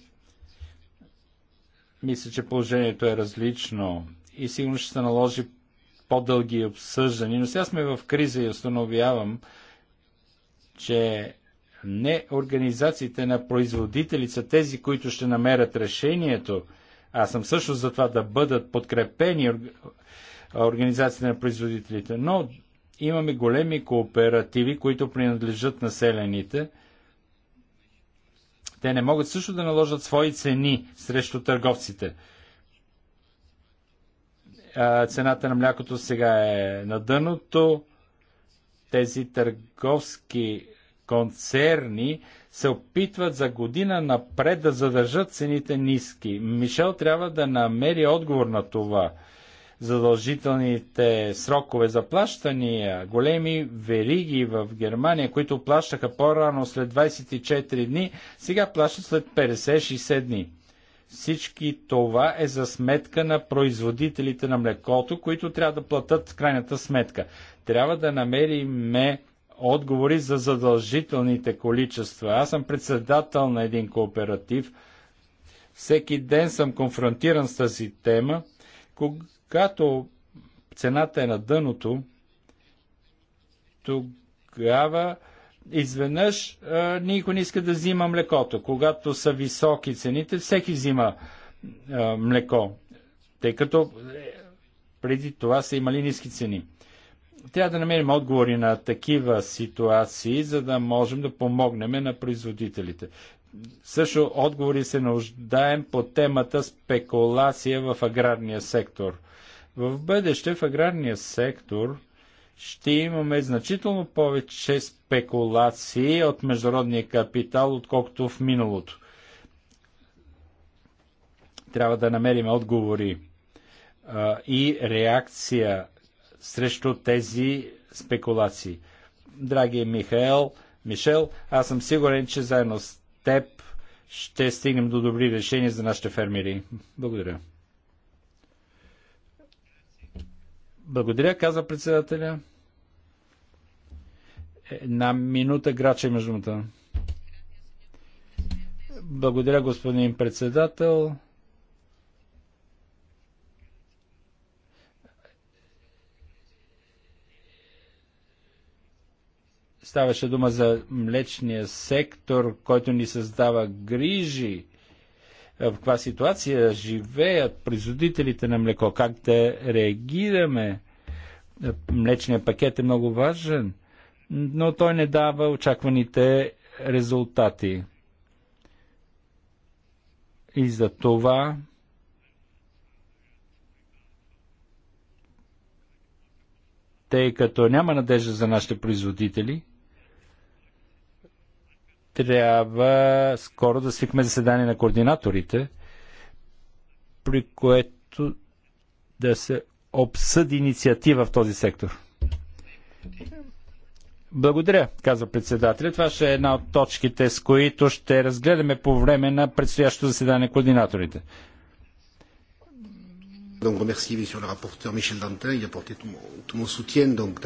мисля, че положението е различно и сигурно ще се наложи по-дълги обсъждания, но сега сме в криза и установявам, че не организациите на производители са тези, които ще намерят решението. Аз съм също за това да бъдат подкрепени организациите на производителите, но имаме големи кооперативи, които принадлежат населените. Те не могат също да наложат свои цени срещу търговците. Цената на млякото сега е на дъното. Тези търговски концерни се опитват за година напред да задържат цените ниски. Мишел трябва да намери отговор на това задължителните срокове за плащания, големи вериги в Германия, които плащаха по-рано след 24 дни, сега плащат след 50-60 дни. Всички това е за сметка на производителите на млекото, които трябва да платят крайната сметка. Трябва да намериме отговори за задължителните количества. Аз съм председател на един кооператив. Всеки ден съм конфронтиран с тази тема. Когато цената е на дъното, тогава изведнъж а, никой не иска да взима млекото. Когато са високи цените, всеки взима а, млеко, тъй като е, преди това са имали ниски цени. Трябва да намерим отговори на такива ситуации, за да можем да помогнем на производителите. Също отговори се нуждаем по темата спекулация в аграрния сектор. В бъдеще в аграрния сектор ще имаме значително повече спекулации от международния капитал, отколкото в миналото. Трябва да намерим отговори а, и реакция срещу тези спекулации. Драги Михаел, Мишел, аз съм сигурен, че заедно с теб ще стигнем до добри решения за нашите фермери. Благодаря. Благодаря, каза председателя. Една минута, граче между мута. Благодаря, господин председател. Ставаше дума за млечния сектор, който ни създава грижи в каква ситуация живеят производителите на млеко, как да реагираме. Млечният пакет е много важен, но той не дава очакваните резултати. И за това тъй като няма надежда за нашите производители – трябва скоро да свикме заседание на координаторите, при което да се обсъди инициатива в този сектор. Благодаря, казва председателя. Това ще е една от точките, с които ще разгледаме по време на предстоящото заседание на координаторите.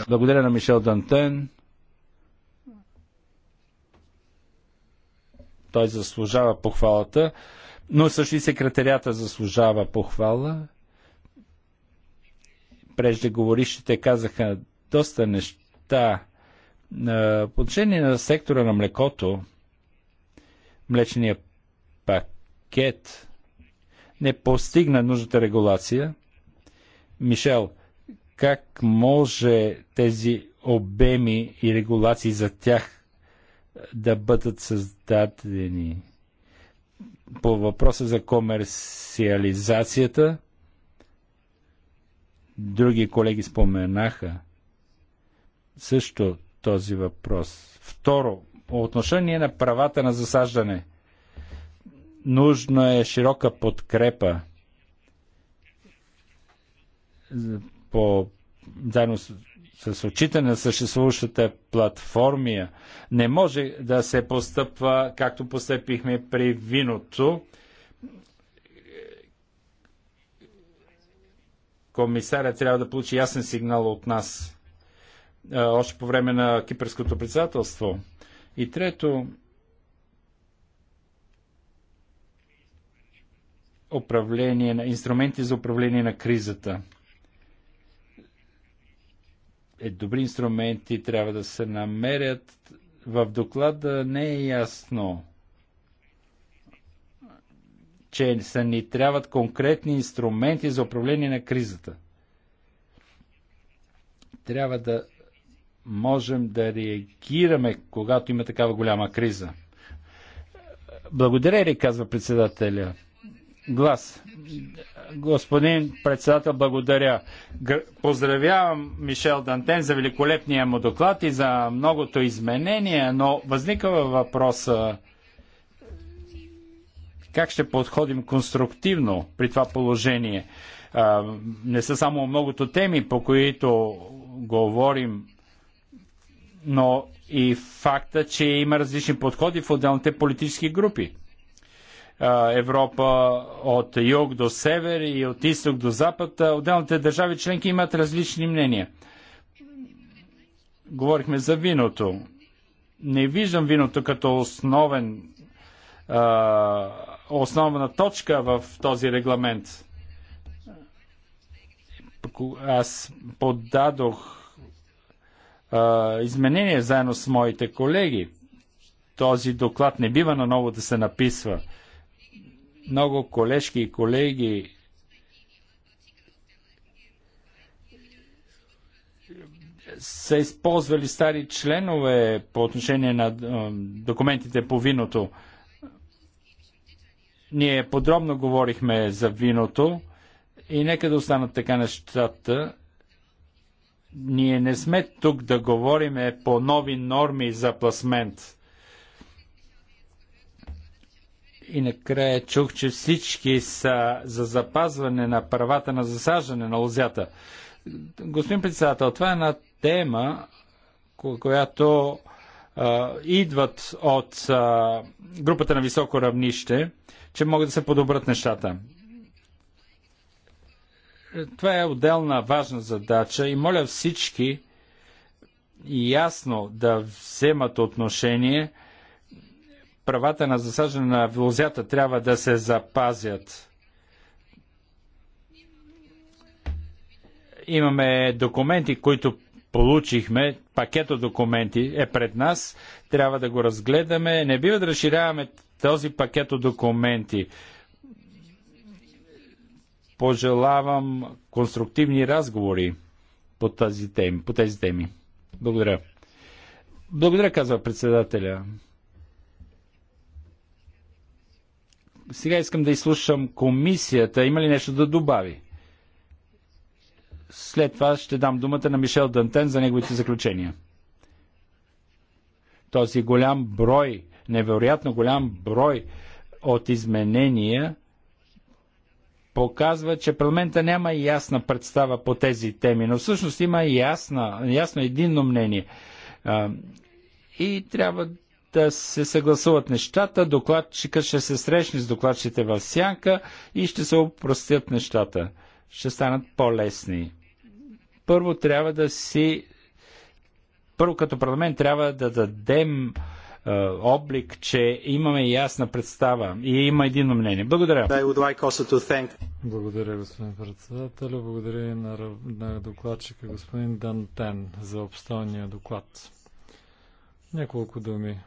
Благодаря на Мишел Дантен. Той заслужава похвалата, но също и секретарията заслужава похвала. Преждеговорищите казаха доста неща. По отношение на сектора на млекото, млечния пакет не постигна нужната регулация. Мишел, как може тези обеми и регулации за тях да бъдат създадени. По въпроса за комерциализацията, други колеги споменаха също този въпрос. Второ, по отношение на правата на засаждане, нужна е широка подкрепа по заедно с с отчитане на съществуващата платформи не може да се постъпва както постъпихме при виното. Комисаря трябва да получи ясен сигнал от нас още по време на кипърското председателство. И трето, управление на инструменти за управление на кризата – е добри инструменти трябва да се намерят. В доклада не е ясно, че са ни трябват конкретни инструменти за управление на кризата. Трябва да можем да реагираме, когато има такава голяма криза. Благодаря ли, казва председателя глас. Господин председател, благодаря. Поздравявам Мишел Дантен за великолепния му доклад и за многото изменение, но възниква въпроса как ще подходим конструктивно при това положение. Не са само многото теми, по които говорим, но и факта, че има различни подходи в отделните политически групи. Европа от юг до север и от изток до запад. Отделните държави членки имат различни мнения. Говорихме за виното. Не виждам виното като основен, основна точка в този регламент. Аз подадох изменение заедно с моите колеги. Този доклад не бива наново да се написва много колежки и колеги са използвали стари членове по отношение на документите по виното. Ние подробно говорихме за виното и нека да останат така нещата. Ние не сме тук да говориме по нови норми за пласмент. И накрая чух, че всички са за запазване на правата на засаждане на лозята. Господин председател, това е една тема, която а, идват от а, групата на високо равнище, че могат да се подобрат нещата. Това е отделна важна задача и моля всички ясно да вземат отношение – правата на засаждане на лозята трябва да се запазят. Имаме документи, които получихме, пакет от документи е пред нас, трябва да го разгледаме. Не бива да разширяваме този пакет от документи. Пожелавам конструктивни разговори по, тази теми, по тези теми. Благодаря. Благодаря, казва председателя. Сега искам да изслушам комисията. Има ли нещо да добави? След това ще дам думата на Мишел Дантен за неговите заключения. Този голям брой, невероятно голям брой от изменения показва, че парламента няма ясна представа по тези теми, но всъщност има ясна, ясно единно мнение. И трябва да се съгласуват нещата, докладчика ще се срещне с докладчите в сянка и ще се упростят нещата. Ще станат по-лесни. Първо трябва да си... Първо като парламент трябва да дадем е, облик, че имаме ясна представа и има едино мнение. Благодаря. благодаря, господин председател. Благодаря на, на докладчика господин Дантен за обстойния доклад. Няколко думи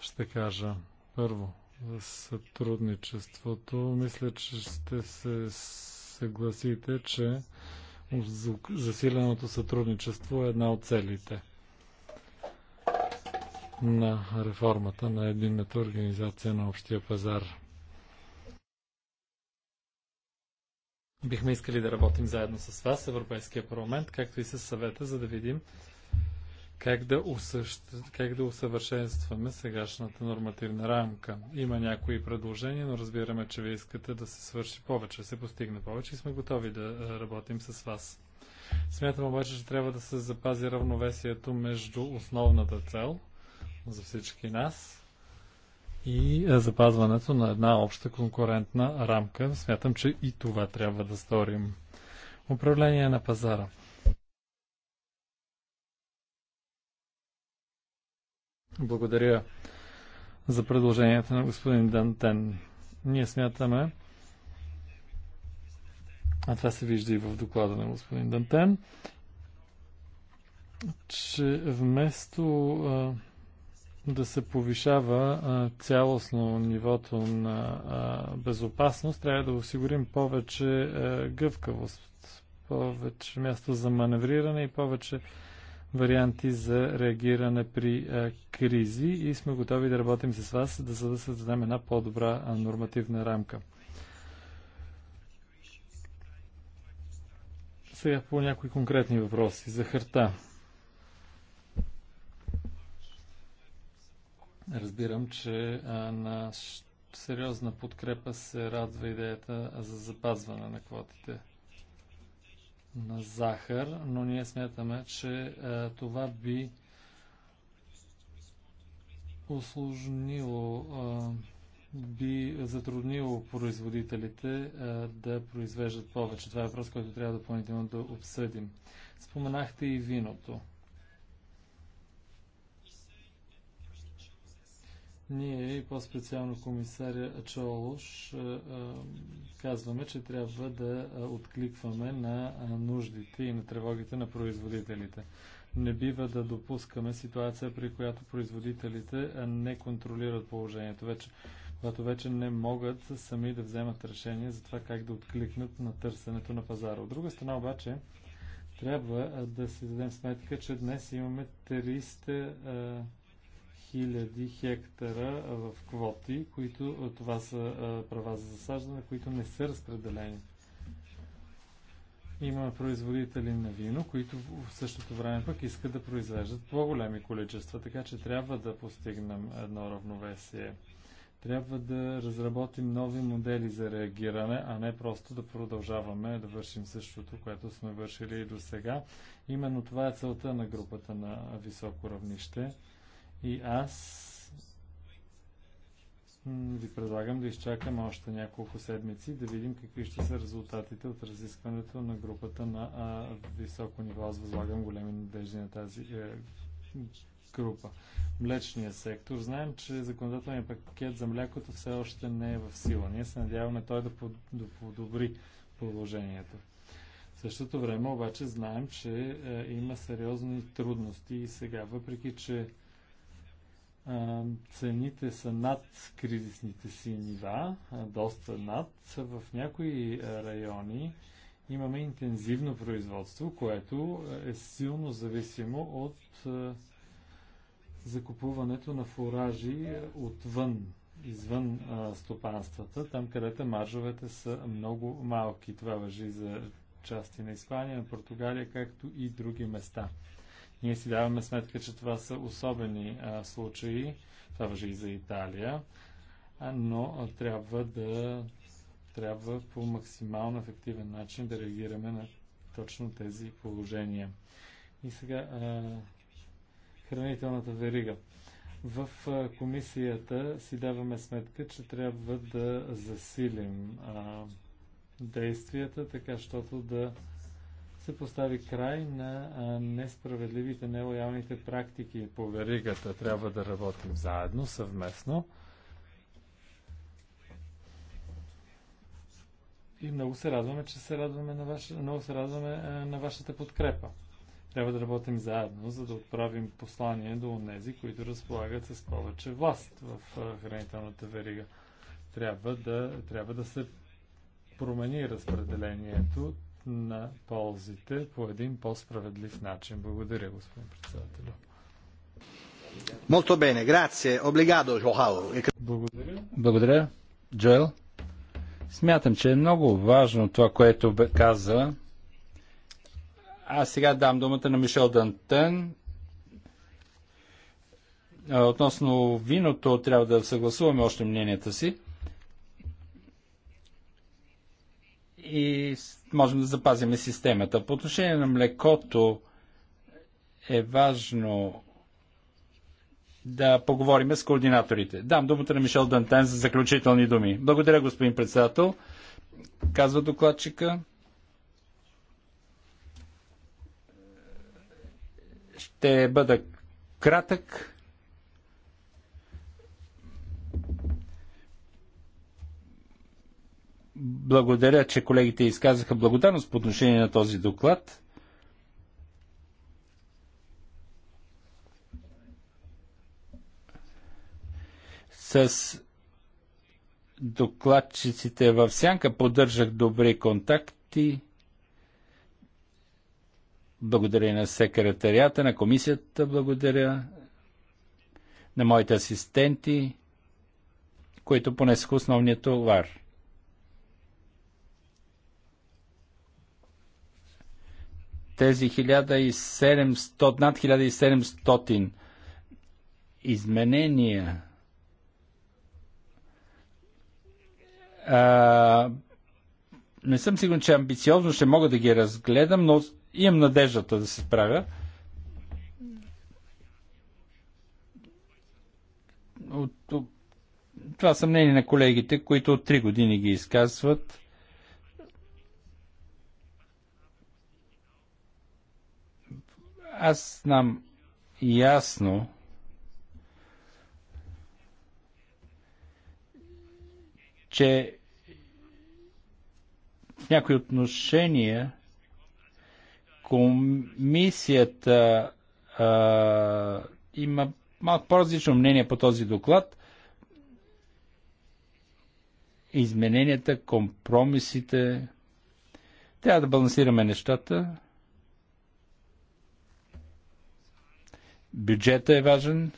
ще кажа. Първо, за сътрудничеството. Мисля, че ще се съгласите, че засиленото сътрудничество е една от целите на реформата на единната организация на общия пазар. Бихме искали да работим заедно с вас, Европейския парламент, както и с съвета, за да видим как да, усъщ... как да усъвършенстваме сегашната нормативна рамка. Има някои предложения, но разбираме, че вие искате да се свърши повече, да се постигне повече и сме готови да е, работим с вас. Смятам обаче, че трябва да се запази равновесието между основната цел за всички нас и е, запазването на една обща конкурентна рамка. Смятам, че и това трябва да сторим. Управление на пазара – Благодаря за предложението на господин Дантен. Ние смятаме, а това се вижда и в доклада на господин Дантен, че вместо а, да се повишава а, цялостно нивото на а, безопасност, трябва да осигурим повече а, гъвкавост, повече място за маневриране и повече а, варианти за реагиране при а, кризи и сме готови да работим с вас, да, за да създадем една по-добра нормативна рамка. Сега по някои конкретни въпроси. За харта. Разбирам, че а, на сериозна подкрепа се радва идеята за запазване на квотите на захар, но ние смятаме, че е, това би осложнило, е, би затруднило производителите е, да произвеждат повече. Това е въпрос, който трябва допълнително да обсъдим. Споменахте и виното. Ние и по-специално комисаря Чолош е, е, казваме, че трябва да е, откликваме на нуждите и на тревогите на производителите. Не бива да допускаме ситуация, при която производителите не контролират положението. Вече когато вече не могат сами да вземат решение за това как да откликнат на търсенето на пазара. От друга страна обаче, трябва да си дадем сметка, че днес имаме 300 хиляди хектара в квоти, които това са права за засаждане, които не са разпределени. Има производители на вино, които в същото време пък искат да произвеждат по-големи количества, така че трябва да постигнем едно равновесие. Трябва да разработим нови модели за реагиране, а не просто да продължаваме да вършим същото, което сме вършили и до сега. Именно това е целта на групата на високо равнище и аз ви предлагам да изчакам още няколко седмици, да видим какви ще са резултатите от разискването на групата на а, високо ниво. Аз възлагам големи надежди на тази е, група. Млечния сектор. Знаем, че законодателният пакет за млякото все още не е в сила. Ние се надяваме той да, под, да подобри положението. В същото време обаче знаем, че е, има сериозни трудности и сега, въпреки че цените са над кризисните си нива, доста над. В някои е, райони имаме интензивно производство, което е, е силно зависимо от е, закупуването на фуражи отвън, извън стопанствата, там където маржовете са много малки. Това въжи за части на Испания, на Португалия, както и други места. Ние си даваме сметка, че това са особени а, случаи. Това въжи и за Италия. А, но а, трябва да трябва по максимално ефективен начин да реагираме на точно тези положения. И сега а, хранителната верига. В а, комисията си даваме сметка, че трябва да засилим а, действията, така щото да се постави край на несправедливите, нелоялните практики по веригата. Трябва да работим заедно, съвместно. И много се радваме, че се радваме на, ваш... много се радваме на вашата подкрепа. Трябва да работим заедно, за да отправим послание до онези, които разполагат с повече власт в хранителната верига. Трябва да, трябва да се промени разпределението на ползите по един по-справедлив начин. Благодаря, господин председател. Благодаря. Благодаря, Джоел. Смятам, че е много важно това, което бе каза. Аз сега дам думата на Мишел Дантен. Относно виното трябва да съгласуваме още мненията си. И можем да запазим системата. По отношение на млекото е важно да поговорим с координаторите. Дам думата на Мишел Дантен за заключителни думи. Благодаря, господин председател. Казва докладчика. Ще бъда кратък. Благодаря, че колегите изказаха благодарност по отношение на този доклад. С докладчиците в Сянка поддържах добри контакти. Благодаря и на секретарията, на комисията, благодаря на моите асистенти, които понесоха основния товар. тези 1700, над 1700 изменения а, не съм сигурен, че амбициозно ще мога да ги разгледам, но имам надеждата да се справя. От, от това съмнение на колегите, които от 3 години ги изказват. Аз знам ясно, че в някои отношения комисията а, има малко по-различно мнение по този доклад. Измененията, компромисите. Трябва да балансираме нещата. Бюджета е важен.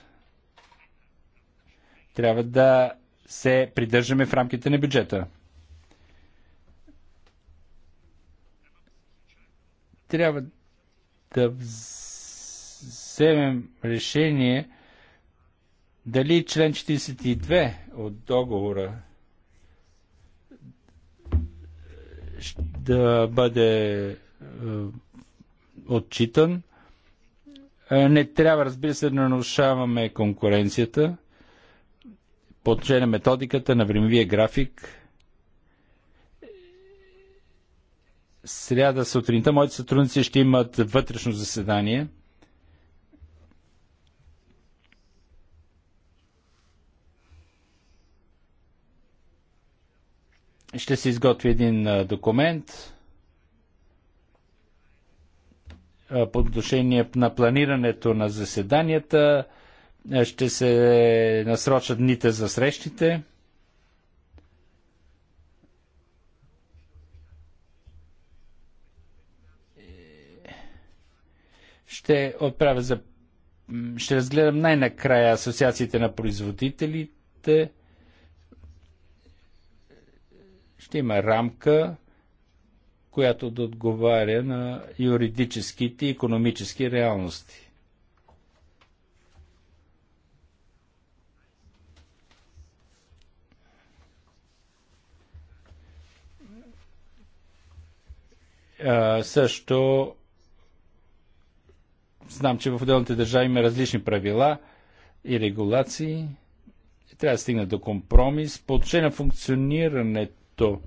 Трябва да се придържаме в рамките на бюджета. Трябва да вземем решение дали член 42 от договора да бъде е, отчитан е, не трябва, разбира се, да нарушаваме конкуренцията по отношение на методиката, на времевия график. Сряда сутринта моите сътрудници ще имат вътрешно заседание. Ще се изготви един документ. по отношение на планирането на заседанията, ще се насрочат дните за срещите. Ще отправя за... Ще разгледам най-накрая асоциациите на производителите. Ще има рамка която да отговаря на юридическите и економически реалности. А, също знам, че в отделните държави има различни правила и регулации. Трябва да стигна до компромис. По отношение на функционирането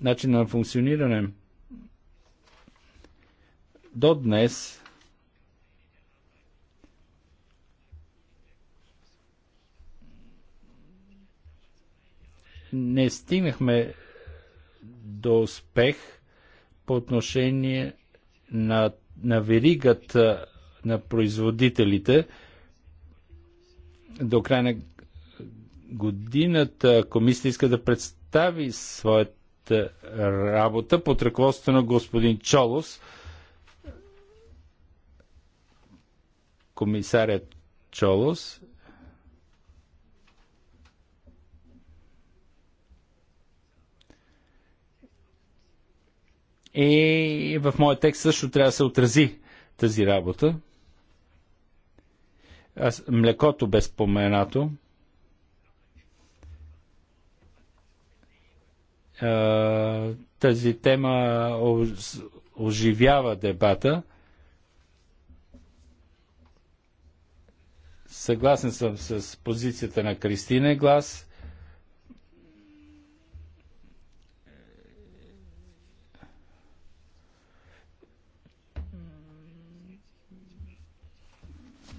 начин на функциониране. До днес не стигнахме до успех по отношение на, на веригата на производителите. До края на годината комисията иска да представи своят нашата работа под ръководството на господин Чолос. Комисарят Чолос И в моя текст също трябва да се отрази тази работа. Аз, млекото безпоменато. споменато. Е, тази тема оживява дебата. Съгласен съм с позицията на Кристина Глас.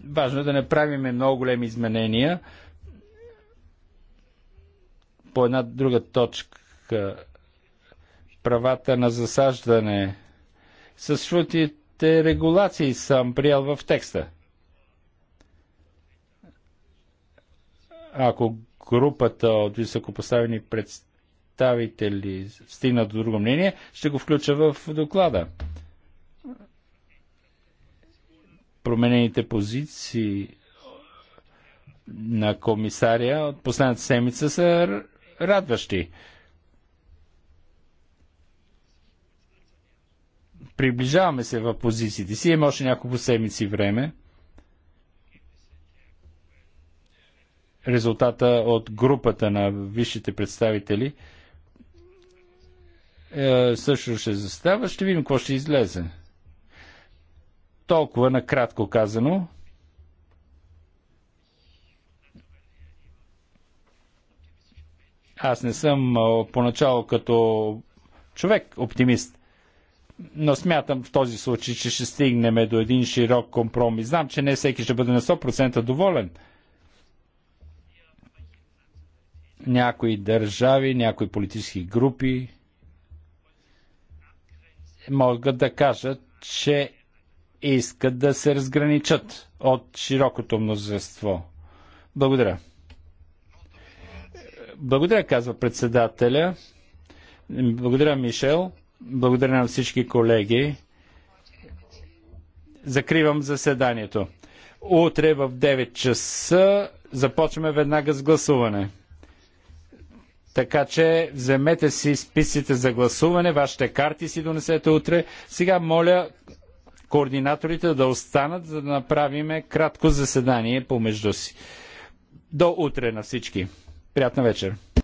Важно е да не правиме много големи изменения по една друга точка правата на засаждане. С шутите регулации съм приял в текста. Ако групата от високопоставени представители стигна до друго мнение, ще го включа в доклада. Променените позиции на комисаря от последната седмица са радващи. Приближаваме се в позициите си. Има още няколко седмици време. Резултата от групата на висшите представители е, също ще застава. Ще видим какво ще излезе. Толкова накратко казано. Аз не съм поначало като човек оптимист но смятам в този случай, че ще стигнем до един широк компромис. Знам, че не всеки ще бъде на 100% доволен. Някои държави, някои политически групи могат да кажат, че искат да се разграничат от широкото мнозинство. Благодаря. Благодаря, казва председателя. Благодаря, Мишел. Благодаря на всички колеги. Закривам заседанието. Утре в 9 часа започваме веднага с гласуване. Така че вземете си списите за гласуване, вашите карти си донесете утре. Сега моля координаторите да останат, за да направим кратко заседание помежду си. До утре на всички. Приятна вечер.